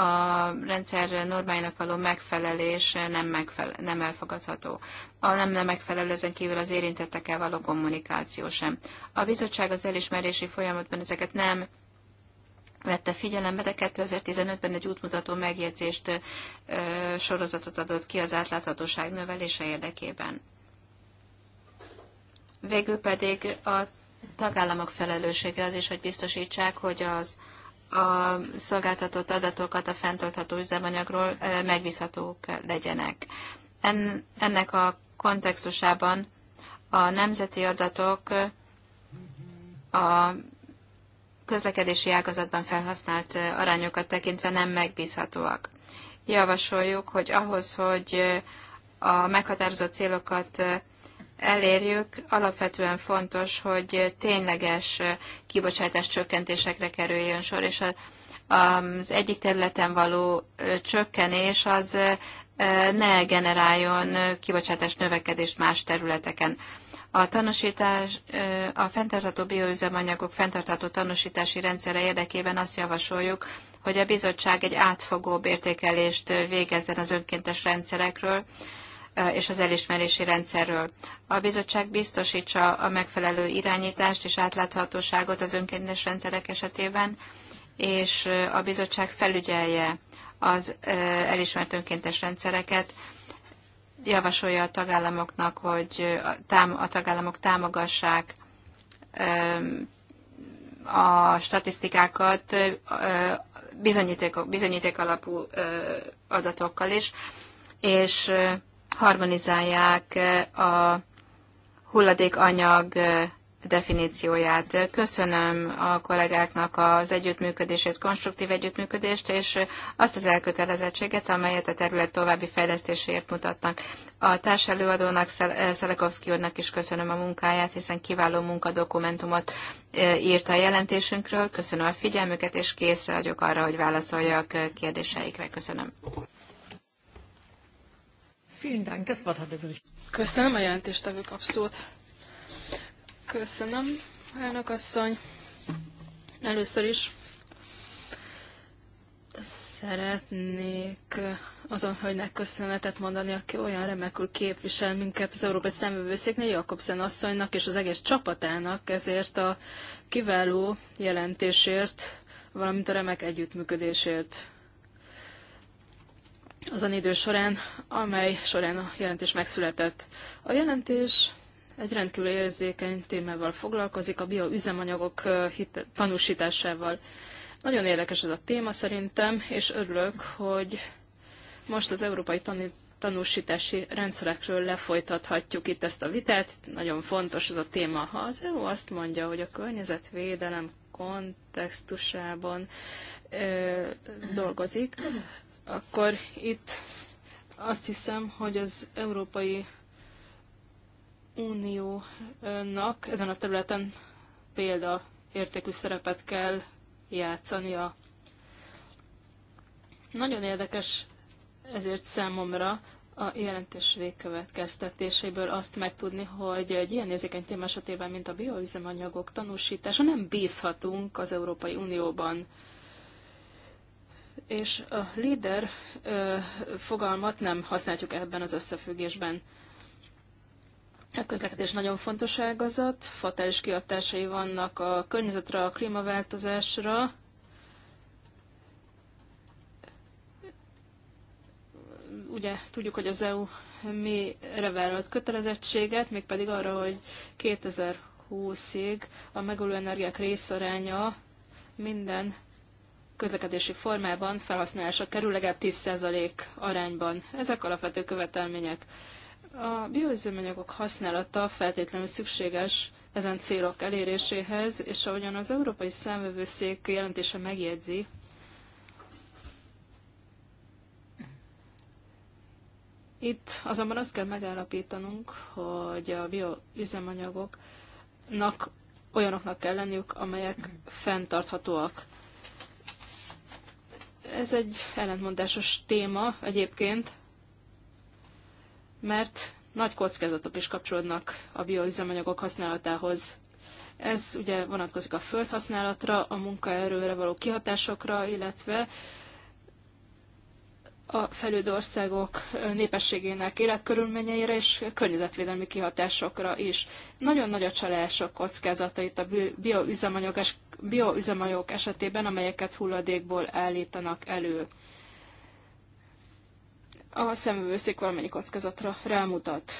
a rendszer normáinak való megfelelés nem, megfele, nem elfogadható. A nem, nem megfelelő ezen kívül az érintettekkel való kommunikáció sem. A bizottság az elismerési folyamatban ezeket nem vette figyelembe, de 2015-ben egy útmutató megjegyzést sorozatot adott ki az átláthatóság növelése érdekében. Végül pedig a tagállamok felelőssége az is, hogy biztosítsák, hogy az a szolgáltatott adatokat a fenntartható üzemanyagról megbízhatók legyenek. En, ennek a kontextusában a nemzeti adatok a közlekedési ágazatban felhasznált arányokat tekintve nem megbízhatóak. Javasoljuk, hogy ahhoz, hogy a meghatározott célokat elérjük, alapvetően fontos, hogy tényleges kibocsátás csökkentésekre kerüljön sor, és az egyik területen való csökkenés az ne generáljon kibocsátás növekedést más területeken. A tanúsítás, a fenntartható bioüzemanyagok fenntartható tanúsítási rendszere érdekében azt javasoljuk, hogy a bizottság egy átfogóbb értékelést végezzen az önkéntes rendszerekről, és az elismerési rendszerről. A bizottság biztosítsa a megfelelő irányítást és átláthatóságot az önkéntes rendszerek esetében, és a bizottság felügyelje az elismert önkéntes rendszereket, javasolja a tagállamoknak, hogy a tagállamok támogassák a statisztikákat bizonyíték, bizonyíték alapú adatokkal is, és harmonizálják a hulladékanyag definícióját. Köszönöm a kollégáknak az együttműködését, konstruktív együttműködést, és azt az elkötelezettséget, amelyet a terület további fejlesztéséért mutatnak. A társelőadónak, eh, Szelekovszki úrnak is köszönöm a munkáját, hiszen kiváló munkadokumentumot eh, írt a jelentésünkről. Köszönöm a figyelmüket, és kész vagyok arra, hogy válaszoljak eh, kérdéseikre. Köszönöm. Vielen Dank, das er Köszönöm a jelentéstevők abszolút. Köszönöm, elnök asszony. Először is szeretnék azon hölgynek köszönetet mondani, aki olyan remekül képvisel minket az Európai Szemvevőszéknél, Jakobsen asszonynak és az egész csapatának ezért a kiváló jelentésért, valamint a remek együttműködésért azon idő során, amely során a jelentés megszületett. A jelentés egy rendkívül érzékeny témával foglalkozik, a bioüzemanyagok tanúsításával. Nagyon érdekes ez a téma szerintem, és örülök, hogy most az európai tanúsítási rendszerekről lefolytathatjuk itt ezt a vitát. Nagyon fontos ez a téma. Ha az EU azt mondja, hogy a környezetvédelem kontextusában ö, dolgozik, akkor itt azt hiszem, hogy az európai Uniónak ezen a területen példa értékű szerepet kell játszania. Nagyon érdekes ezért számomra a jelentés végkövetkeztetéséből azt megtudni, hogy egy ilyen érzékeny téma esetében, mint a bioüzemanyagok tanúsítása, nem bízhatunk az Európai Unióban. És a líder fogalmat nem használjuk ebben az összefüggésben. A közlekedés nagyon fontos ágazat, fatális kiadásai vannak a környezetre, a klímaváltozásra. Ugye tudjuk, hogy az EU mi vállalt kötelezettséget, mégpedig arra, hogy 2020-ig a megújuló energiák részaránya minden közlekedési formában felhasználásra kerül legalább 10% arányban. Ezek alapvető követelmények. A bioüzemanyagok használata feltétlenül szükséges ezen célok eléréséhez, és ahogyan az Európai Számvevőszék jelentése megjegyzi, Itt azonban azt kell megállapítanunk, hogy a bioüzemanyagoknak olyanoknak kell lenniük, amelyek fenntarthatóak. Ez egy ellentmondásos téma egyébként, mert nagy kockázatok is kapcsolódnak a bioüzemanyagok használatához. Ez ugye vonatkozik a földhasználatra, a munkaerőre való kihatásokra, illetve a fejlődő országok népességének életkörülményeire és környezetvédelmi kihatásokra is. Nagyon nagy a csalások kockázatait a bioüzemanyagok, bioüzemanyagok esetében, amelyeket hulladékból állítanak elő a szemüvőszék valamennyi kockázatra rámutat.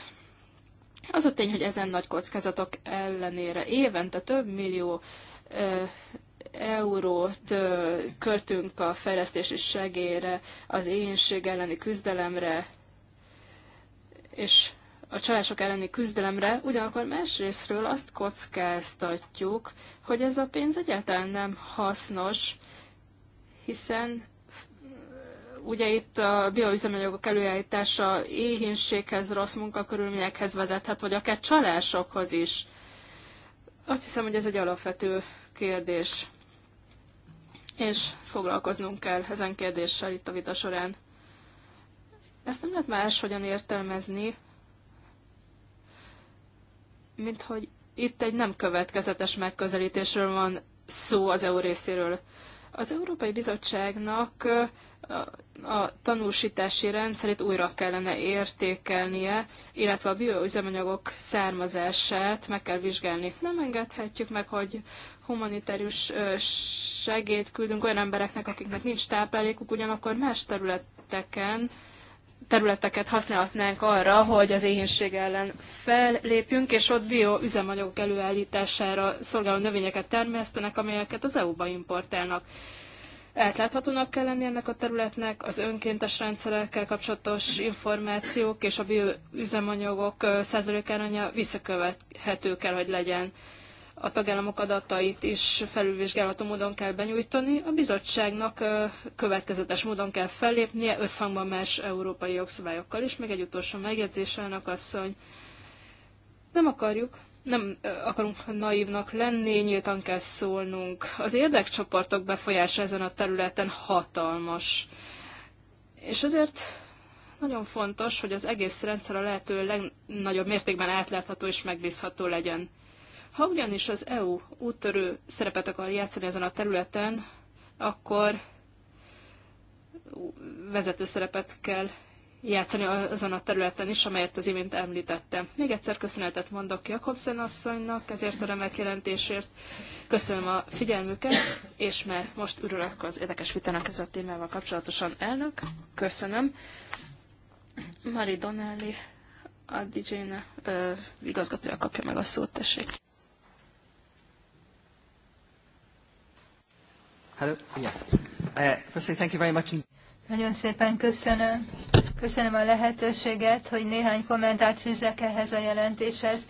Az a tény, hogy ezen nagy kockázatok ellenére évente több millió ö, eurót ö, költünk a fejlesztési segélyre, az éhénység elleni küzdelemre, és a csalások elleni küzdelemre, ugyanakkor másrésztről azt kockáztatjuk, hogy ez a pénz egyáltalán nem hasznos, hiszen ugye itt a bioüzemanyagok előállítása éhénységhez, rossz munkakörülményekhez vezethet, vagy akár csalásokhoz is. Azt hiszem, hogy ez egy alapvető kérdés, és foglalkoznunk kell ezen kérdéssel itt a vita során. Ezt nem lehet máshogyan értelmezni, mint hogy itt egy nem következetes megközelítésről van szó az EU részéről. Az Európai Bizottságnak a tanúsítási rendszerét újra kellene értékelnie, illetve a bioüzemanyagok származását meg kell vizsgálni. Nem engedhetjük meg, hogy humanitárius segét küldünk olyan embereknek, akiknek nincs táplálékuk, ugyanakkor más területeken területeket használhatnánk arra, hogy az éhénység ellen fellépjünk, és ott bioüzemanyagok előállítására szolgáló növényeket termesztenek, amelyeket az EU-ba importálnak. Átláthatónak kell lenni ennek a területnek, az önkéntes rendszerekkel kapcsolatos információk és a bioüzemanyagok százalékáránya visszakövethető kell, hogy legyen. A tagállamok adatait is felülvizsgálható módon kell benyújtani, a bizottságnak következetes módon kell fellépnie összhangban más európai jogszabályokkal is. Még egy utolsó megjegyzés, elnök asszony. Nem akarjuk, nem akarunk naívnak lenni, nyíltan kell szólnunk. Az érdekcsoportok befolyása ezen a területen hatalmas. És azért nagyon fontos, hogy az egész rendszer a lehető legnagyobb mértékben átlátható és megbízható legyen. Ha ugyanis az EU úttörő szerepet akar játszani ezen a területen, akkor vezető szerepet kell játszani azon a területen is, amelyet az imént említettem. Még egyszer köszönetet mondok Jakobsen asszonynak ezért a remek jelentésért. Köszönöm a figyelmüket, és mert most örülök az érdekes vitának ez a témával kapcsolatosan. Elnök, köszönöm. Mari Donnelly, a DJ-ne igazgatója kapja meg a szót, tessék. Hello, yes. Uh, firstly, thank you very much. Nagyon szépen köszönöm. Köszönöm a lehetőséget, hogy néhány kommentát fűzek ehhez a jelentéshez.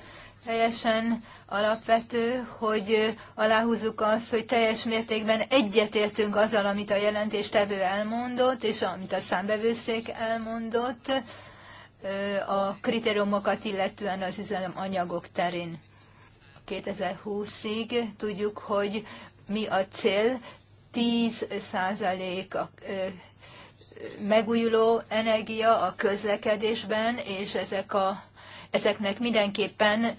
Teljesen alapvető, hogy aláhúzzuk azt, hogy teljes mértékben egyetértünk azzal, amit a jelentéstevő elmondott, és amit a számbevőszék elmondott a kritériumokat illetően az üzemanyagok terén. 2020-ig tudjuk, hogy mi a cél, 10 százalék a megújuló energia a közlekedésben, és ezek a, ezeknek mindenképpen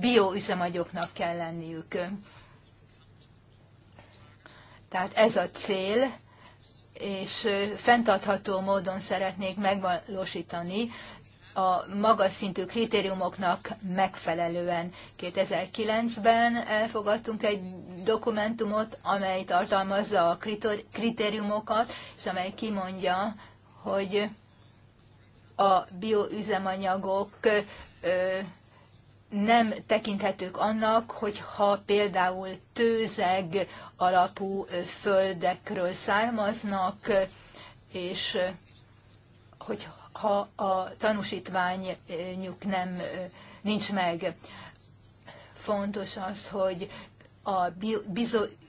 bioüzemanyagoknak kell lenniük. Tehát ez a cél, és fenntartható módon szeretnék megvalósítani a magas szintű kritériumoknak megfelelően. 2009-ben elfogadtunk egy dokumentumot, amely tartalmazza a kritériumokat, és amely kimondja, hogy a bioüzemanyagok nem tekinthetők annak, hogyha például tőzeg alapú földekről származnak, és hogy ha a tanúsítványuk nem nincs meg. Fontos az, hogy a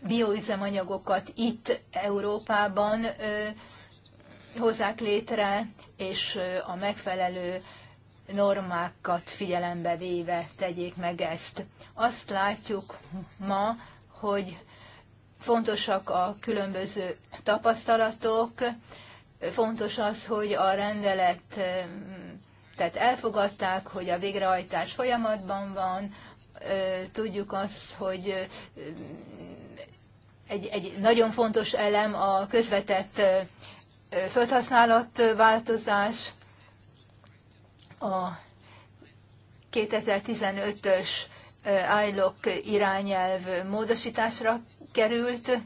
bioüzemanyagokat itt Európában hozzák létre, és a megfelelő normákat figyelembe véve tegyék meg ezt. Azt látjuk ma, hogy fontosak a különböző tapasztalatok, Fontos az, hogy a rendelet eh, tehát elfogadták, hogy a végrehajtás folyamatban van, eh, tudjuk azt, hogy eh, egy, egy nagyon fontos elem a közvetett földhasználat változás, a 2015-ös ILOC irányelv módosításra került,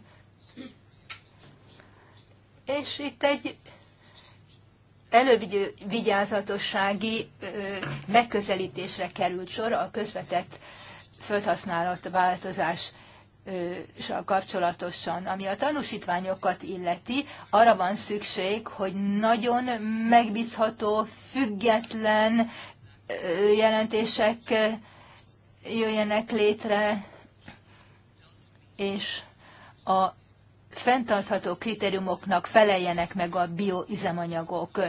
és itt egy elővigyázatossági megközelítésre került sor a közvetett földhasználat változás kapcsolatosan. Ami a tanúsítványokat illeti, arra van szükség, hogy nagyon megbízható, független jelentések jöjjenek létre, és a fenntartható kritériumoknak feleljenek meg a bioüzemanyagok.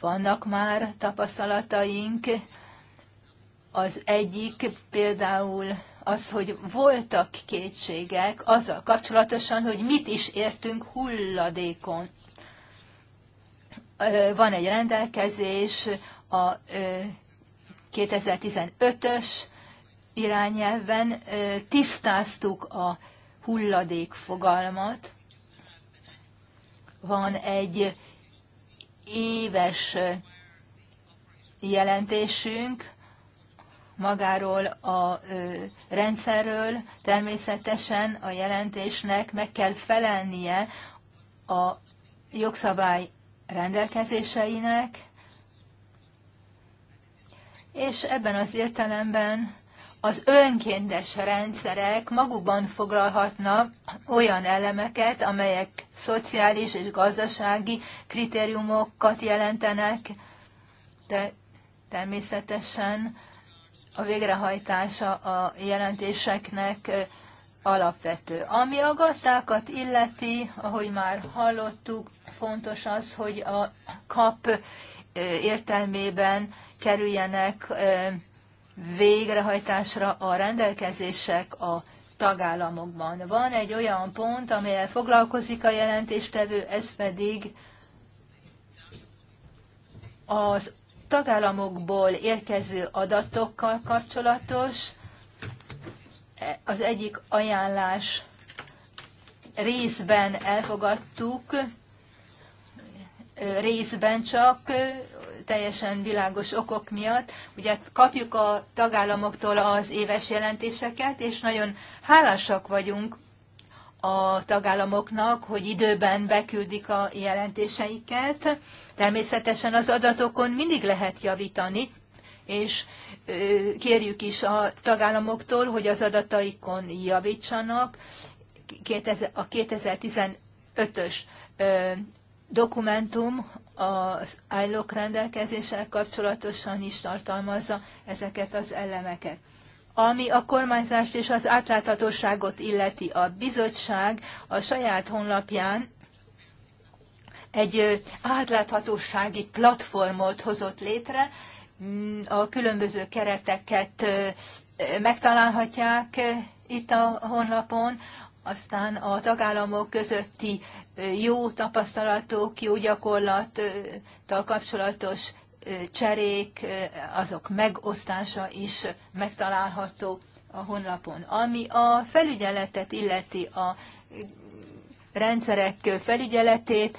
Vannak már tapasztalataink. Az egyik például az, hogy voltak kétségek azzal kapcsolatosan, hogy mit is értünk hulladékon. Van egy rendelkezés a 2015-ös irányelven tisztáztuk a hulladék fogalmat, van egy éves jelentésünk magáról a rendszerről. Természetesen a jelentésnek meg kell felelnie a jogszabály rendelkezéseinek, és ebben az értelemben az önkéntes rendszerek magukban foglalhatnak olyan elemeket, amelyek szociális és gazdasági kritériumokat jelentenek, de természetesen a végrehajtása a jelentéseknek alapvető. Ami a gazdákat illeti, ahogy már hallottuk, fontos az, hogy a kap értelmében kerüljenek végrehajtásra a rendelkezések a tagállamokban. Van egy olyan pont, amelyel foglalkozik a jelentéstevő, ez pedig az tagállamokból érkező adatokkal kapcsolatos. Az egyik ajánlás részben elfogadtuk, részben csak teljesen világos okok miatt. Ugye kapjuk a tagállamoktól az éves jelentéseket, és nagyon hálásak vagyunk a tagállamoknak, hogy időben beküldik a jelentéseiket. Természetesen az adatokon mindig lehet javítani, és kérjük is a tagállamoktól, hogy az adataikon javítsanak. A 2015-ös dokumentum az állók rendelkezéssel kapcsolatosan is tartalmazza ezeket az elemeket. Ami a kormányzást és az átláthatóságot illeti, a bizottság a saját honlapján egy átláthatósági platformot hozott létre, mm, a különböző kereteket megtalálhatják itt a honlapon aztán a tagállamok közötti jó tapasztalatok, jó gyakorlattal kapcsolatos cserék, azok megosztása is megtalálható a honlapon. Ami a felügyeletet illeti, a rendszerek felügyeletét,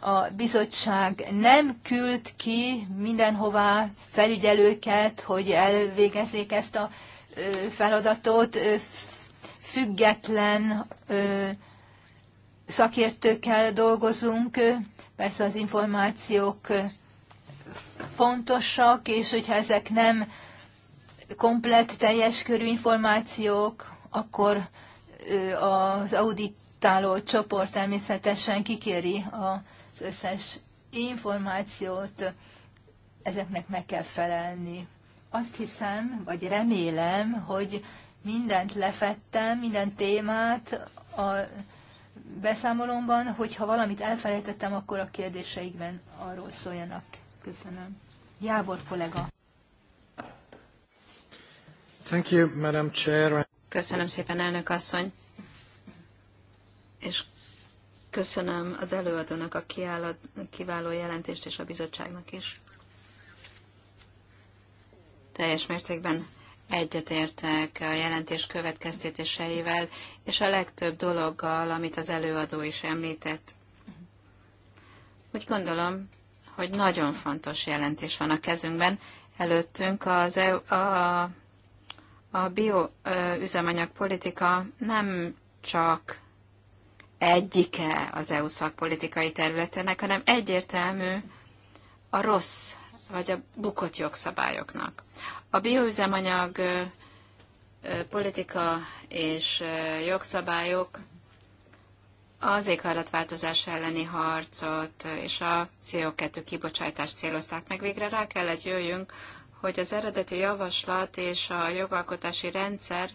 a bizottság nem küld ki mindenhová felügyelőket, hogy elvégezzék ezt a feladatot, független szakértőkkel dolgozunk, persze az információk fontosak, és hogyha ezek nem komplett, teljes körű információk, akkor az auditáló csoport természetesen kikéri az összes információt, ezeknek meg kell felelni. Azt hiszem, vagy remélem, hogy mindent lefettem, minden témát a beszámolomban, hogyha valamit elfelejtettem, akkor a kérdéseikben arról szóljanak. Köszönöm. Jávor kollega. Thank you, Madam Chair. Köszönöm szépen, elnök asszony. És köszönöm az előadónak a kiváló jelentést és a bizottságnak is. Teljes mértékben egyetértek a jelentés következtetéseivel, és a legtöbb dologgal, amit az előadó is említett. Úgy gondolom, hogy nagyon fontos jelentés van a kezünkben. Előttünk az EU, a, a bioüzemanyag politika nem csak egyike az EU szakpolitikai területének, hanem egyértelmű a rossz vagy a bukott jogszabályoknak. A bioüzemanyag politika és jogszabályok az éghajlatváltozás elleni harcot és a CO2 kibocsátást célozták meg. Végre rá kellett jöjjünk, hogy az eredeti javaslat és a jogalkotási rendszer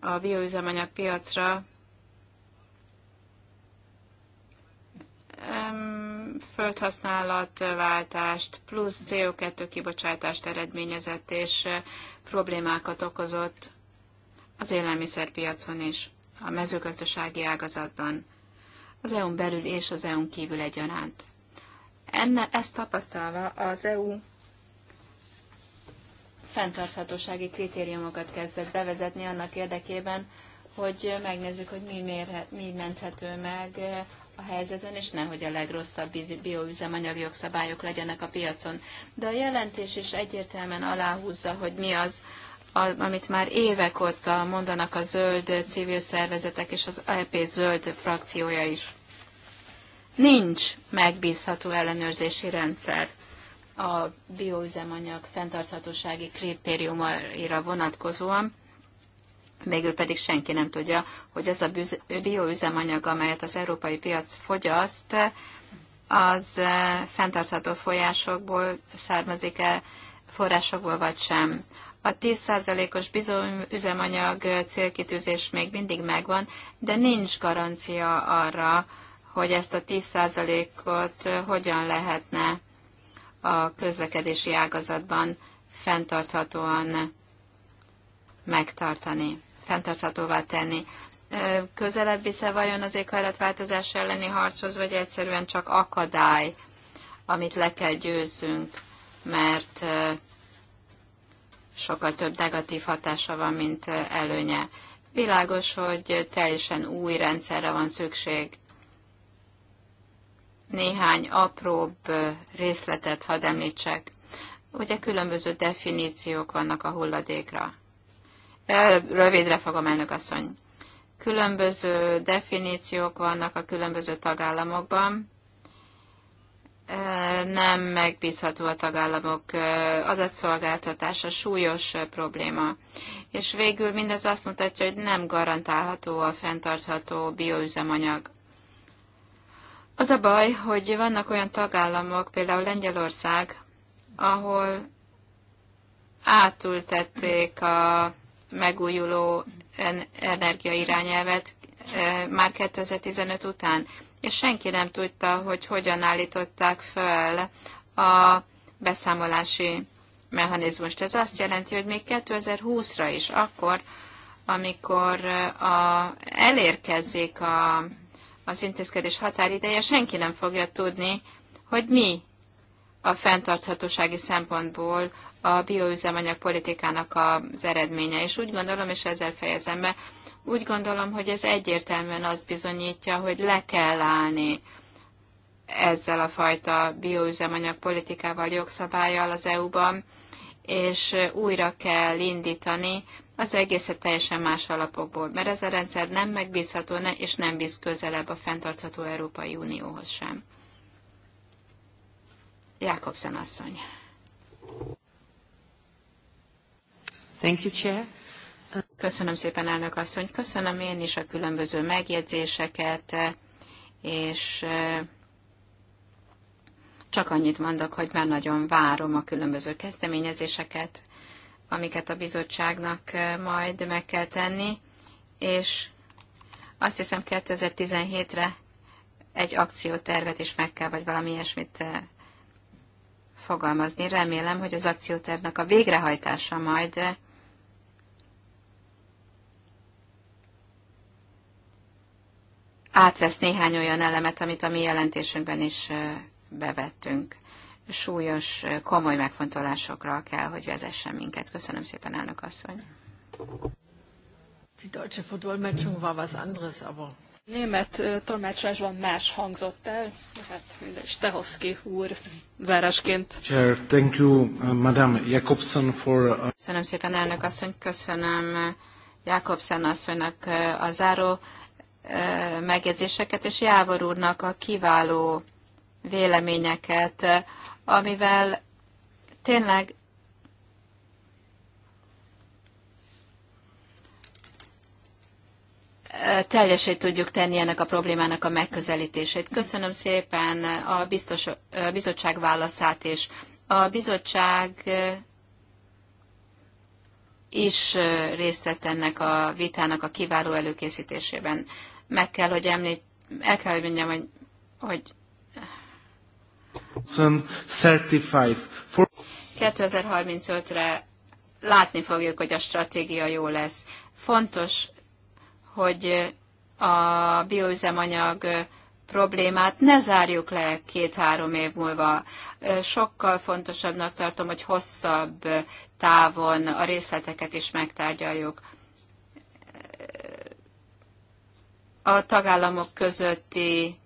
a bioüzemanyag piacra földhasználatváltást plusz CO2 kibocsátást eredményezett és eh, problémákat okozott az élelmiszerpiacon is, a mezőgazdasági ágazatban, az EU-n belül és az EU-n kívül egyaránt. Enne, ezt tapasztalva az EU fenntarthatósági kritériumokat kezdett bevezetni annak érdekében, hogy megnézzük, hogy mi, mérhet, mi menthető meg eh, a helyzeten, és nehogy a legrosszabb bioüzemanyag jogszabályok legyenek a piacon. De a jelentés is egyértelműen aláhúzza, hogy mi az, amit már évek óta mondanak a zöld civil szervezetek és az EP zöld frakciója is. Nincs megbízható ellenőrzési rendszer a bioüzemanyag fenntarthatósági kritériumaira vonatkozóan, Végül pedig senki nem tudja, hogy az a bioüzemanyag, amelyet az európai piac fogyaszt, az fenntartható folyásokból származik-e forrásokból vagy sem. A 10%-os üzemanyag célkitűzés még mindig megvan, de nincs garancia arra, hogy ezt a 10%-ot hogyan lehetne a közlekedési ágazatban fenntarthatóan megtartani fenntarthatóvá tenni. Közelebb visze vajon az éghajlatváltozás elleni harchoz, vagy egyszerűen csak akadály, amit le kell győzzünk, mert sokkal több negatív hatása van, mint előnye. Világos, hogy teljesen új rendszerre van szükség. Néhány apróbb részletet hadd említsek. Ugye különböző definíciók vannak a hulladékra. Rövidre fogom, elnök asszony. Különböző definíciók vannak a különböző tagállamokban. Nem megbízható a tagállamok adatszolgáltatása, súlyos probléma. És végül mindez azt mutatja, hogy nem garantálható a fenntartható bioüzemanyag. Az a baj, hogy vannak olyan tagállamok, például Lengyelország, ahol átültették a megújuló energia irányelvet eh, már 2015 után, és senki nem tudta, hogy hogyan állították fel a beszámolási mechanizmust. Ez azt jelenti, hogy még 2020-ra is, akkor, amikor eh, a, elérkezzék a, az intézkedés határideje, senki nem fogja tudni, hogy mi a fenntarthatósági szempontból a bioüzemanyag politikának az eredménye. És úgy gondolom, és ezzel fejezem be, úgy gondolom, hogy ez egyértelműen azt bizonyítja, hogy le kell állni ezzel a fajta bioüzemanyag politikával, jogszabályjal az EU-ban, és újra kell indítani az egészet teljesen más alapokból, mert ez a rendszer nem megbízható, és nem visz közelebb a fenntartható Európai Unióhoz sem. Jakobsen asszony. Thank you, Chair. Köszönöm szépen, elnök asszony. Köszönöm én is a különböző megjegyzéseket, és csak annyit mondok, hogy már nagyon várom a különböző kezdeményezéseket, amiket a bizottságnak majd meg kell tenni, és azt hiszem 2017-re egy akciótervet is meg kell, vagy valami ilyesmit fogalmazni. Remélem, hogy az akciótervnek a végrehajtása majd átvesz néhány olyan elemet, amit a mi jelentésünkben is bevettünk. Súlyos, komoly megfontolásokra kell, hogy vezessen minket. Köszönöm szépen, elnök asszony. Die deutsche Footballmeldung war was anderes, aber... Német tolmácsolásban más hangzott el, hát mindegy, Stehovski úr zárásként. Chair, thank you, uh, Madame Jakobsen for... Uh, köszönöm szépen, elnök asszony, köszönöm Jakobsen asszonynak a záró megjegyzéseket, és Jávor úrnak a kiváló véleményeket, amivel tényleg teljesé tudjuk tenni ennek a problémának a megközelítését. Köszönöm szépen a biztos, a bizottság válaszát is. A bizottság is részt vett ennek a vitának a kiváló előkészítésében meg kell, hogy említ, el kell, hogy mondjam, hogy, hogy 2035-re látni fogjuk, hogy a stratégia jó lesz. Fontos, hogy a bioüzemanyag problémát ne zárjuk le két-három év múlva. Sokkal fontosabbnak tartom, hogy hosszabb távon a részleteket is megtárgyaljuk. a tagállamok közötti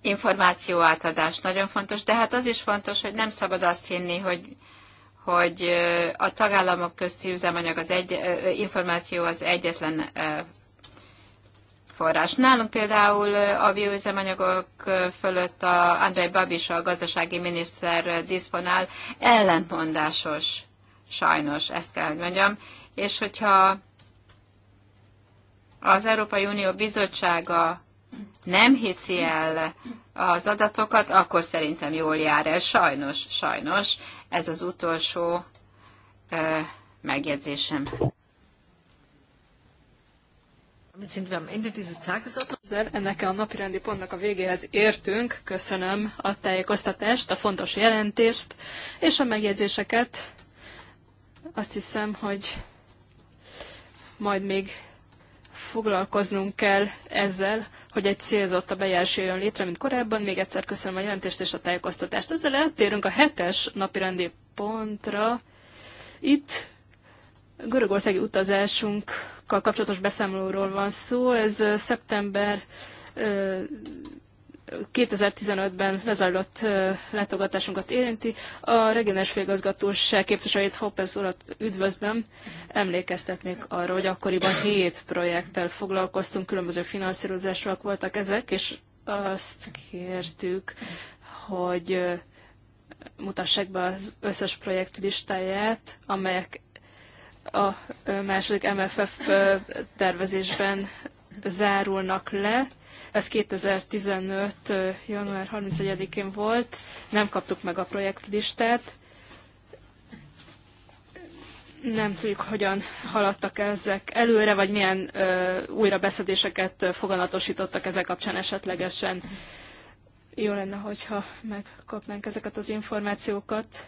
információ átadás nagyon fontos, de hát az is fontos, hogy nem szabad azt hinni, hogy, hogy a tagállamok közti üzemanyag az egy, információ az egyetlen forrás. Nálunk például a bioüzemanyagok fölött a Andrei Babis, a gazdasági miniszter diszponál, ellentmondásos, sajnos, ezt kell, hogy mondjam, és hogyha az Európai Unió Bizottsága nem hiszi el az adatokat, akkor szerintem jól jár el. Sajnos, sajnos. Ez az utolsó ö, megjegyzésem. ennek a napirendi pontnak a végéhez értünk. Köszönöm a tájékoztatást, a fontos jelentést és a megjegyzéseket. Azt hiszem, hogy majd még foglalkoznunk kell ezzel, hogy egy célzottabb bejárás jön létre, mint korábban. Még egyszer köszönöm a jelentést és a tájékoztatást. Ezzel eltérünk a hetes napirendi pontra. Itt görögországi utazásunkkal kapcsolatos beszámolóról van szó. Ez szeptember 2015-ben lezajlott látogatásunkat érinti. A regionális főigazgatóság képviselőjét Hoppes urat üdvözlöm. Emlékeztetnék arra, hogy akkoriban hét projekttel foglalkoztunk, különböző finanszírozások voltak ezek, és azt kértük, hogy mutassák be az összes projekt listáját, amelyek a második MFF tervezésben zárulnak le, ez 2015. január 31-én volt, nem kaptuk meg a projektlistát, nem tudjuk, hogyan haladtak ezek előre, vagy milyen ö, újrabeszedéseket foganatosítottak ezek kapcsán esetlegesen. Jó lenne, hogyha megkapnánk ezeket az információkat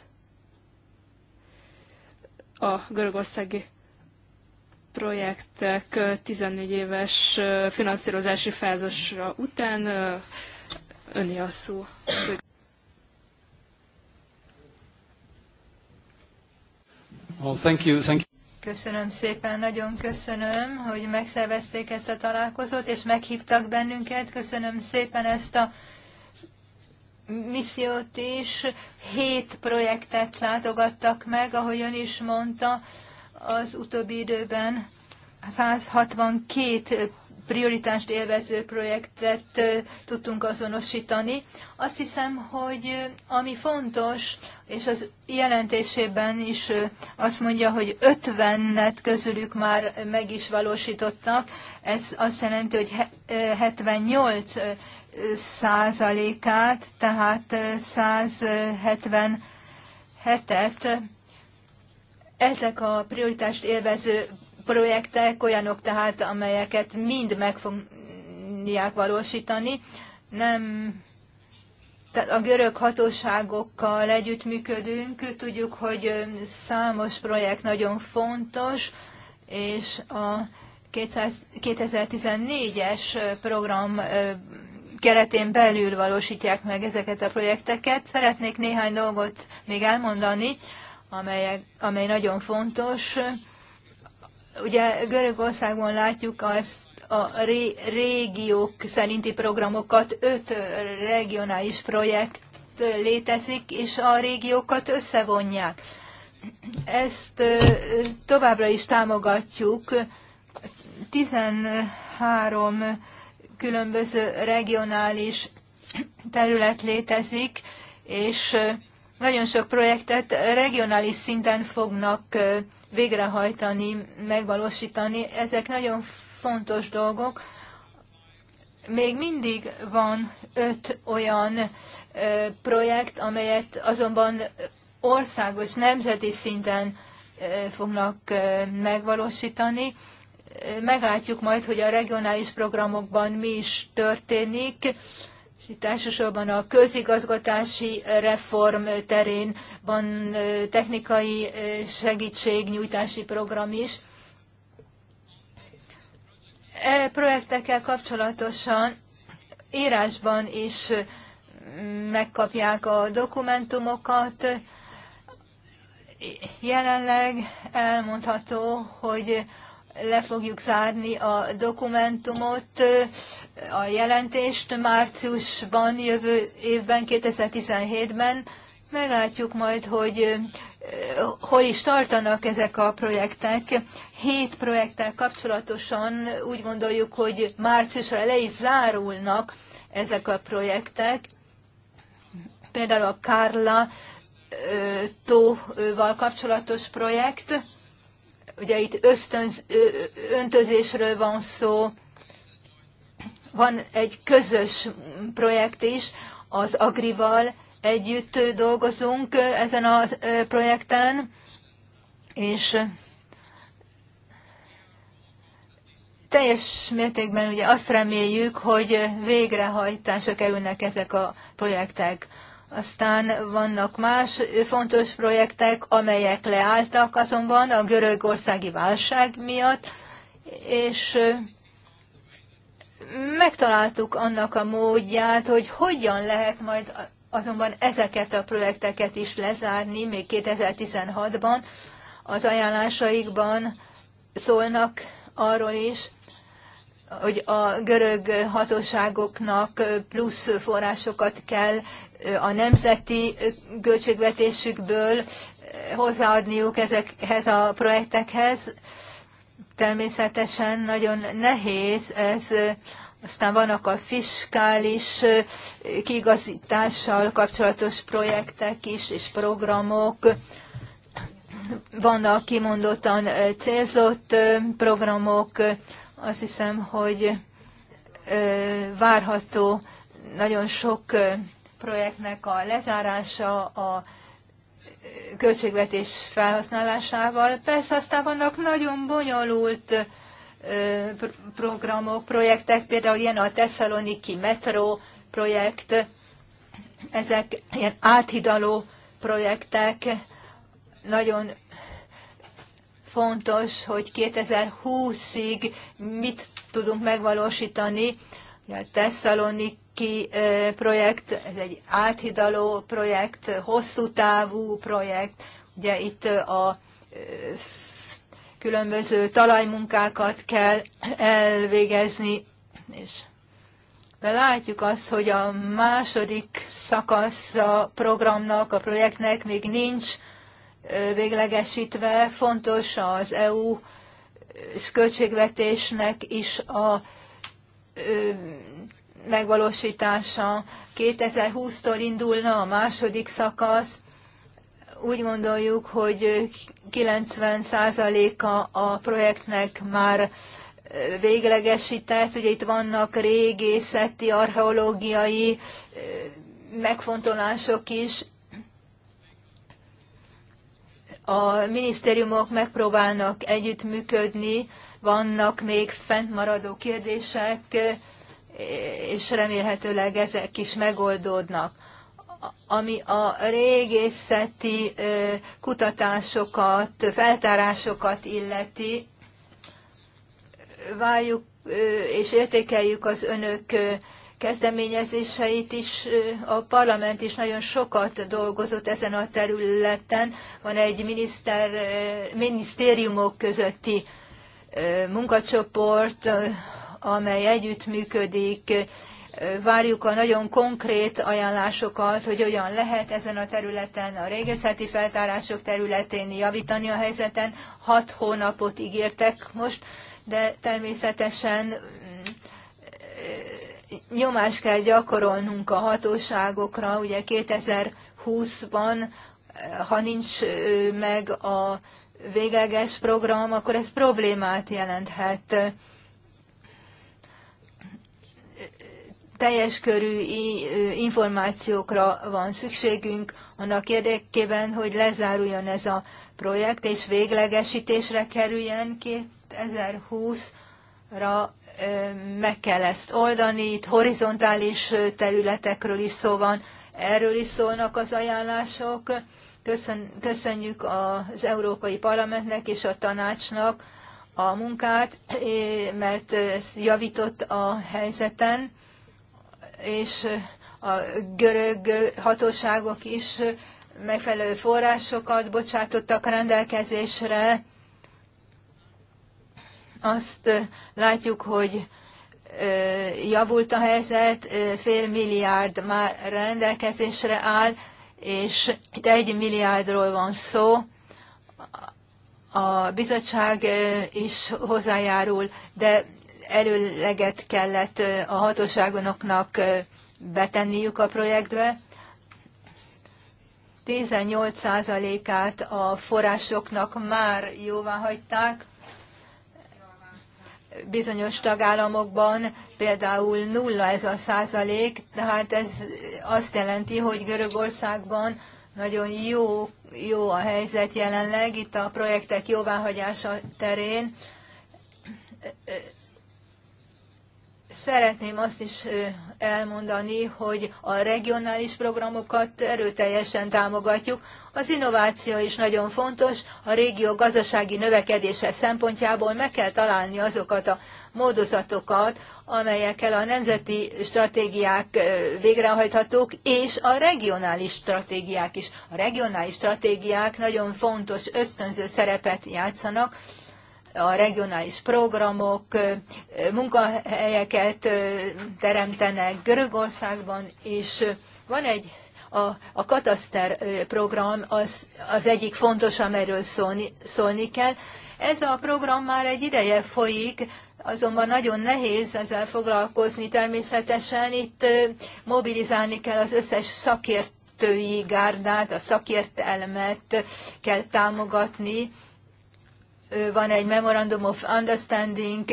a görögországi projektek 14 éves finanszírozási fázisra után öni a szó. Well, thank you, thank you. Köszönöm szépen, nagyon köszönöm, hogy megszervezték ezt a találkozót, és meghívtak bennünket. Köszönöm szépen ezt a missziót is. Hét projektet látogattak meg, ahogy ön is mondta az utóbbi időben 162 prioritást élvező projektet tudtunk azonosítani. Azt hiszem, hogy ami fontos, és az jelentésében is azt mondja, hogy 50-et közülük már meg is valósítottak, ez azt jelenti, hogy 78 százalékát, tehát 177-et ezek a prioritást élvező projektek olyanok tehát, amelyeket mind meg fogják valósítani. Nem tehát a görög hatóságokkal együttműködünk, tudjuk, hogy számos projekt nagyon fontos, és a 2014-es program keretén belül valósítják meg ezeket a projekteket. Szeretnék néhány dolgot még elmondani amelyek, amely nagyon fontos. Ugye Görögországban látjuk azt, a ré, régiók szerinti programokat, öt regionális projekt létezik, és a régiókat összevonják. Ezt továbbra is támogatjuk. 13 különböző regionális terület létezik, és nagyon sok projektet regionális szinten fognak végrehajtani, megvalósítani. Ezek nagyon fontos dolgok. Még mindig van öt olyan projekt, amelyet azonban országos, nemzeti szinten fognak megvalósítani. Meglátjuk majd, hogy a regionális programokban mi is történik elsősorban a közigazgatási reform terén van technikai segítségnyújtási program is. E projektekkel kapcsolatosan írásban is megkapják a dokumentumokat. Jelenleg elmondható, hogy le fogjuk zárni a dokumentumot a jelentést márciusban, jövő évben, 2017-ben. Meglátjuk majd, hogy hol is tartanak ezek a projektek. Hét projekttel kapcsolatosan úgy gondoljuk, hogy márciusra le is zárulnak ezek a projektek. Például a Kárla tóval kapcsolatos projekt. Ugye itt ösztönz, öntözésről van szó, van egy közös projekt is, az Agrival együtt dolgozunk ezen a projekten, és teljes mértékben ugye azt reméljük, hogy végrehajtásra kerülnek ezek a projektek. Aztán vannak más fontos projektek, amelyek leálltak azonban a görögországi válság miatt, és megtaláltuk annak a módját, hogy hogyan lehet majd azonban ezeket a projekteket is lezárni még 2016-ban. Az ajánlásaikban szólnak arról is, hogy a görög hatóságoknak plusz forrásokat kell a nemzeti költségvetésükből hozzáadniuk ezekhez a projektekhez, Természetesen nagyon nehéz ez, aztán vannak a fiskális kigazítással kapcsolatos projektek is, és programok, vannak kimondottan célzott programok, azt hiszem, hogy várható nagyon sok projektnek a lezárása, a költségvetés felhasználásával. Persze aztán vannak nagyon bonyolult programok, projektek, például ilyen a Thessaloniki metró projekt, ezek ilyen áthidaló projektek, nagyon fontos, hogy 2020-ig mit tudunk megvalósítani. A Thessaloniki ki projekt, ez egy áthidaló projekt, hosszú távú projekt. Ugye itt a különböző talajmunkákat kell elvégezni, és de látjuk azt, hogy a második szakasz a programnak, a projektnek még nincs véglegesítve. Fontos az EU költségvetésnek is a megvalósítása. 2020-tól indulna a második szakasz. Úgy gondoljuk, hogy 90%-a a projektnek már véglegesített. Ugye itt vannak régészeti, archeológiai megfontolások is. A minisztériumok megpróbálnak együttműködni, vannak még fentmaradó kérdések, és remélhetőleg ezek is megoldódnak. Ami a régészeti kutatásokat, feltárásokat illeti, váljuk és értékeljük az önök kezdeményezéseit is. A parlament is nagyon sokat dolgozott ezen a területen. Van egy miniszter, minisztériumok közötti munkacsoport, amely együttműködik. Várjuk a nagyon konkrét ajánlásokat, hogy hogyan lehet ezen a területen, a régészeti feltárások területén javítani a helyzeten. Hat hónapot ígértek most, de természetesen mm, nyomást kell gyakorolnunk a hatóságokra, ugye 2020-ban, ha nincs meg a végleges program, akkor ez problémát jelenthet. teljes körű információkra van szükségünk annak érdekében, hogy lezáruljon ez a projekt, és véglegesítésre kerüljen 2020-ra meg kell ezt oldani, itt horizontális területekről is szó van, erről is szólnak az ajánlások. Köszön, köszönjük az Európai Parlamentnek és a tanácsnak a munkát, mert ez javított a helyzeten és a görög hatóságok is megfelelő forrásokat bocsátottak rendelkezésre. Azt látjuk, hogy javult a helyzet, fél milliárd már rendelkezésre áll, és itt egy milliárdról van szó. A bizottság is hozzájárul, de előleget kellett a hatóságonoknak betenniük a projektbe. 18%-át a forrásoknak már jóvá hagyták. Bizonyos tagállamokban például nulla ez a százalék, tehát ez azt jelenti, hogy Görögországban nagyon jó, jó a helyzet jelenleg itt a projektek jóváhagyása terén Szeretném azt is elmondani, hogy a regionális programokat erőteljesen támogatjuk. Az innováció is nagyon fontos, a régió gazdasági növekedése szempontjából meg kell találni azokat a módozatokat, amelyekkel a nemzeti stratégiák végrehajthatók, és a regionális stratégiák is. A regionális stratégiák nagyon fontos ösztönző szerepet játszanak a regionális programok munkahelyeket teremtenek Görögországban, és van egy a, a kataszter program az, az egyik fontos, amiről szólni, szólni kell. Ez a program már egy ideje folyik, azonban nagyon nehéz ezzel foglalkozni természetesen. Itt mobilizálni kell az összes szakértői gárdát, a szakértelmet kell támogatni, van egy Memorandum of Understanding,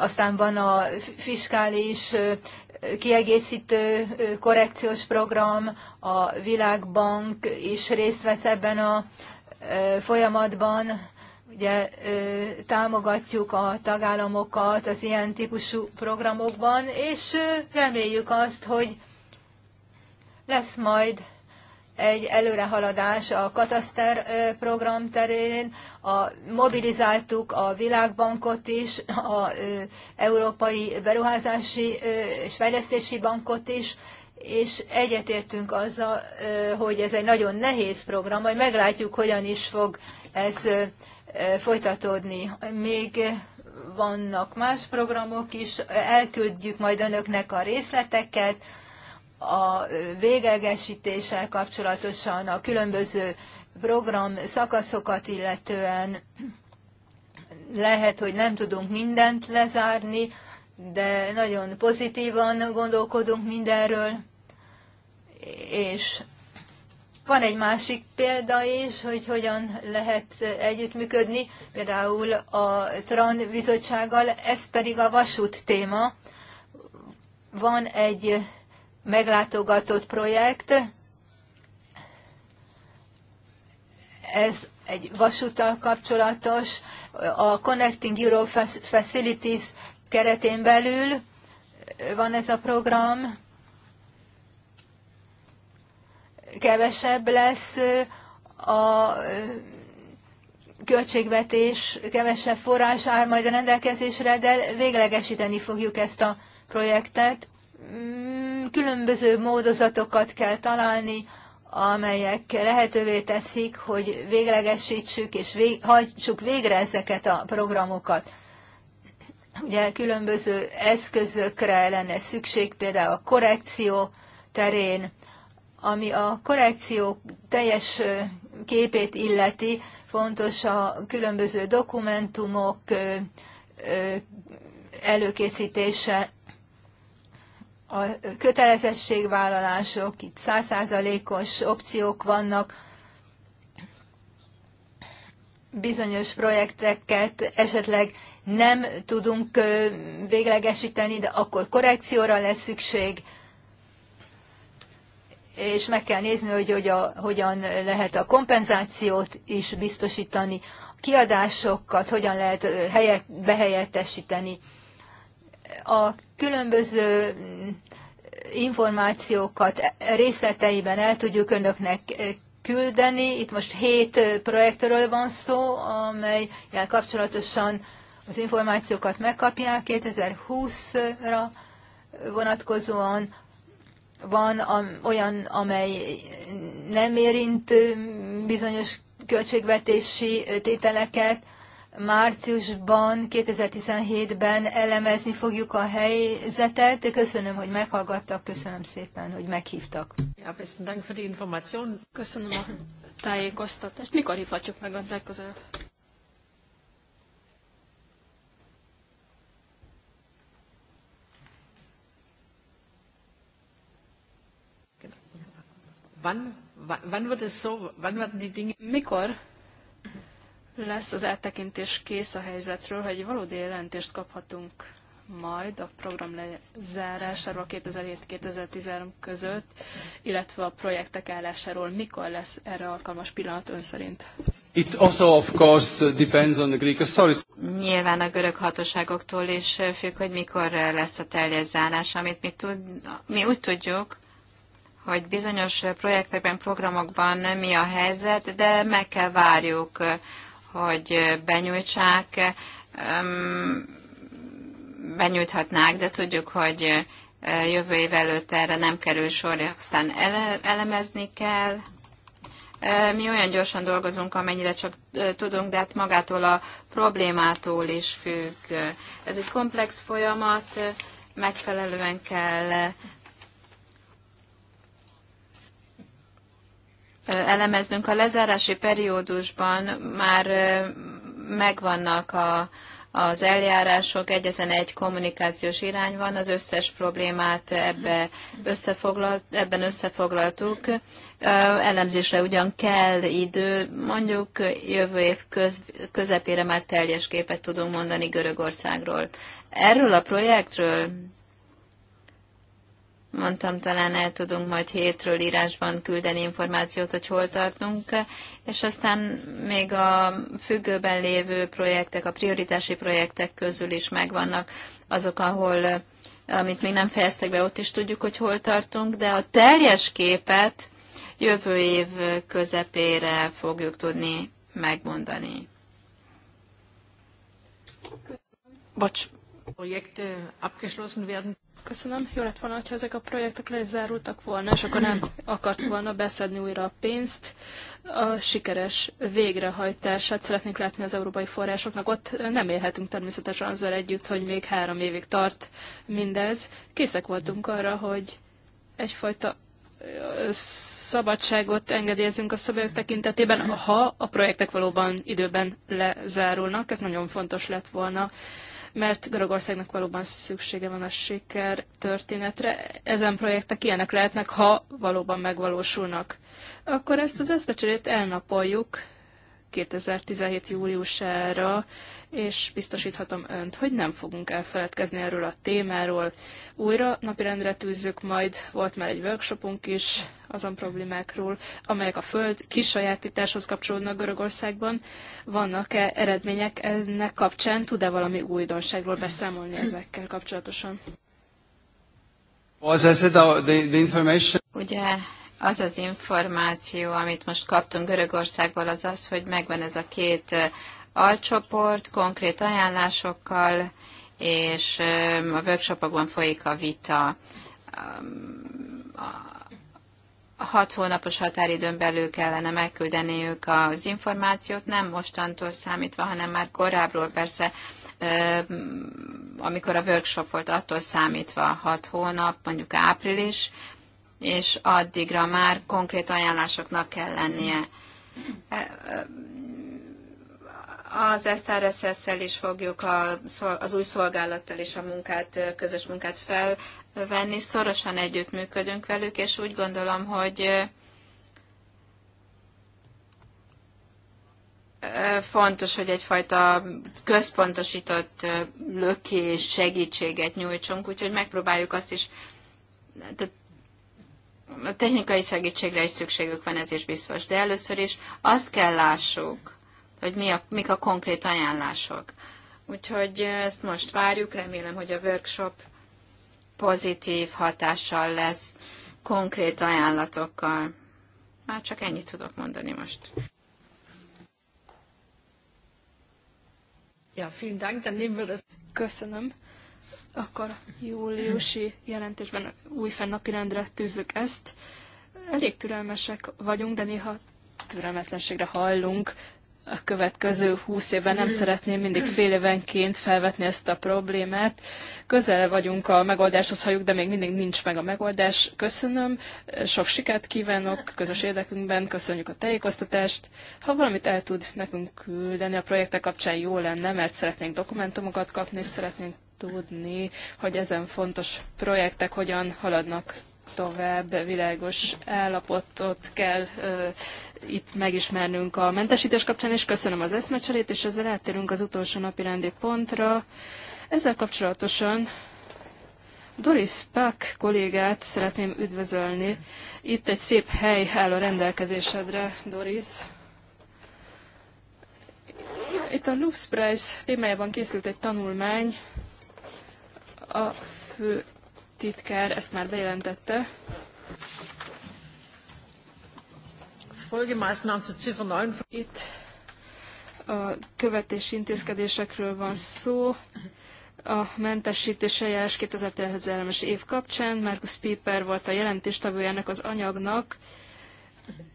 aztán van a fiskális kiegészítő korrekciós program, a Világbank is részt vesz ebben a folyamatban. Ugye támogatjuk a tagállamokat az ilyen típusú programokban, és reméljük azt, hogy lesz majd egy előrehaladás a kataszter program terén, a, mobilizáltuk a Világbankot is, a Európai Beruházási és Fejlesztési Bankot is, és egyetértünk azzal, hogy ez egy nagyon nehéz program, majd meglátjuk, hogyan is fog ez folytatódni. Még vannak más programok is, elküldjük majd önöknek a részleteket, a végegesítéssel kapcsolatosan, a különböző program szakaszokat illetően lehet, hogy nem tudunk mindent lezárni, de nagyon pozitívan gondolkodunk mindenről. És van egy másik példa is, hogy hogyan lehet együttműködni, például a TRAN bizottsággal, ez pedig a vasút téma. Van egy meglátogatott projekt. Ez egy vasúttal kapcsolatos, a Connecting Europe Facilities keretén belül van ez a program. Kevesebb lesz a költségvetés, kevesebb forrás áll majd a rendelkezésre, de véglegesíteni fogjuk ezt a projektet. Mm, különböző módozatokat kell találni, amelyek lehetővé teszik, hogy véglegesítsük és vég, hajtsuk végre ezeket a programokat. Ugye különböző eszközökre lenne szükség, például a korrekció terén, ami a korrekció teljes képét illeti, fontos a különböző dokumentumok előkészítése, a kötelezettségvállalások, itt százszázalékos opciók vannak, bizonyos projekteket esetleg nem tudunk véglegesíteni, de akkor korrekcióra lesz szükség, és meg kell nézni, hogy, hogy a, hogyan lehet a kompenzációt is biztosítani, kiadásokat hogyan lehet helyet, behelyettesíteni a különböző mm, információkat részleteiben el tudjuk önöknek eh, küldeni. Itt most hét eh, projektről van szó, amelyel kapcsolatosan az információkat megkapják 2020-ra vonatkozóan van olyan, amely nem érint mm, bizonyos költségvetési eh, tételeket, márciusban, 2017-ben elemezni fogjuk a helyzetet. Köszönöm, hogy meghallgattak, köszönöm szépen, hogy meghívtak. Ja, Dank für die Information. Köszönöm a tájékoztatást. Mikor hívhatjuk meg a legközelebb? Wann, wann wird es so, wann werden die Dinge... Mikor lesz az áttekintés kész a helyzetről, hogy valódi jelentést kaphatunk majd a program lezárásáról 2007-2013 között, illetve a projektek állásáról. Mikor lesz erre alkalmas pillanat ön szerint? It also of course depends on the Greek authorities. Nyilván a görög hatóságoktól is függ, hogy mikor lesz a teljes zárás, amit mi, tud, mi úgy tudjuk, hogy bizonyos projektekben, programokban mi a helyzet, de meg kell várjuk hogy benyújtsák, benyújthatnák, de tudjuk, hogy jövő év előtt erre nem kerül sor, aztán ele, elemezni kell. Mi olyan gyorsan dolgozunk, amennyire csak tudunk, de hát magától a problémától is függ. Ez egy komplex folyamat, megfelelően kell elemeznünk. A lezárási periódusban már megvannak a, az eljárások, egyetlen egy kommunikációs irány van, az összes problémát ebbe összefoglalt, ebben összefoglaltuk. Elemzésre ugyan kell idő, mondjuk jövő év köz, közepére már teljes képet tudunk mondani Görögországról. Erről a projektről mondtam, talán el tudunk majd hétről írásban küldeni információt, hogy hol tartunk, és aztán még a függőben lévő projektek, a prioritási projektek közül is megvannak azok, ahol amit még nem fejeztek be, ott is tudjuk, hogy hol tartunk, de a teljes képet jövő év közepére fogjuk tudni megmondani. Bocs. Projekte abgeschlossen werden. Köszönöm. Jó lett volna, hogyha ezek a projektek lezárultak volna, és akkor nem akart volna beszedni újra a pénzt. A sikeres végrehajtását szeretnénk látni az európai forrásoknak. Ott nem élhetünk természetesen azzal együtt, hogy még három évig tart mindez. Készek voltunk arra, hogy egyfajta szabadságot engedélyezünk a szabályok tekintetében, ha a projektek valóban időben lezárulnak. Ez nagyon fontos lett volna mert Görögországnak valóban szüksége van a siker történetre. Ezen projektek ilyenek lehetnek, ha valóban megvalósulnak. Akkor ezt az eszmecserét elnapoljuk, 2017. júliusára, és biztosíthatom önt, hogy nem fogunk elfeledkezni erről a témáról. Újra napirendre tűzzük majd, volt már egy workshopunk is azon problémákról, amelyek a föld kisajátításhoz kapcsolódnak Görögországban. Vannak-e eredmények ennek kapcsán? Tud-e valami újdonságról beszámolni ezekkel kapcsolatosan? Well, as I said, the, the information... Ugye az az információ, amit most kaptunk Görögországból, az az, hogy megvan ez a két alcsoport konkrét ajánlásokkal, és a workshopokban folyik a vita. A hat hónapos határidőn belül kellene megküldeniük az információt, nem mostantól számítva, hanem már korábbról persze, amikor a workshop volt, attól számítva hat hónap, mondjuk április, és addigra már konkrét ajánlásoknak kell lennie. E, e, az szrsz szel is fogjuk a, az új szolgálattal és a munkát, e, közös munkát felvenni. Szorosan együttműködünk velük, és úgy gondolom, hogy fontos, hogy egyfajta központosított lökés, segítséget nyújtsunk, úgyhogy megpróbáljuk azt is, tehát technikai segítségre is szükségük van, ez is biztos. De először is azt kell lássuk, hogy mi a, mik a konkrét ajánlások. Úgyhogy ezt most várjuk, remélem, hogy a workshop pozitív hatással lesz, konkrét ajánlatokkal. Már csak ennyit tudok mondani most. Ja, vielen Dank, dann nehmen wir das. Köszönöm akkor júliusi jelentésben új rendre tűzzük ezt. Elég türelmesek vagyunk, de néha türelmetlenségre hallunk. A következő húsz évben nem szeretném mindig fél évenként felvetni ezt a problémát. Közel vagyunk a megoldáshoz, halljuk, de még mindig nincs meg a megoldás. Köszönöm, sok sikert kívánok közös érdekünkben, köszönjük a tájékoztatást. Ha valamit el tud nekünk küldeni a projektek kapcsán, jó lenne, mert szeretnénk dokumentumokat kapni, és szeretnénk tudni, hogy ezen fontos projektek hogyan haladnak tovább, világos állapotot kell ö, itt megismernünk a mentesítés kapcsán, és köszönöm az eszmecserét, és ezzel áttérünk az utolsó napi rendi pontra. Ezzel kapcsolatosan Doris Pak kollégát szeretném üdvözölni. Itt egy szép hely áll a rendelkezésedre, Doris. Itt a Lux Prize témájában készült egy tanulmány, a fő titkár ezt már bejelentette. Itt a követési intézkedésekről van szó. A mentesítés eljárás 2013-es év kapcsán Markus Piper volt a jelentéstevőjének az anyagnak,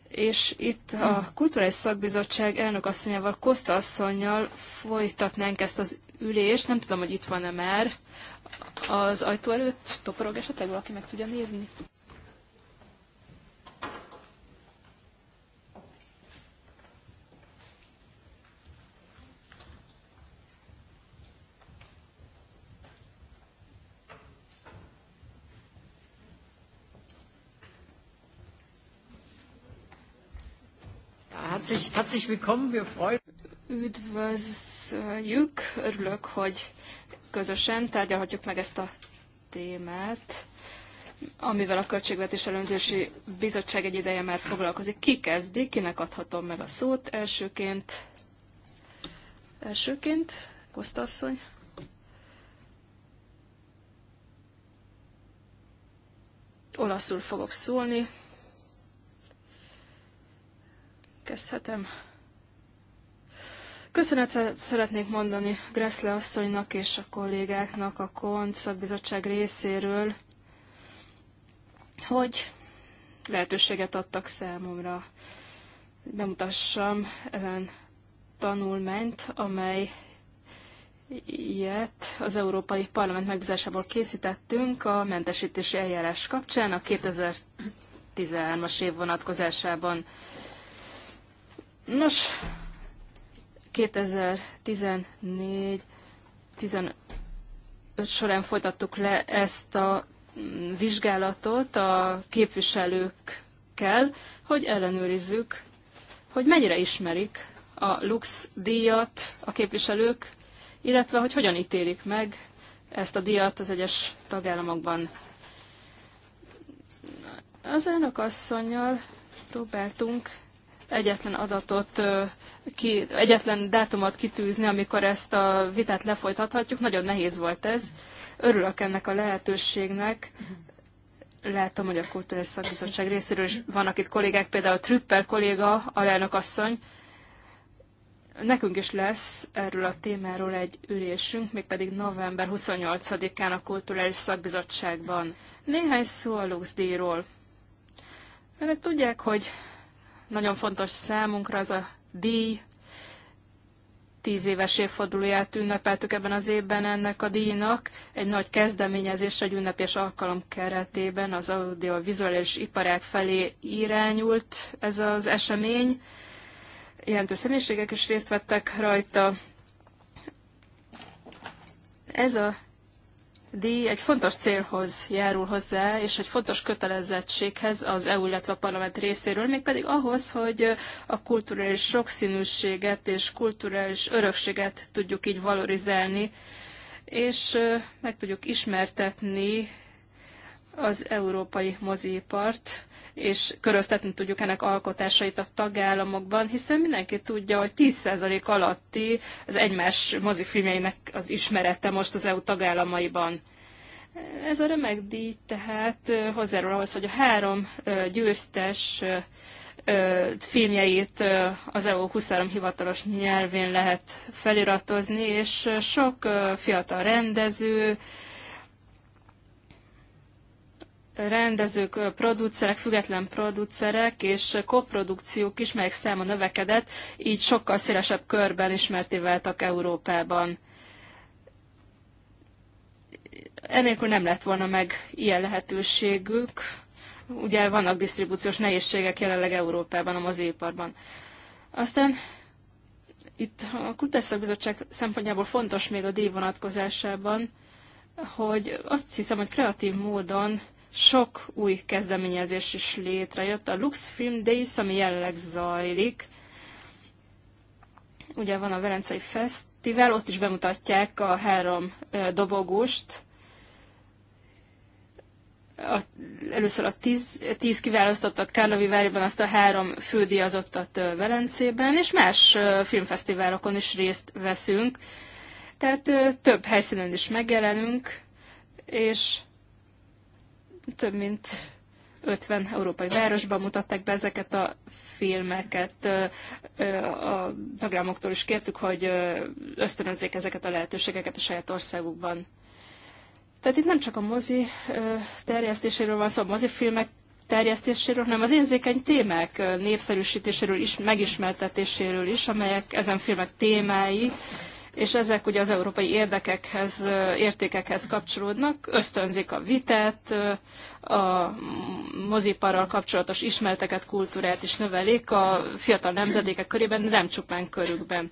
és itt a Kulturális Szakbizottság elnökasszonyával, Koszta asszonynal folytatnánk ezt az ülést, nem tudom, hogy itt van-e már, az ajtó előtt toporog esetleg valaki meg tudja nézni? Herzlich willkommen, wir freuen Üdvözöljük, örülök, hogy közösen tárgyalhatjuk meg ezt a témát, amivel a Költségvetés Előnzési Bizottság egy ideje már foglalkozik. Ki kezdi, kinek adhatom meg a szót elsőként? Elsőként, Koszta asszony. Olaszul fogok szólni. Kezdhetem. Köszönetet szeretnék mondani Gressle asszonynak és a kollégáknak a KONC szakbizottság részéről, hogy lehetőséget adtak számomra, bemutassam ezen tanulmányt, amely ilyet az Európai Parlament megbízásából készítettünk a mentesítési eljárás kapcsán a 2013-as év vonatkozásában. Nos, 2014 15 során folytattuk le ezt a vizsgálatot a képviselőkkel, hogy ellenőrizzük, hogy mennyire ismerik a Lux díjat a képviselők, illetve hogy hogyan ítélik meg ezt a díjat az egyes tagállamokban. Az elnök asszonynal próbáltunk egyetlen adatot, ki, egyetlen dátumot kitűzni, amikor ezt a vitát lefolytathatjuk. Nagyon nehéz volt ez. Örülök ennek a lehetőségnek. Látom, hogy a Kulturális Szakbizottság részéről is vannak itt kollégák, például a Trüppel kolléga, a asszony, Nekünk is lesz erről a témáról egy ülésünk, mégpedig november 28-án a Kulturális Szakbizottságban. Néhány szó a Lux Önök tudják, hogy nagyon fontos számunkra az a díj. Tíz éves évfordulóját ünnepeltük ebben az évben ennek a díjnak. Egy nagy kezdeményezés egy ünnepés alkalom keretében az audiovizuális iparák felé irányult ez az esemény. Jelentős személyiségek is részt vettek rajta. Ez a díj egy fontos célhoz járul hozzá, és egy fontos kötelezettséghez az EU, illetve a parlament részéről, mégpedig ahhoz, hogy a kulturális sokszínűséget és kulturális örökséget tudjuk így valorizálni, és meg tudjuk ismertetni az európai moziipart, és köröztetni tudjuk ennek alkotásait a tagállamokban, hiszen mindenki tudja, hogy 10% alatti az egymás mozifilmjeinek az ismerete most az EU tagállamaiban. Ez a remek díj tehát hozzájárul ahhoz, hogy a három győztes filmjeit az EU 23 hivatalos nyelvén lehet feliratozni, és sok fiatal rendező, rendezők, producerek, független producerek és koprodukciók is, melyek száma növekedett, így sokkal szélesebb körben ismerté váltak Európában. Enélkül nem lett volna meg ilyen lehetőségük. Ugye vannak disztribúciós nehézségek jelenleg Európában, a moziiparban. Aztán itt a Kultúrszak Bizottság szempontjából fontos még a díj vonatkozásában, hogy azt hiszem, hogy kreatív módon sok új kezdeményezés is létrejött. A Lux Film Days, ami jelenleg zajlik, ugye van a Velencei Fesztivál, ott is bemutatják a három dobogust, a, először a tíz, tíz kiválasztottat Váriban, azt a három fődíjazottat Velencében, és más filmfesztiválokon is részt veszünk. Tehát több helyszínen is megjelenünk, és több mint 50 európai városban mutatták be ezeket a filmeket. A tagállamoktól is kértük, hogy ösztönözzék ezeket a lehetőségeket a saját országukban. Tehát itt nem csak a mozi terjesztéséről van szó, a mozifilmek terjesztéséről, hanem az érzékeny témák népszerűsítéséről is, megismertetéséről is, amelyek ezen filmek témái, és ezek ugye az európai érdekekhez, értékekhez kapcsolódnak, ösztönzik a vitát, a moziparral kapcsolatos ismerteket, kultúrát is növelik a fiatal nemzedékek körében, nem csupán körükben.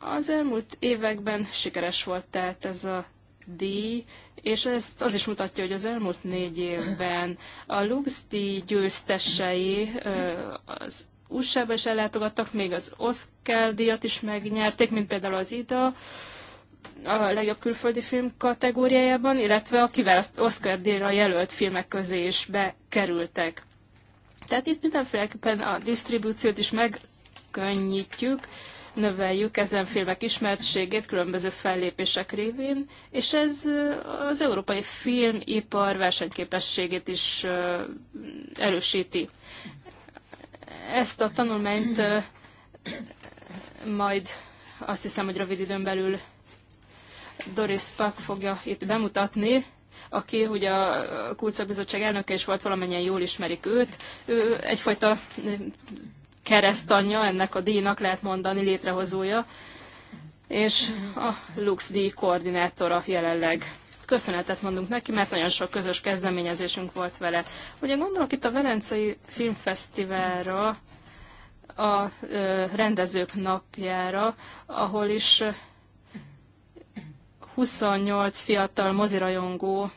Az elmúlt években sikeres volt tehát ez a díj, és ezt az is mutatja, hogy az elmúlt négy évben a Lux díj győztesei az USA-ba is ellátogattak, még az Oscar díjat is megnyerték, mint például az IDA, a legjobb külföldi film kategóriájában, illetve a kiválaszt Oscar díjra jelölt filmek közé is bekerültek. Tehát itt mindenféleképpen a disztribúciót is megkönnyítjük, növeljük ezen filmek ismertségét különböző fellépések révén, és ez az európai filmipar versenyképességét is erősíti. Ezt a tanulmányt majd azt hiszem, hogy rövid időn belül Doris Pak fogja itt bemutatni, aki ugye a Kulcsakbizottság elnöke is volt, valamennyien jól ismerik őt. Ő egyfajta keresztanyja ennek a díjnak, lehet mondani, létrehozója, és a Lux díj koordinátora jelenleg köszönetet mondunk neki, mert nagyon sok közös kezdeményezésünk volt vele. Ugye gondolok itt a Velencei Filmfesztiválra, a rendezők napjára, ahol is 28 fiatal mozirajongó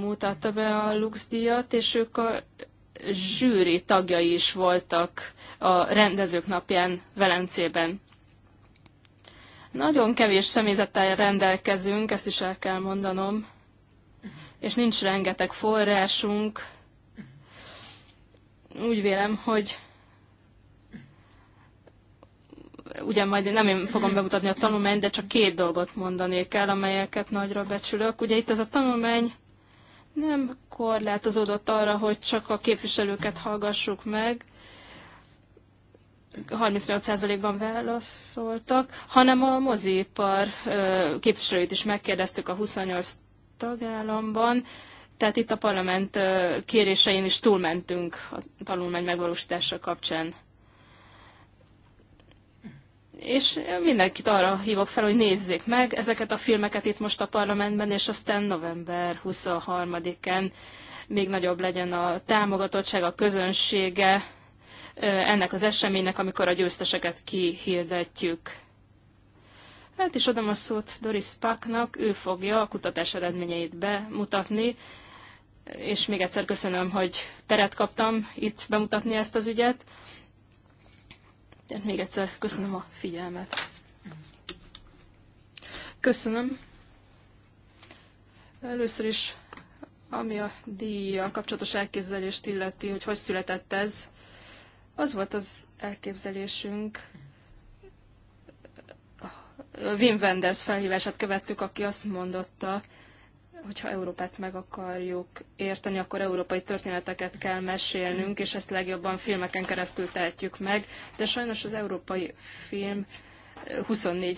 mutatta be a Lux díjat, és ők a zsűri tagjai is voltak a rendezők napján Velencében. Nagyon kevés személyzettel rendelkezünk, ezt is el kell mondanom, és nincs rengeteg forrásunk. Úgy vélem, hogy ugye majd nem én fogom bemutatni a tanulmányt, de csak két dolgot mondanék el, amelyeket nagyra becsülök. Ugye itt ez a tanulmány nem korlátozódott arra, hogy csak a képviselőket hallgassuk meg, 38%-ban válaszoltak, hanem a mozipar képviselőit is megkérdeztük a 28 tagállamban, tehát itt a parlament kérésein is túlmentünk a tanulmány megvalósítása kapcsán. És mindenkit arra hívok fel, hogy nézzék meg ezeket a filmeket itt most a parlamentben, és aztán november 23-án még nagyobb legyen a támogatottság, a közönsége ennek az eseménynek, amikor a győzteseket kihirdetjük. Hát is adom a szót Doris Paknak, ő fogja a kutatás eredményeit bemutatni, és még egyszer köszönöm, hogy teret kaptam itt bemutatni ezt az ügyet. még egyszer köszönöm a figyelmet. Köszönöm. Először is, ami a díjjal kapcsolatos elképzelést illeti, hogy hogy született ez, az volt az elképzelésünk, Wim Wenders felhívását követtük, aki azt mondotta, hogy ha Európát meg akarjuk érteni, akkor európai történeteket kell mesélnünk, és ezt legjobban filmeken keresztül tehetjük meg. De sajnos az európai film 24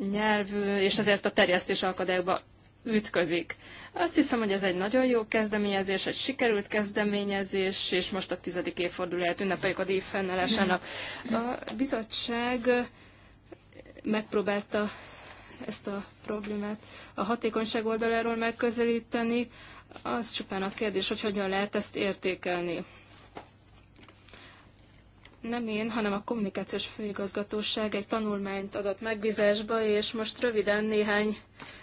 eh, nyelvű, és ezért a terjesztés akadályba ütközik. Azt hiszem, hogy ez egy nagyon jó kezdeményezés, egy sikerült kezdeményezés, és most a tizedik évfordulóját ünnepeljük a díjfennelesen. A bizottság megpróbálta ezt a problémát a hatékonyság oldaláról megközelíteni, az csupán a kérdés, hogy hogyan lehet ezt értékelni nem én, hanem a kommunikációs főigazgatóság egy tanulmányt adott megbízásba, és most röviden néhány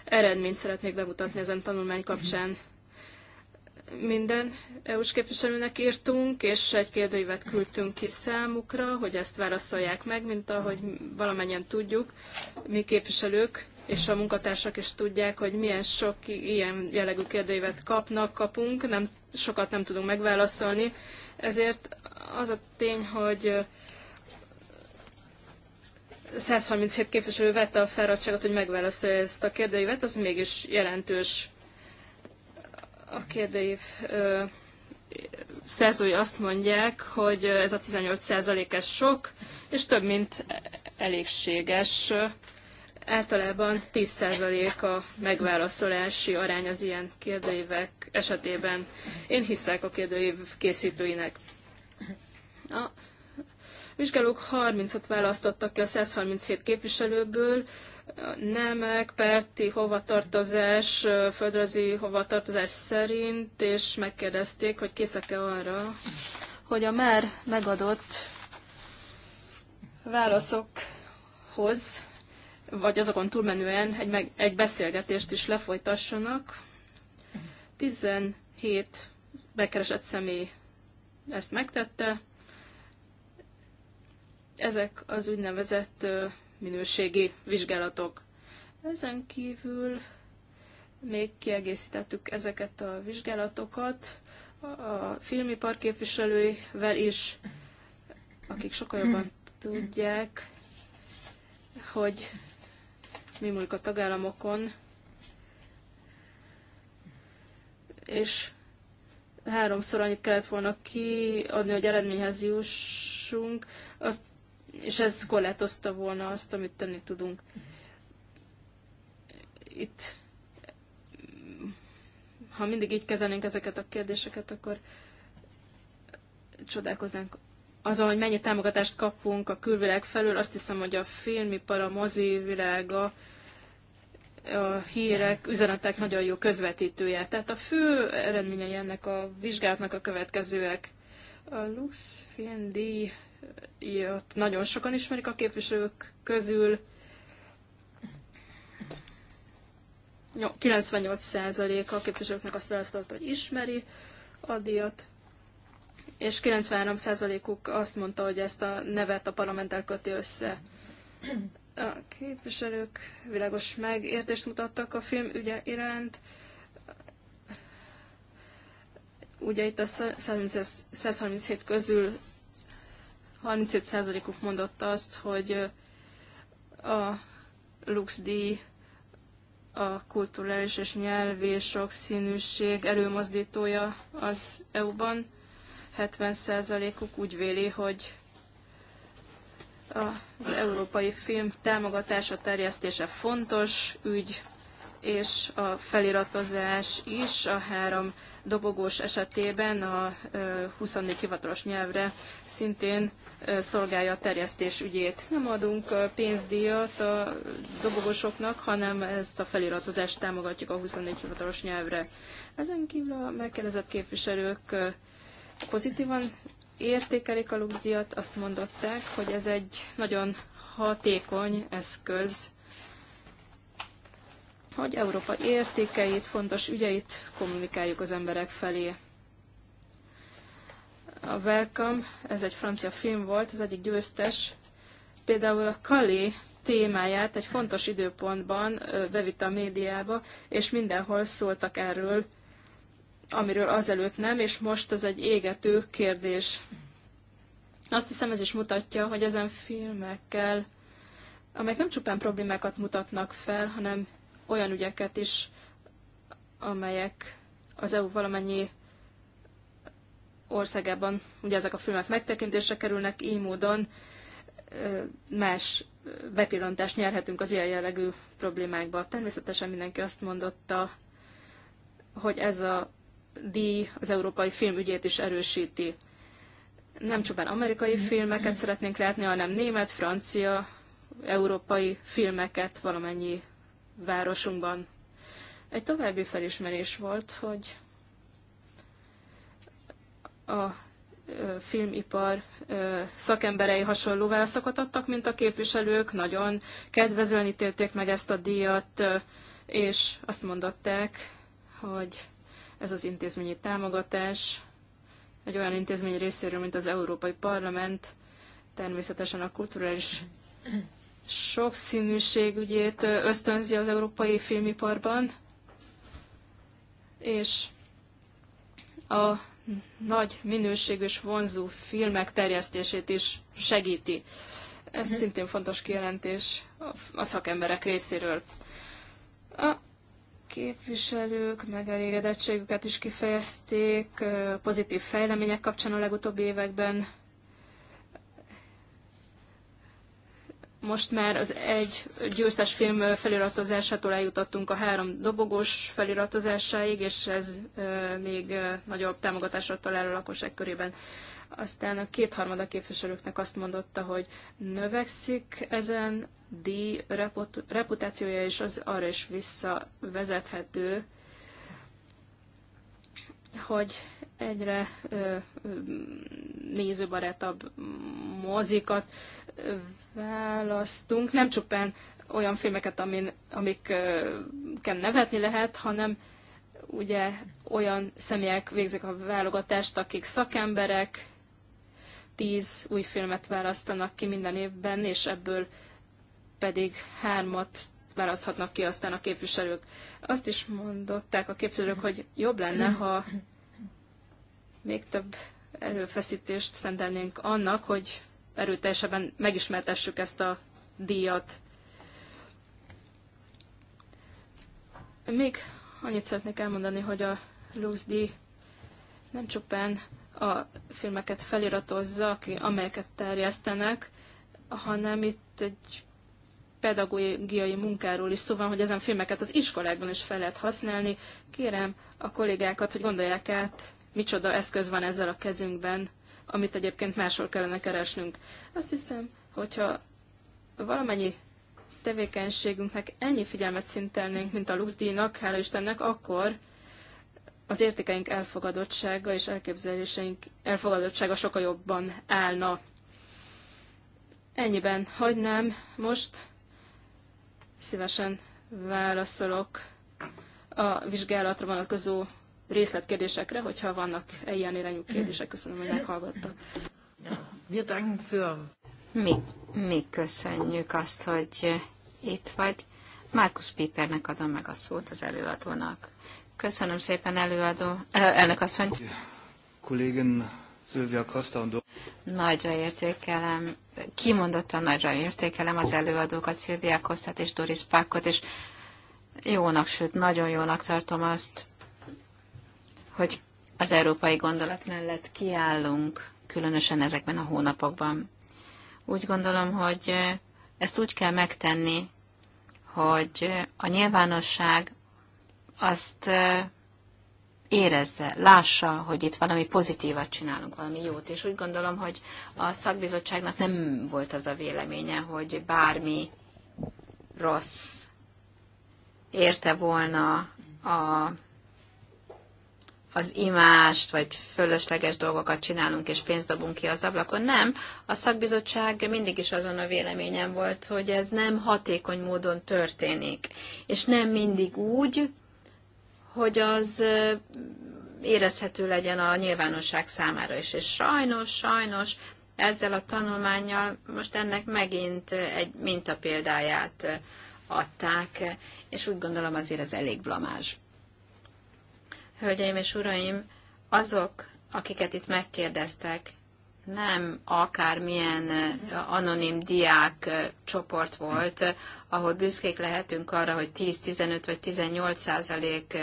eredményt szeretnék bemutatni ezen tanulmány kapcsán. Minden EU-s képviselőnek írtunk, és egy kérdőívet küldtünk ki számukra, hogy ezt válaszolják meg, mint ahogy valamennyien tudjuk, mi képviselők és a munkatársak is tudják, hogy milyen sok ilyen jellegű kérdőívet kapnak, kapunk, nem, sokat nem tudunk megválaszolni, ezért az a tény, hogy 137 képviselő vette a fáradtságot, hogy megválaszolja ezt a kérdőívet, az mégis jelentős. A kérdőív szerzői azt mondják, hogy ez a 18 es sok, és több mint elégséges. Általában 10% a megválaszolási arány az ilyen kérdőívek esetében. Én hiszek a kérdőív készítőinek. A vizsgálók 30-at választottak ki a 137 képviselőből, nemek, perti hovatartozás, földrajzi hovatartozás szerint, és megkérdezték, hogy készek-e arra, hogy a már megadott válaszokhoz, vagy azokon túlmenően egy, meg, egy beszélgetést is lefolytassanak. 17 bekeresett személy ezt megtette, ezek az úgynevezett minőségi vizsgálatok. Ezen kívül még kiegészítettük ezeket a vizsgálatokat a filmipar képviselőivel is, akik sokkal jobban hm. tudják, hogy mi múlik a tagállamokon, és háromszor annyit kellett volna kiadni, hogy eredményhez jussunk. Azt és ez korlátozta volna azt, amit tenni tudunk. Itt, ha mindig így kezelnénk ezeket a kérdéseket, akkor csodálkoznánk azon, hogy mennyi támogatást kapunk a külvilág felől. Azt hiszem, hogy a filmipar, a mozi világa, a hírek, üzenetek nagyon jó közvetítője. Tehát a fő eredményei ennek a vizsgálatnak a következőek. A Film díj ott nagyon sokan ismerik a képviselők közül. 98% a képviselőknek azt választotta, hogy ismeri a díjat, és 93%-uk azt mondta, hogy ezt a nevet a parlamenttel köti össze. A képviselők világos megértést mutattak a film ügye iránt. Ugye itt a 137 közül 37%-uk mondott azt, hogy a luxdíj a kulturális és nyelvi sokszínűség előmozdítója az EU-ban. 70%-uk úgy véli, hogy az európai film támogatása, terjesztése fontos ügy, és a feliratozás is a három dobogós esetében a 24 hivatalos nyelvre szintén szolgálja a terjesztés ügyét. Nem adunk pénzdíjat a dobogosoknak, hanem ezt a feliratozást támogatjuk a 24 hivatalos nyelvre. Ezen kívül a megkérdezett képviselők pozitívan értékelik a luxdíjat, azt mondották, hogy ez egy nagyon hatékony eszköz hogy Európa értékeit, fontos ügyeit kommunikáljuk az emberek felé. A Welcome, ez egy francia film volt, az egyik győztes. Például a Kali témáját egy fontos időpontban bevitte a médiába, és mindenhol szóltak erről, amiről azelőtt nem, és most ez egy égető kérdés. Azt hiszem ez is mutatja, hogy ezen filmekkel, amelyek nem csupán problémákat mutatnak fel, hanem olyan ügyeket is, amelyek az EU valamennyi országában, ugye ezek a filmek megtekintésre kerülnek, így módon más bepillantást nyerhetünk az ilyen jellegű problémákba. Természetesen mindenki azt mondotta, hogy ez a díj az európai film is erősíti. Nem csupán amerikai filmeket szeretnénk látni, hanem német, francia, európai filmeket valamennyi városunkban. Egy további felismerés volt, hogy a filmipar szakemberei hasonló válaszokat adtak, mint a képviselők, nagyon kedvezően ítélték meg ezt a díjat, és azt mondották, hogy ez az intézményi támogatás egy olyan intézmény részéről, mint az Európai Parlament, természetesen a kulturális sokszínűség ügyét ösztönzi az európai filmiparban, és a nagy minőségű és vonzó filmek terjesztését is segíti. Ez uh-huh. szintén fontos kijelentés a szakemberek részéről. A képviselők megelégedettségüket is kifejezték pozitív fejlemények kapcsán a legutóbbi években Most már az egy győztes film feliratozásától eljutottunk a három dobogós feliratozásáig, és ez még nagyobb támogatásra talál a lakosság körében. Aztán a kétharmada képviselőknek azt mondotta, hogy növekszik ezen díj reputációja, és az arra is visszavezethető, hogy egyre ö, nézőbarátabb mozikat választunk, nem csupán olyan filmeket, amin, amikken nevetni lehet, hanem ugye olyan személyek végzik a válogatást, akik szakemberek, tíz új filmet választanak ki minden évben, és ebből pedig hármat választhatnak ki aztán a képviselők. Azt is mondották a képviselők, hogy jobb lenne, ha még több erőfeszítést szentelnénk annak, hogy erőteljesebben megismertessük ezt a díjat. Még annyit szeretnék elmondani, hogy a D nem csupán a filmeket feliratozza, amelyeket terjesztenek, hanem itt egy pedagógiai munkáról is szó van, hogy ezen filmeket az iskolákban is fel lehet használni. Kérem a kollégákat, hogy gondolják át, micsoda eszköz van ezzel a kezünkben, amit egyébként máshol kellene keresnünk. Azt hiszem, hogyha valamennyi tevékenységünknek ennyi figyelmet szintelnénk, mint a luxdíjnak, hála Istennek, akkor az értékeink elfogadottsága és elképzeléseink elfogadottsága sokkal jobban állna. Ennyiben hagynám most. Szívesen válaszolok a vizsgálatra vonatkozó részletkérdésekre, hogyha vannak e ilyen irányú kérdések. Köszönöm, hogy meghallgattak. Mi, mi köszönjük azt, hogy itt vagy. Márkusz Pipernek adom meg a szót az előadónak. Köszönöm szépen, előadó, elnök asszony. Kollégen Szilvia Kasztandó. Nagyra értékelem, kimondottan nagyra értékelem az előadókat, Szilvia Kosztát és Doris Pákot, és jónak, sőt, nagyon jónak tartom azt, hogy az európai gondolat mellett kiállunk, különösen ezekben a hónapokban. Úgy gondolom, hogy ezt úgy kell megtenni, hogy a nyilvánosság azt érezze, lássa, hogy itt valami pozitívat csinálunk, valami jót. És úgy gondolom, hogy a szakbizottságnak nem volt az a véleménye, hogy bármi rossz érte volna a az imást, vagy fölösleges dolgokat csinálunk, és pénzt dobunk ki az ablakon. Nem, a szakbizottság mindig is azon a véleményen volt, hogy ez nem hatékony módon történik, és nem mindig úgy, hogy az érezhető legyen a nyilvánosság számára is. És sajnos, sajnos ezzel a tanulmányjal most ennek megint egy mintapéldáját adták, és úgy gondolom azért ez elég blamás. Hölgyeim és uraim, azok, akiket itt megkérdeztek, nem akármilyen anonim diák csoport volt, ahol büszkék lehetünk arra, hogy 10-15 vagy 18 százalék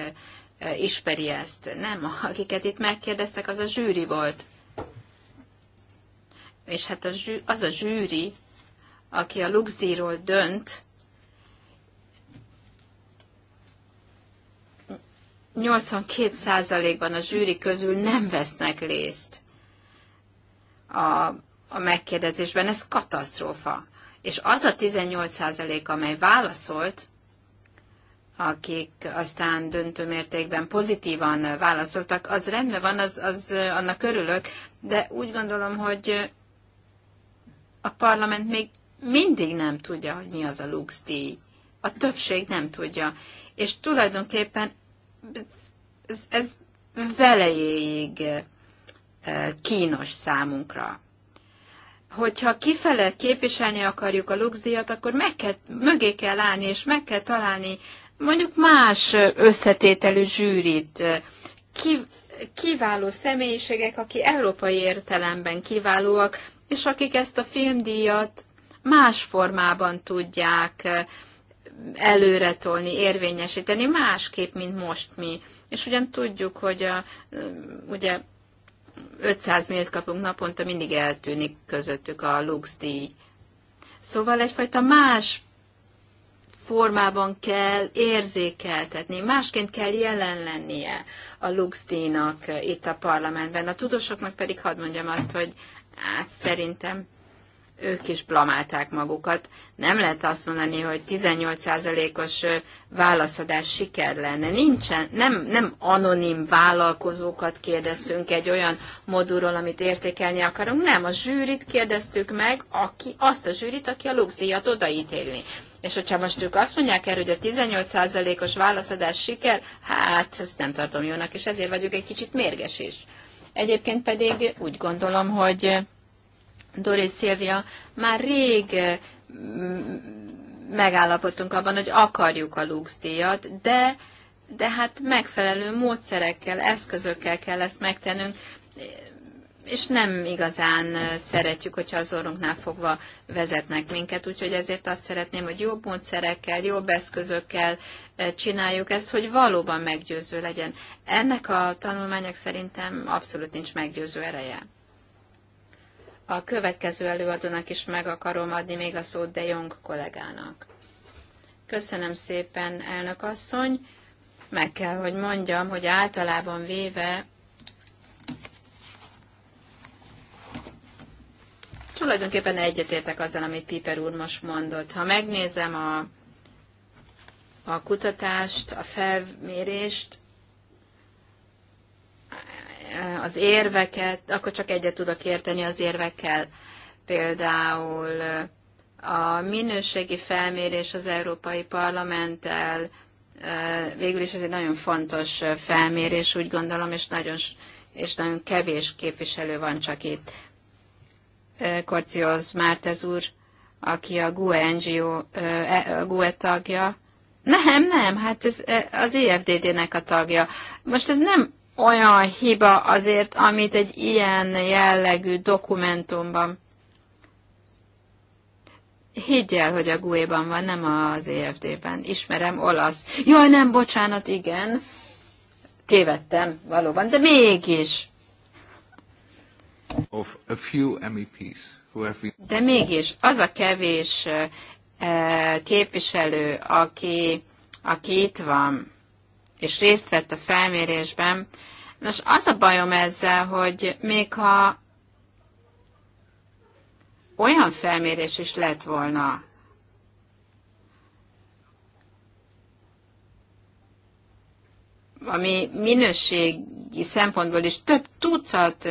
ismeri ezt. Nem, akiket itt megkérdeztek, az a zsűri volt. És hát az a zsűri, aki a luxdíjról dönt, 82%-ban a zsűri közül nem vesznek részt a, a megkérdezésben. Ez katasztrófa. És az a 18%, amely válaszolt, akik aztán döntő mértékben pozitívan válaszoltak, az rendben van, az, az annak örülök, de úgy gondolom, hogy a parlament még mindig nem tudja, hogy mi az a lux díj. A többség nem tudja. És tulajdonképpen ez, ez velejéig eh, kínos számunkra. Hogyha kifele képviselni akarjuk a luxdíjat, akkor meg kell, mögé kell állni, és meg kell találni mondjuk más eh, összetételű zsűrit, ki, kiváló személyiségek, aki európai értelemben kiválóak, és akik ezt a filmdíjat más formában tudják eh, előre tolni, érvényesíteni, másképp, mint most mi. És ugyan tudjuk, hogy a, ugye 500 mélyt kapunk naponta, mindig eltűnik közöttük a lux díj. Szóval egyfajta más formában kell érzékeltetni, másként kell jelen lennie a Luxdíjnak itt a parlamentben. A tudósoknak pedig hadd mondjam azt, hogy hát szerintem ők is blamálták magukat. Nem lehet azt mondani, hogy 18%-os válaszadás siker lenne. Nincsen, nem, nem anonim vállalkozókat kérdeztünk egy olyan modulról, amit értékelni akarunk, nem, a zsűrit kérdeztük meg, aki, azt a zsűrit, aki a luxdíjat odaítélni. És hogyha most ők azt mondják el, hogy a 18%-os válaszadás siker, hát ezt nem tartom jónak, és ezért vagyok egy kicsit mérges is. Egyébként pedig úgy gondolom, hogy Doris Szilvia, már rég megállapodtunk abban, hogy akarjuk a Lux díjat, de, de hát megfelelő módszerekkel, eszközökkel kell ezt megtennünk, és nem igazán szeretjük, hogyha az orrunknál fogva vezetnek minket, úgyhogy ezért azt szeretném, hogy jobb módszerekkel, jobb eszközökkel csináljuk ezt, hogy valóban meggyőző legyen. Ennek a tanulmányok szerintem abszolút nincs meggyőző ereje. A következő előadónak is meg akarom adni még a szót De Jong kollégának. Köszönöm szépen, elnök asszony. Meg kell, hogy mondjam, hogy általában véve tulajdonképpen egyetértek azzal, amit Piper úr most mondott. Ha megnézem a, a kutatást, a felmérést, az érveket, akkor csak egyet tudok érteni az érvekkel. Például a minőségi felmérés az Európai Parlamenttel, végül is ez egy nagyon fontos felmérés, úgy gondolom, és nagyon, és nagyon kevés képviselő van csak itt. Korcióz Mártez úr, aki a GUE NGO, e, a GUE tagja. Nem, nem, hát ez az EFDD-nek a tagja. Most ez nem olyan hiba azért, amit egy ilyen jellegű dokumentumban. Higgy el, hogy a GUE-ban van, nem az EFD-ben. Ismerem, olasz. Jaj, nem, bocsánat, igen. Tévedtem, valóban, de mégis. Of a few MEPs who have been... De mégis, az a kevés eh, képviselő, aki, aki itt van, és részt vett a felmérésben. Nos, az a bajom ezzel, hogy még ha olyan felmérés is lett volna, ami minőségi szempontból is több tucat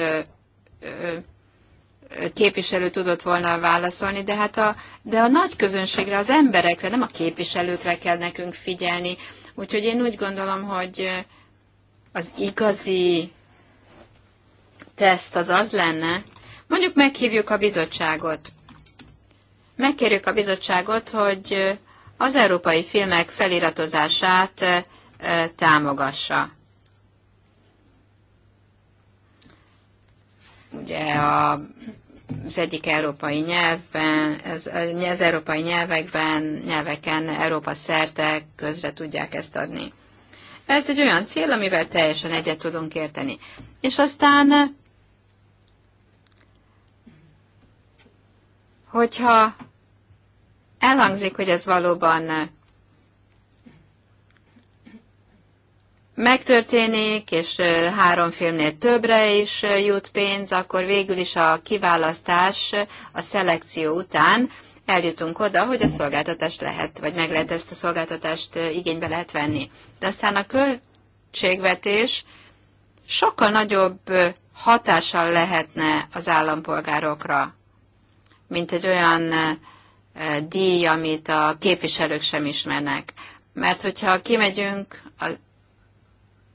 képviselő tudott volna válaszolni, de hát a, de a nagy közönségre, az emberekre, nem a képviselőkre kell nekünk figyelni, Úgyhogy én úgy gondolom, hogy az igazi teszt az az lenne, mondjuk meghívjuk a bizottságot. Megkérjük a bizottságot, hogy az európai filmek feliratozását támogassa. Ugye a az egyik európai nyelvben, az, az európai nyelvekben, nyelveken Európa szerte közre tudják ezt adni. Ez egy olyan cél, amivel teljesen egyet tudunk érteni. És aztán, hogyha elhangzik, hogy ez valóban megtörténik, és három filmnél többre is jut pénz, akkor végül is a kiválasztás a szelekció után eljutunk oda, hogy a szolgáltatást lehet, vagy meg lehet ezt a szolgáltatást igénybe lehet venni. De aztán a költségvetés sokkal nagyobb hatással lehetne az állampolgárokra, mint egy olyan díj, amit a képviselők sem ismernek. Mert hogyha kimegyünk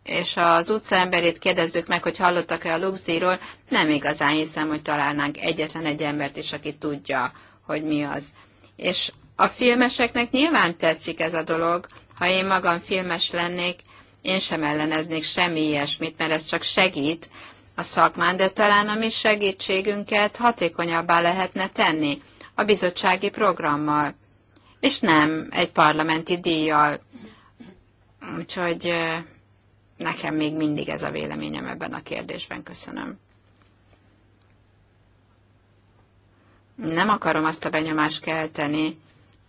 és az utcaemberét kérdezzük meg, hogy hallottak-e a luxdíjról, nem igazán hiszem, hogy találnánk egyetlen egy embert is, aki tudja, hogy mi az. És a filmeseknek nyilván tetszik ez a dolog, ha én magam filmes lennék, én sem elleneznék semmi ilyesmit, mert ez csak segít a szakmán, de talán a mi segítségünket hatékonyabbá lehetne tenni a bizottsági programmal, és nem egy parlamenti díjjal. Úgyhogy Nekem még mindig ez a véleményem ebben a kérdésben. Köszönöm. Nem akarom azt a benyomást kelteni,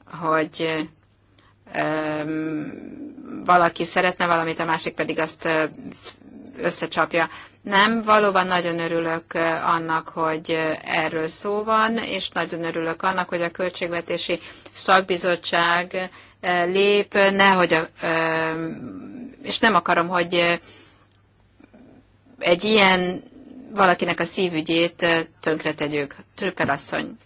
hogy ö, valaki szeretne valamit, a másik pedig azt összecsapja. Nem, valóban nagyon örülök annak, hogy erről szó van, és nagyon örülök annak, hogy a Költségvetési Szakbizottság lép, nehogy a és nem akarom, hogy egy ilyen valakinek a szívügyét tönkre tegyük. asszony.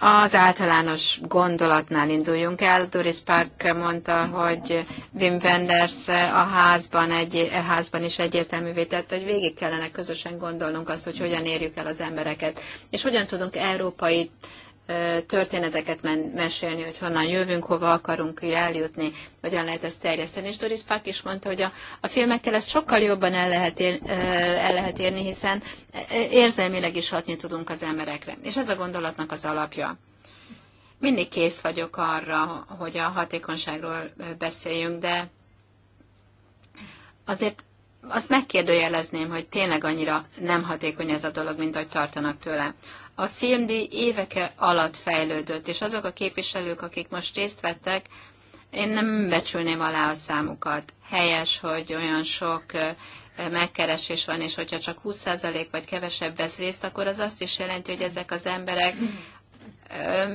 Az általános gondolatnál induljunk el. Doris Park mondta, hogy Wim Wenders a házban, egy, a e házban is egyértelművé tette, hogy végig kellene közösen gondolnunk azt, hogy hogyan érjük el az embereket, és hogyan tudunk európai történeteket mesélni, hogy honnan jövünk, hova akarunk eljutni, hogyan lehet ezt terjeszteni. És Doris Park is mondta, hogy a, a filmekkel ezt sokkal jobban el lehet, ér, el lehet érni, hiszen érzelmileg is hatni tudunk az emberekre. És ez a gondolatnak az alapja. Mindig kész vagyok arra, hogy a hatékonyságról beszéljünk, de azért azt megkérdőjelezném, hogy tényleg annyira nem hatékony ez a dolog, mint ahogy tartanak tőle a filmdíj éveke alatt fejlődött, és azok a képviselők, akik most részt vettek, én nem becsülném alá a számukat. Helyes, hogy olyan sok megkeresés van, és hogyha csak 20% vagy kevesebb vesz részt, akkor az azt is jelenti, hogy ezek az emberek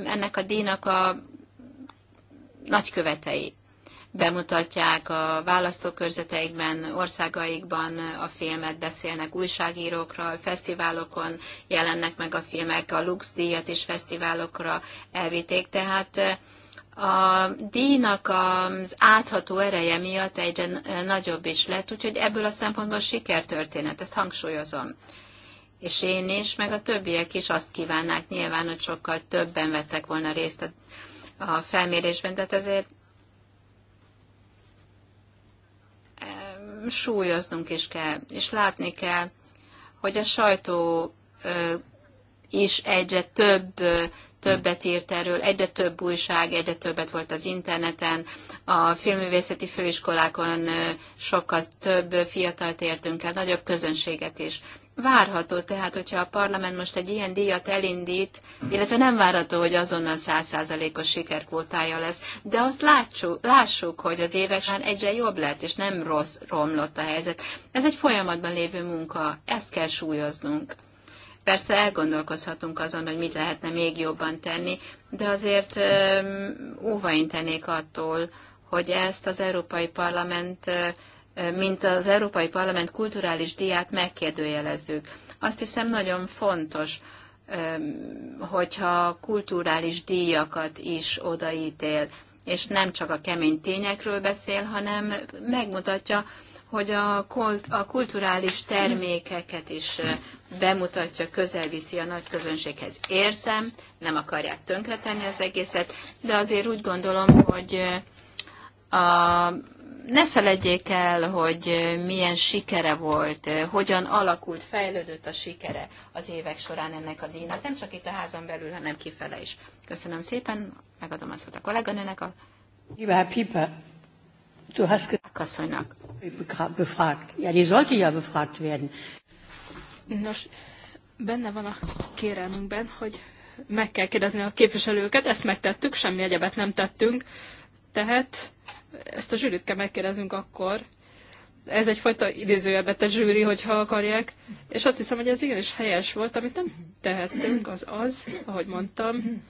ennek a díjnak a nagykövetei bemutatják a választókörzeteikben, országaikban a filmet, beszélnek újságírókról, fesztiválokon jelennek meg a filmek, a Lux díjat is fesztiválokra elvitték, tehát eh, a díjnak az átható ereje miatt egyre eh, nagyobb is lett, úgyhogy ebből a szempontból sikertörténet, ezt hangsúlyozom. És én is, meg a többiek is azt kívánnák nyilván, hogy sokkal többen vettek volna részt a, felmérésben, tehát ezért súlyoznunk is kell, és látni kell, hogy a sajtó is egyre több többet írt erről, egyre több újság, egyre többet volt az interneten, a filmművészeti főiskolákon sokkal több fiatalt értünk el, nagyobb közönséget is. Várható tehát, hogyha a parlament most egy ilyen díjat elindít, illetve nem várható, hogy azonnal százszázalékos sikerkvótája lesz, de azt látsuk, lássuk, hogy az évek során egyre jobb lett, és nem rossz romlott a helyzet. Ez egy folyamatban lévő munka, ezt kell súlyoznunk. Persze elgondolkozhatunk azon, hogy mit lehetne még jobban tenni, de azért óvaintenék attól, hogy ezt az Európai Parlament mint az Európai Parlament kulturális diát megkérdőjelezzük. Azt hiszem nagyon fontos, hogyha kulturális díjakat is odaítél, és nem csak a kemény tényekről beszél, hanem megmutatja, hogy a, kult, a kulturális termékeket is bemutatja, közel viszi a nagy közönséghez. Értem, nem akarják tönkretenni az egészet, de azért úgy gondolom, hogy a ne feledjék el, hogy milyen sikere volt, hogyan alakult, fejlődött a sikere az évek során ennek a díjnak, nem csak itt a házon belül, hanem kifele is. Köszönöm szépen, megadom a szót a kolléganőnek, a asszonynak. Befragt. Ja, die sollte ja befragt werden. Nos, benne van a kérelmünkben, hogy meg kell kérdezni a képviselőket, ezt megtettük, semmi egyebet nem tettünk tehet ezt a zsűrit kell megkérdeznünk akkor. Ez egyfajta idézőjelbe tett zsűri, hogyha akarják. És azt hiszem, hogy ez igenis helyes volt, amit nem tehettünk, az az, ahogy mondtam,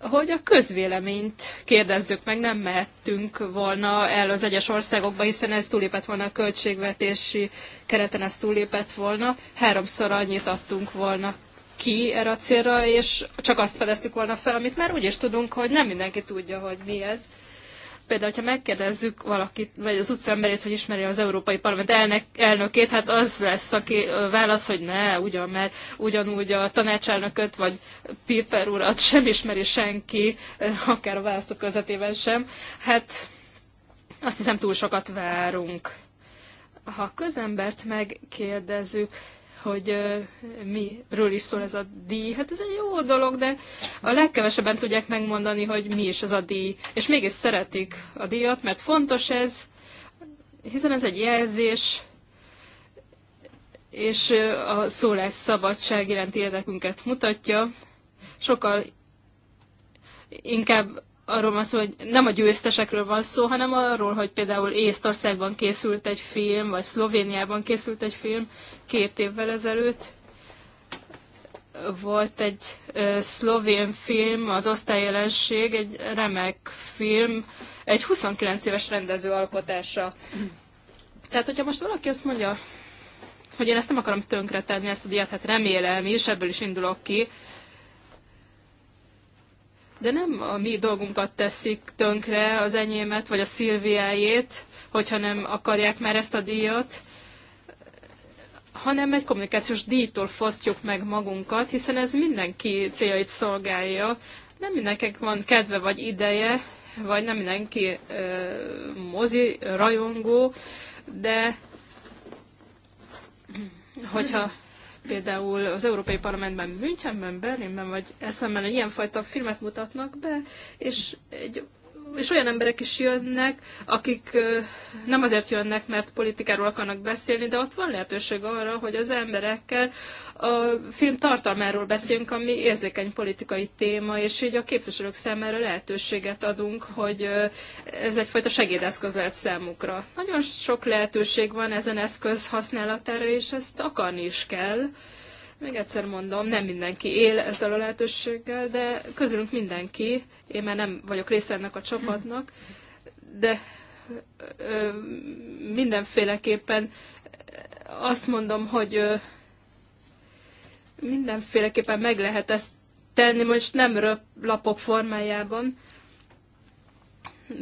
hogy a közvéleményt kérdezzük meg, nem mehettünk volna el az egyes országokba, hiszen ez túlépett volna a költségvetési kereten, ez túlépett volna. Háromszor annyit adtunk volna ki erre a célra, és csak azt fedeztük volna fel, amit már úgy is tudunk, hogy nem mindenki tudja, hogy mi ez. Például, ha megkérdezzük valakit, vagy az utcemberét, hogy ismeri az Európai Parlament elnök, elnökét, hát az lesz a válasz, hogy ne, ugyan, mert ugyanúgy a tanácselnököt, vagy Piper urat sem ismeri senki, akár a választók közvetében sem. Hát azt hiszem túl sokat várunk. Ha közembert megkérdezzük, hogy miről is szól ez a díj. Hát ez egy jó dolog, de a legkevesebben tudják megmondani, hogy mi is ez a díj. És mégis szeretik a díjat, mert fontos ez, hiszen ez egy jelzés, és a szólás szabadság iránti érdekünket mutatja. Sokkal inkább arról van szó, hogy nem a győztesekről van szó, hanem arról, hogy például Észtországban készült egy film, vagy Szlovéniában készült egy film két évvel ezelőtt. Volt egy ö, szlovén film, az osztályjelenség, egy remek film, egy 29 éves rendező alkotása. Tehát, hogyha most valaki azt mondja, hogy én ezt nem akarom tönkretenni, ezt a diát, hát remélem is, ebből is indulok ki, de nem a mi dolgunkat teszik tönkre, az enyémet vagy a Szilviájét, hogyha nem akarják már ezt a díjat, hanem egy kommunikációs díjtól fosztjuk meg magunkat, hiszen ez mindenki céljait szolgálja. Nem mindenkinek van kedve vagy ideje, vagy nem mindenki ö, mozi rajongó, de hogyha például az Európai Parlamentben, Münchenben, Berlinben, vagy eszemben, hogy ilyenfajta filmet mutatnak be, és egy és olyan emberek is jönnek, akik nem azért jönnek, mert politikáról akarnak beszélni, de ott van lehetőség arra, hogy az emberekkel a film tartalmáról beszélünk, ami érzékeny politikai téma, és így a képviselők számára lehetőséget adunk, hogy ez egyfajta segédeszköz lehet számukra. Nagyon sok lehetőség van ezen eszköz használatára, és ezt akarni is kell még egyszer mondom, nem mindenki él ezzel a lehetőséggel, de közülünk mindenki, én már nem vagyok része ennek a csapatnak, de ö, mindenféleképpen azt mondom, hogy ö, mindenféleképpen meg lehet ezt tenni, most nem röplapok formájában,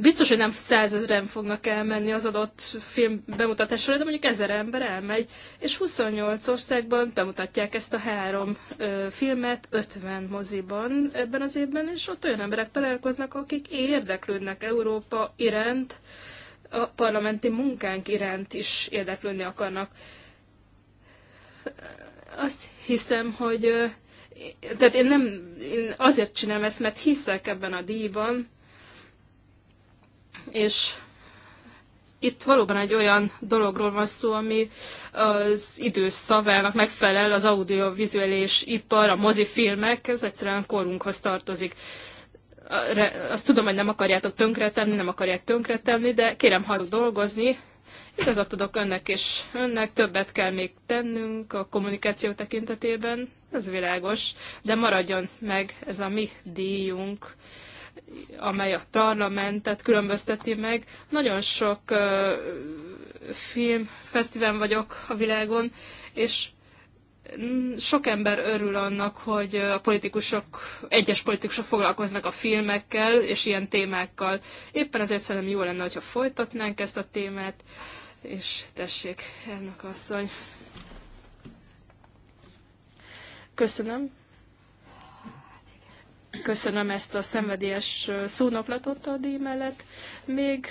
biztos, hogy nem százezren fognak elmenni az adott film bemutatásra, de mondjuk ezer ember elmegy, és 28 országban bemutatják ezt a három ö, filmet 50 moziban ebben az évben, és ott olyan emberek találkoznak, akik érdeklődnek Európa iránt, a parlamenti munkánk iránt is érdeklődni akarnak. Azt hiszem, hogy ö, tehát én nem én azért csinálom ezt, mert hiszek ebben a díjban, és itt valóban egy olyan dologról van szó, ami az időszavának megfelel, az audiovizuális ipar, a mozifilmek, ez egyszerűen korunkhoz tartozik. Azt tudom, hogy nem akarjátok tönkretenni, nem akarják tönkretenni, de kérem halljuk dolgozni. Igazat tudok önnek és önnek, többet kell még tennünk a kommunikáció tekintetében, ez világos, de maradjon meg ez a mi díjunk amely a parlamentet különbözteti meg. Nagyon sok filmfesztiválon vagyok a világon, és sok ember örül annak, hogy a politikusok, egyes politikusok foglalkoznak a filmekkel és ilyen témákkal. Éppen ezért szerintem jó lenne, hogyha folytatnánk ezt a témát, és tessék, elnök asszony. Köszönöm. Köszönöm ezt a szenvedélyes szónoklatot a díj mellett. Még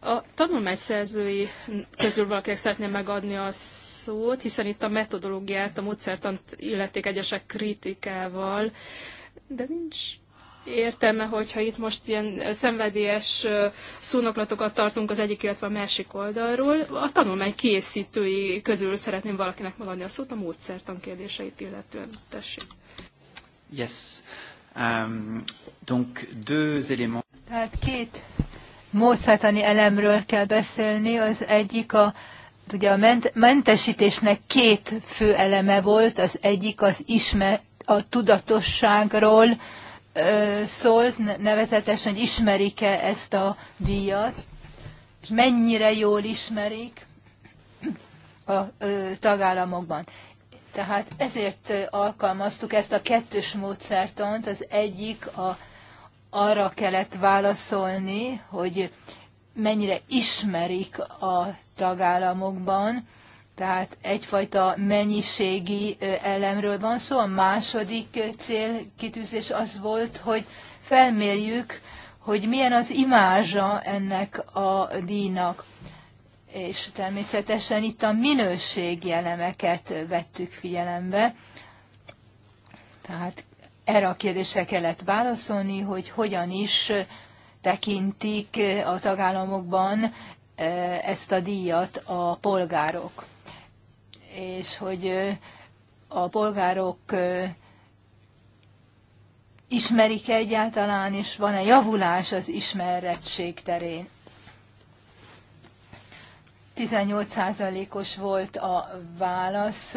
a tanulmány szerzői közül valakinek szeretném megadni a szót, hiszen itt a metodológiát, a módszertant illették egyesek kritikával, de nincs értelme, hogyha itt most ilyen szenvedélyes szónoklatokat tartunk az egyik, illetve a másik oldalról. A tanulmány készítői közül szeretném valakinek megadni a szót a módszertan kérdéseit illetően. Tessék. Yes. Euh, donc deux éléments. Tehát két módszertani elemről kell beszélni. Az egyik a Ugye a ment, mentesítésnek két fő eleme volt, az egyik az ismer, a tudatosságról ö, szólt, nevezetesen, hogy ismerik-e ezt a díjat, és mennyire jól ismerik a ö, tagállamokban. Tehát ezért alkalmaztuk ezt a kettős módszertant, az egyik a, arra kellett válaszolni, hogy mennyire ismerik a tagállamokban, tehát egyfajta mennyiségi elemről van szó. A második célkitűzés az volt, hogy felmérjük, hogy milyen az imázsa ennek a díjnak és természetesen itt a minőségi jellemeket vettük figyelembe. Tehát erre a kérdésre kellett válaszolni, hogy hogyan is tekintik a tagállamokban e, ezt a díjat a polgárok. És hogy e, a polgárok ismerik -e egyáltalán, és van-e javulás az ismerettség terén. 18%-os volt a válasz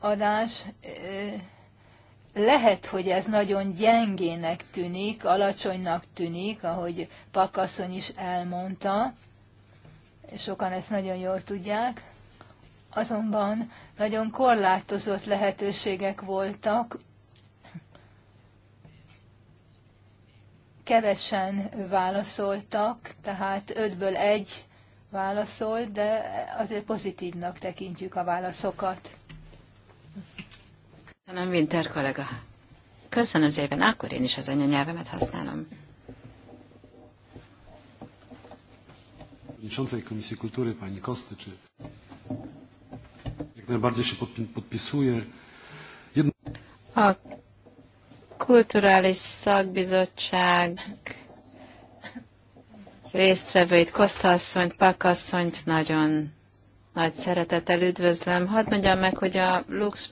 adás. Lehet, hogy ez nagyon gyengének tűnik, alacsonynak tűnik, ahogy Pakaszony is elmondta, és sokan ezt nagyon jól tudják. Azonban nagyon korlátozott lehetőségek voltak, kevesen válaszoltak, tehát ötből egy Válaszol, de azért pozitívnak tekintjük a válaszokat. Köszönöm, Winter kollega. Köszönöm szépen, akkor én is az anyanyelvemet használom. Przewodniczącej Komisji Kultury Pani Kosty, czy jak najbardziej się podpisuję. Jedno... A Kulturális Szakbizottság résztvevőit, Kosztasszonyt, Pakasszonyt nagyon nagy szeretettel üdvözlöm. Hadd mondjam meg, hogy a Lux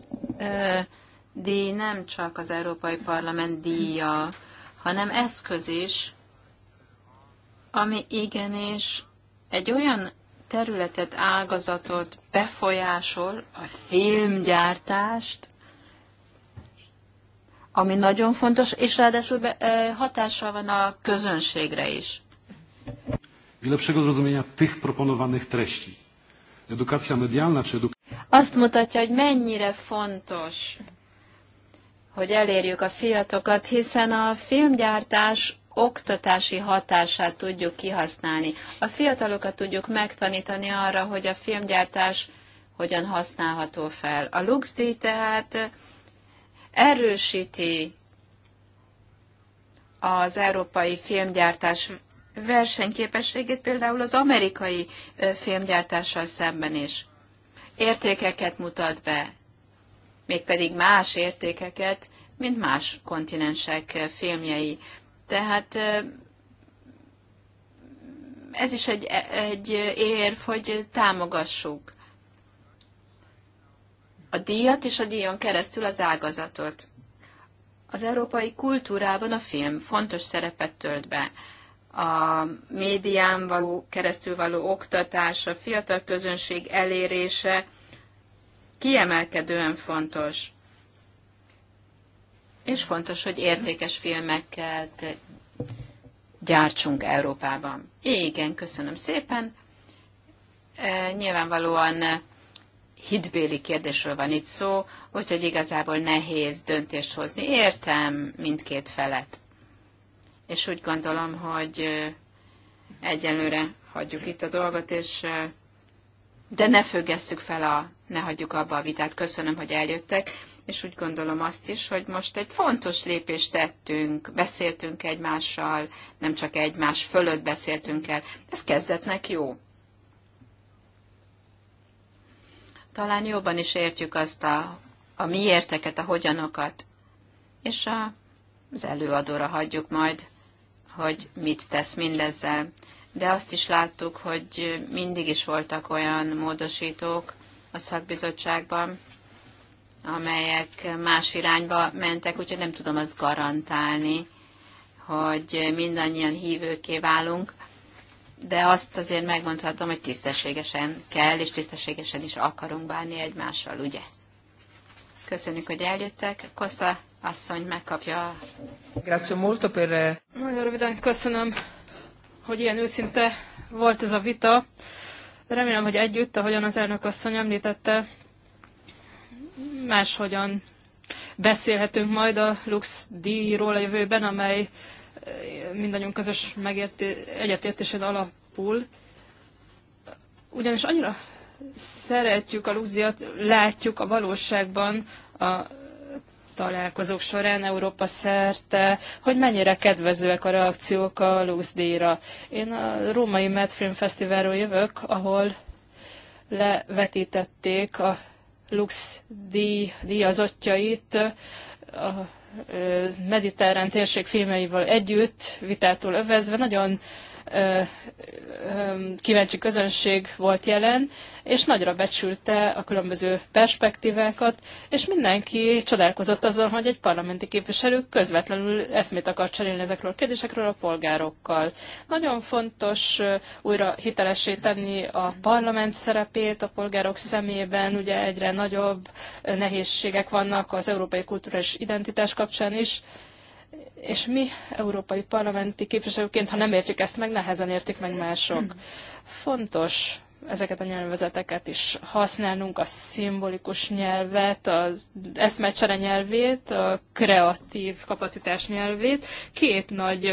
díj nem csak az Európai Parlament díja, hanem eszköz is, ami igenis egy olyan területet, ágazatot befolyásol, a filmgyártást, ami nagyon fontos, és ráadásul be, hatással van a közönségre is i lepszego zrozumienia tych proponowanych treści. Edukacja medialna czy edukacja... Azt mutatja, hogy mennyire fontos, hogy elérjük a fiatokat, hiszen a filmgyártás oktatási hatását tudjuk kihasználni. A fiatalokat tudjuk megtanítani arra, hogy a filmgyártás hogyan használható fel. A LuxDíj tehát erősíti az európai filmgyártás versenyképességét például az amerikai filmgyártással szemben is. Értékeket mutat be, mégpedig más értékeket, mint más kontinensek filmjei. Tehát ez is egy, e, egy érv, hogy támogassuk a díjat és a díjon keresztül az ágazatot. Az európai kultúrában a film fontos szerepet tölt be a médián való, keresztül való oktatás, a fiatal közönség elérése kiemelkedően fontos. És fontos, hogy értékes filmeket gyártsunk Európában. Igen, köszönöm szépen. E, nyilvánvalóan hitbéli kérdésről van itt szó, úgyhogy igazából nehéz döntést hozni. Értem mindkét felet és úgy gondolom, hogy egyelőre hagyjuk itt a dolgot, és de ne függesszük fel a, ne hagyjuk abba a vitát. Köszönöm, hogy eljöttek, és úgy gondolom azt is, hogy most egy fontos lépést tettünk, beszéltünk egymással, nem csak egymás fölött beszéltünk el. Ez kezdetnek jó. Talán jobban is értjük azt a, a mi érteket, a hogyanokat, és a, az előadóra hagyjuk majd hogy mit tesz mindezzel. De azt is láttuk, hogy mindig is voltak olyan módosítók a szakbizottságban, amelyek más irányba mentek, úgyhogy nem tudom azt garantálni, hogy mindannyian hívőké válunk, de azt azért megmondhatom, hogy tisztességesen kell, és tisztességesen is akarunk bánni egymással, ugye? Köszönjük, hogy eljöttek. Kosta asszony megkapja. Grazie molto per... Eh, Nagyon röviden köszönöm, hogy ilyen őszinte volt ez a vita. Remélem, hogy együtt, ahogyan az elnök asszony említette, máshogyan beszélhetünk majd a Lux díjról a jövőben, amely eh, mindannyiunk közös megérté, egyetértésen alapul. Ugyanis annyira szeretjük a Lux díjat, látjuk a valóságban a találkozók során Európa szerte, hogy mennyire kedvezőek a reakciók a lux Én a római Medfilm Fesztiválról jövök, ahol levetítették a Lux-díj díjazottjait a mediterrán térség filmeivel együtt, vitától övezve. Nagyon kíváncsi közönség volt jelen, és nagyra becsülte a különböző perspektívákat, és mindenki csodálkozott azon, hogy egy parlamenti képviselő közvetlenül eszmét akar cserélni ezekről a kérdésekről a polgárokkal. Nagyon fontos újra hitelessé tenni a parlament szerepét a polgárok szemében, ugye egyre nagyobb nehézségek vannak az európai kulturális identitás kapcsán is, és mi európai parlamenti képviselőként, ha nem értjük ezt meg, nehezen értik meg mások. Fontos ezeket a nyelvezeteket is használnunk, a szimbolikus nyelvet, az eszmecsere nyelvét, a kreatív kapacitás nyelvét. Két nagy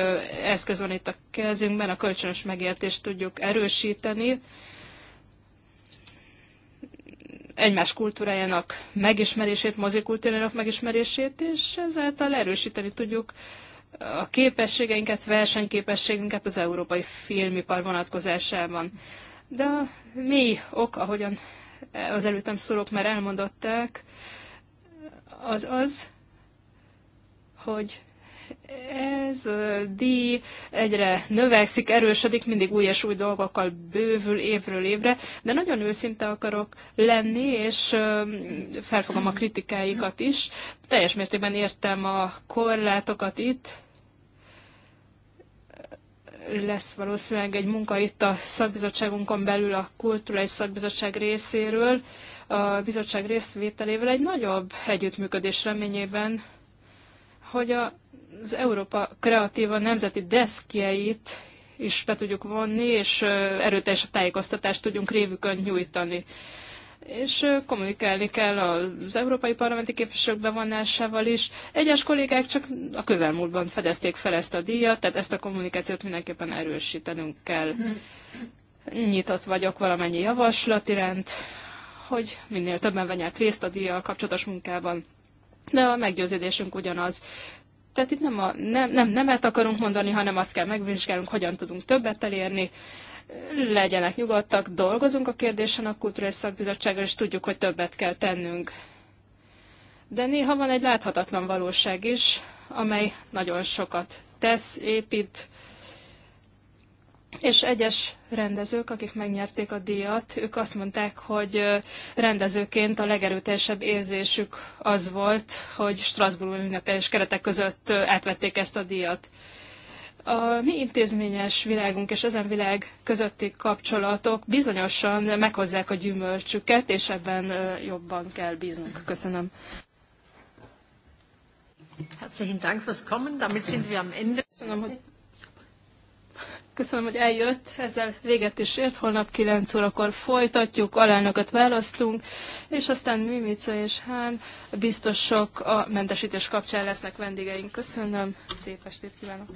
eszköz van itt a kezünkben, a kölcsönös megértést tudjuk erősíteni, egymás kultúrájának megismerését, mozikultúrájának megismerését, és ezáltal erősíteni tudjuk a képességeinket, versenyképességünket az európai filmipar vonatkozásában. De a mély ok, ahogyan az előttem szólók már elmondották, az az, hogy ez a díj egyre növekszik, erősödik, mindig új és új dolgokkal bővül évről évre, de nagyon őszinte akarok lenni, és felfogom a kritikáikat is. Teljes mértékben értem a korlátokat itt, lesz valószínűleg egy munka itt a szakbizottságunkon belül a kulturális szakbizottság részéről, a bizottság részvételével egy nagyobb együttműködés reményében, hogy a az Európa Kreatíva Nemzeti Deszkjeit is be tudjuk vonni, és erőteljesebb tájékoztatást tudjunk révükön nyújtani. És kommunikálni kell az európai parlamenti képviselők bevonásával is. Egyes kollégák csak a közelmúltban fedezték fel ezt a díjat, tehát ezt a kommunikációt mindenképpen erősítenünk kell. Nyitott vagyok valamennyi javaslat iránt, hogy minél többen venyek részt a díjjal kapcsolatos munkában. De a meggyőződésünk ugyanaz. Tehát itt nem, a, nem, nem nemet akarunk mondani, hanem azt kell megvizsgálnunk, hogyan tudunk többet elérni. Legyenek nyugodtak, dolgozunk a kérdésen a Kulturális Szakbizottsággal, és tudjuk, hogy többet kell tennünk. De néha van egy láthatatlan valóság is, amely nagyon sokat tesz, épít, és egyes rendezők, akik megnyerték a díjat, ők azt mondták, hogy rendezőként a legerőteljesebb érzésük az volt, hogy Strasbourg ünnepelés keretek között átvették ezt a díjat. A mi intézményes világunk és ezen világ közötti kapcsolatok bizonyosan meghozzák a gyümölcsüket, és ebben jobban kell bíznunk. Köszönöm. Herzlichen Dank fürs Kommen. Damit sind wir am Ende. Köszönöm, hogy Köszönöm, hogy eljött, ezzel véget is ért, holnap 9 órakor folytatjuk, alelnököt választunk, és aztán Mimica és Hán biztosok a mentesítés kapcsán lesznek vendégeink. Köszönöm, szép estét kívánok!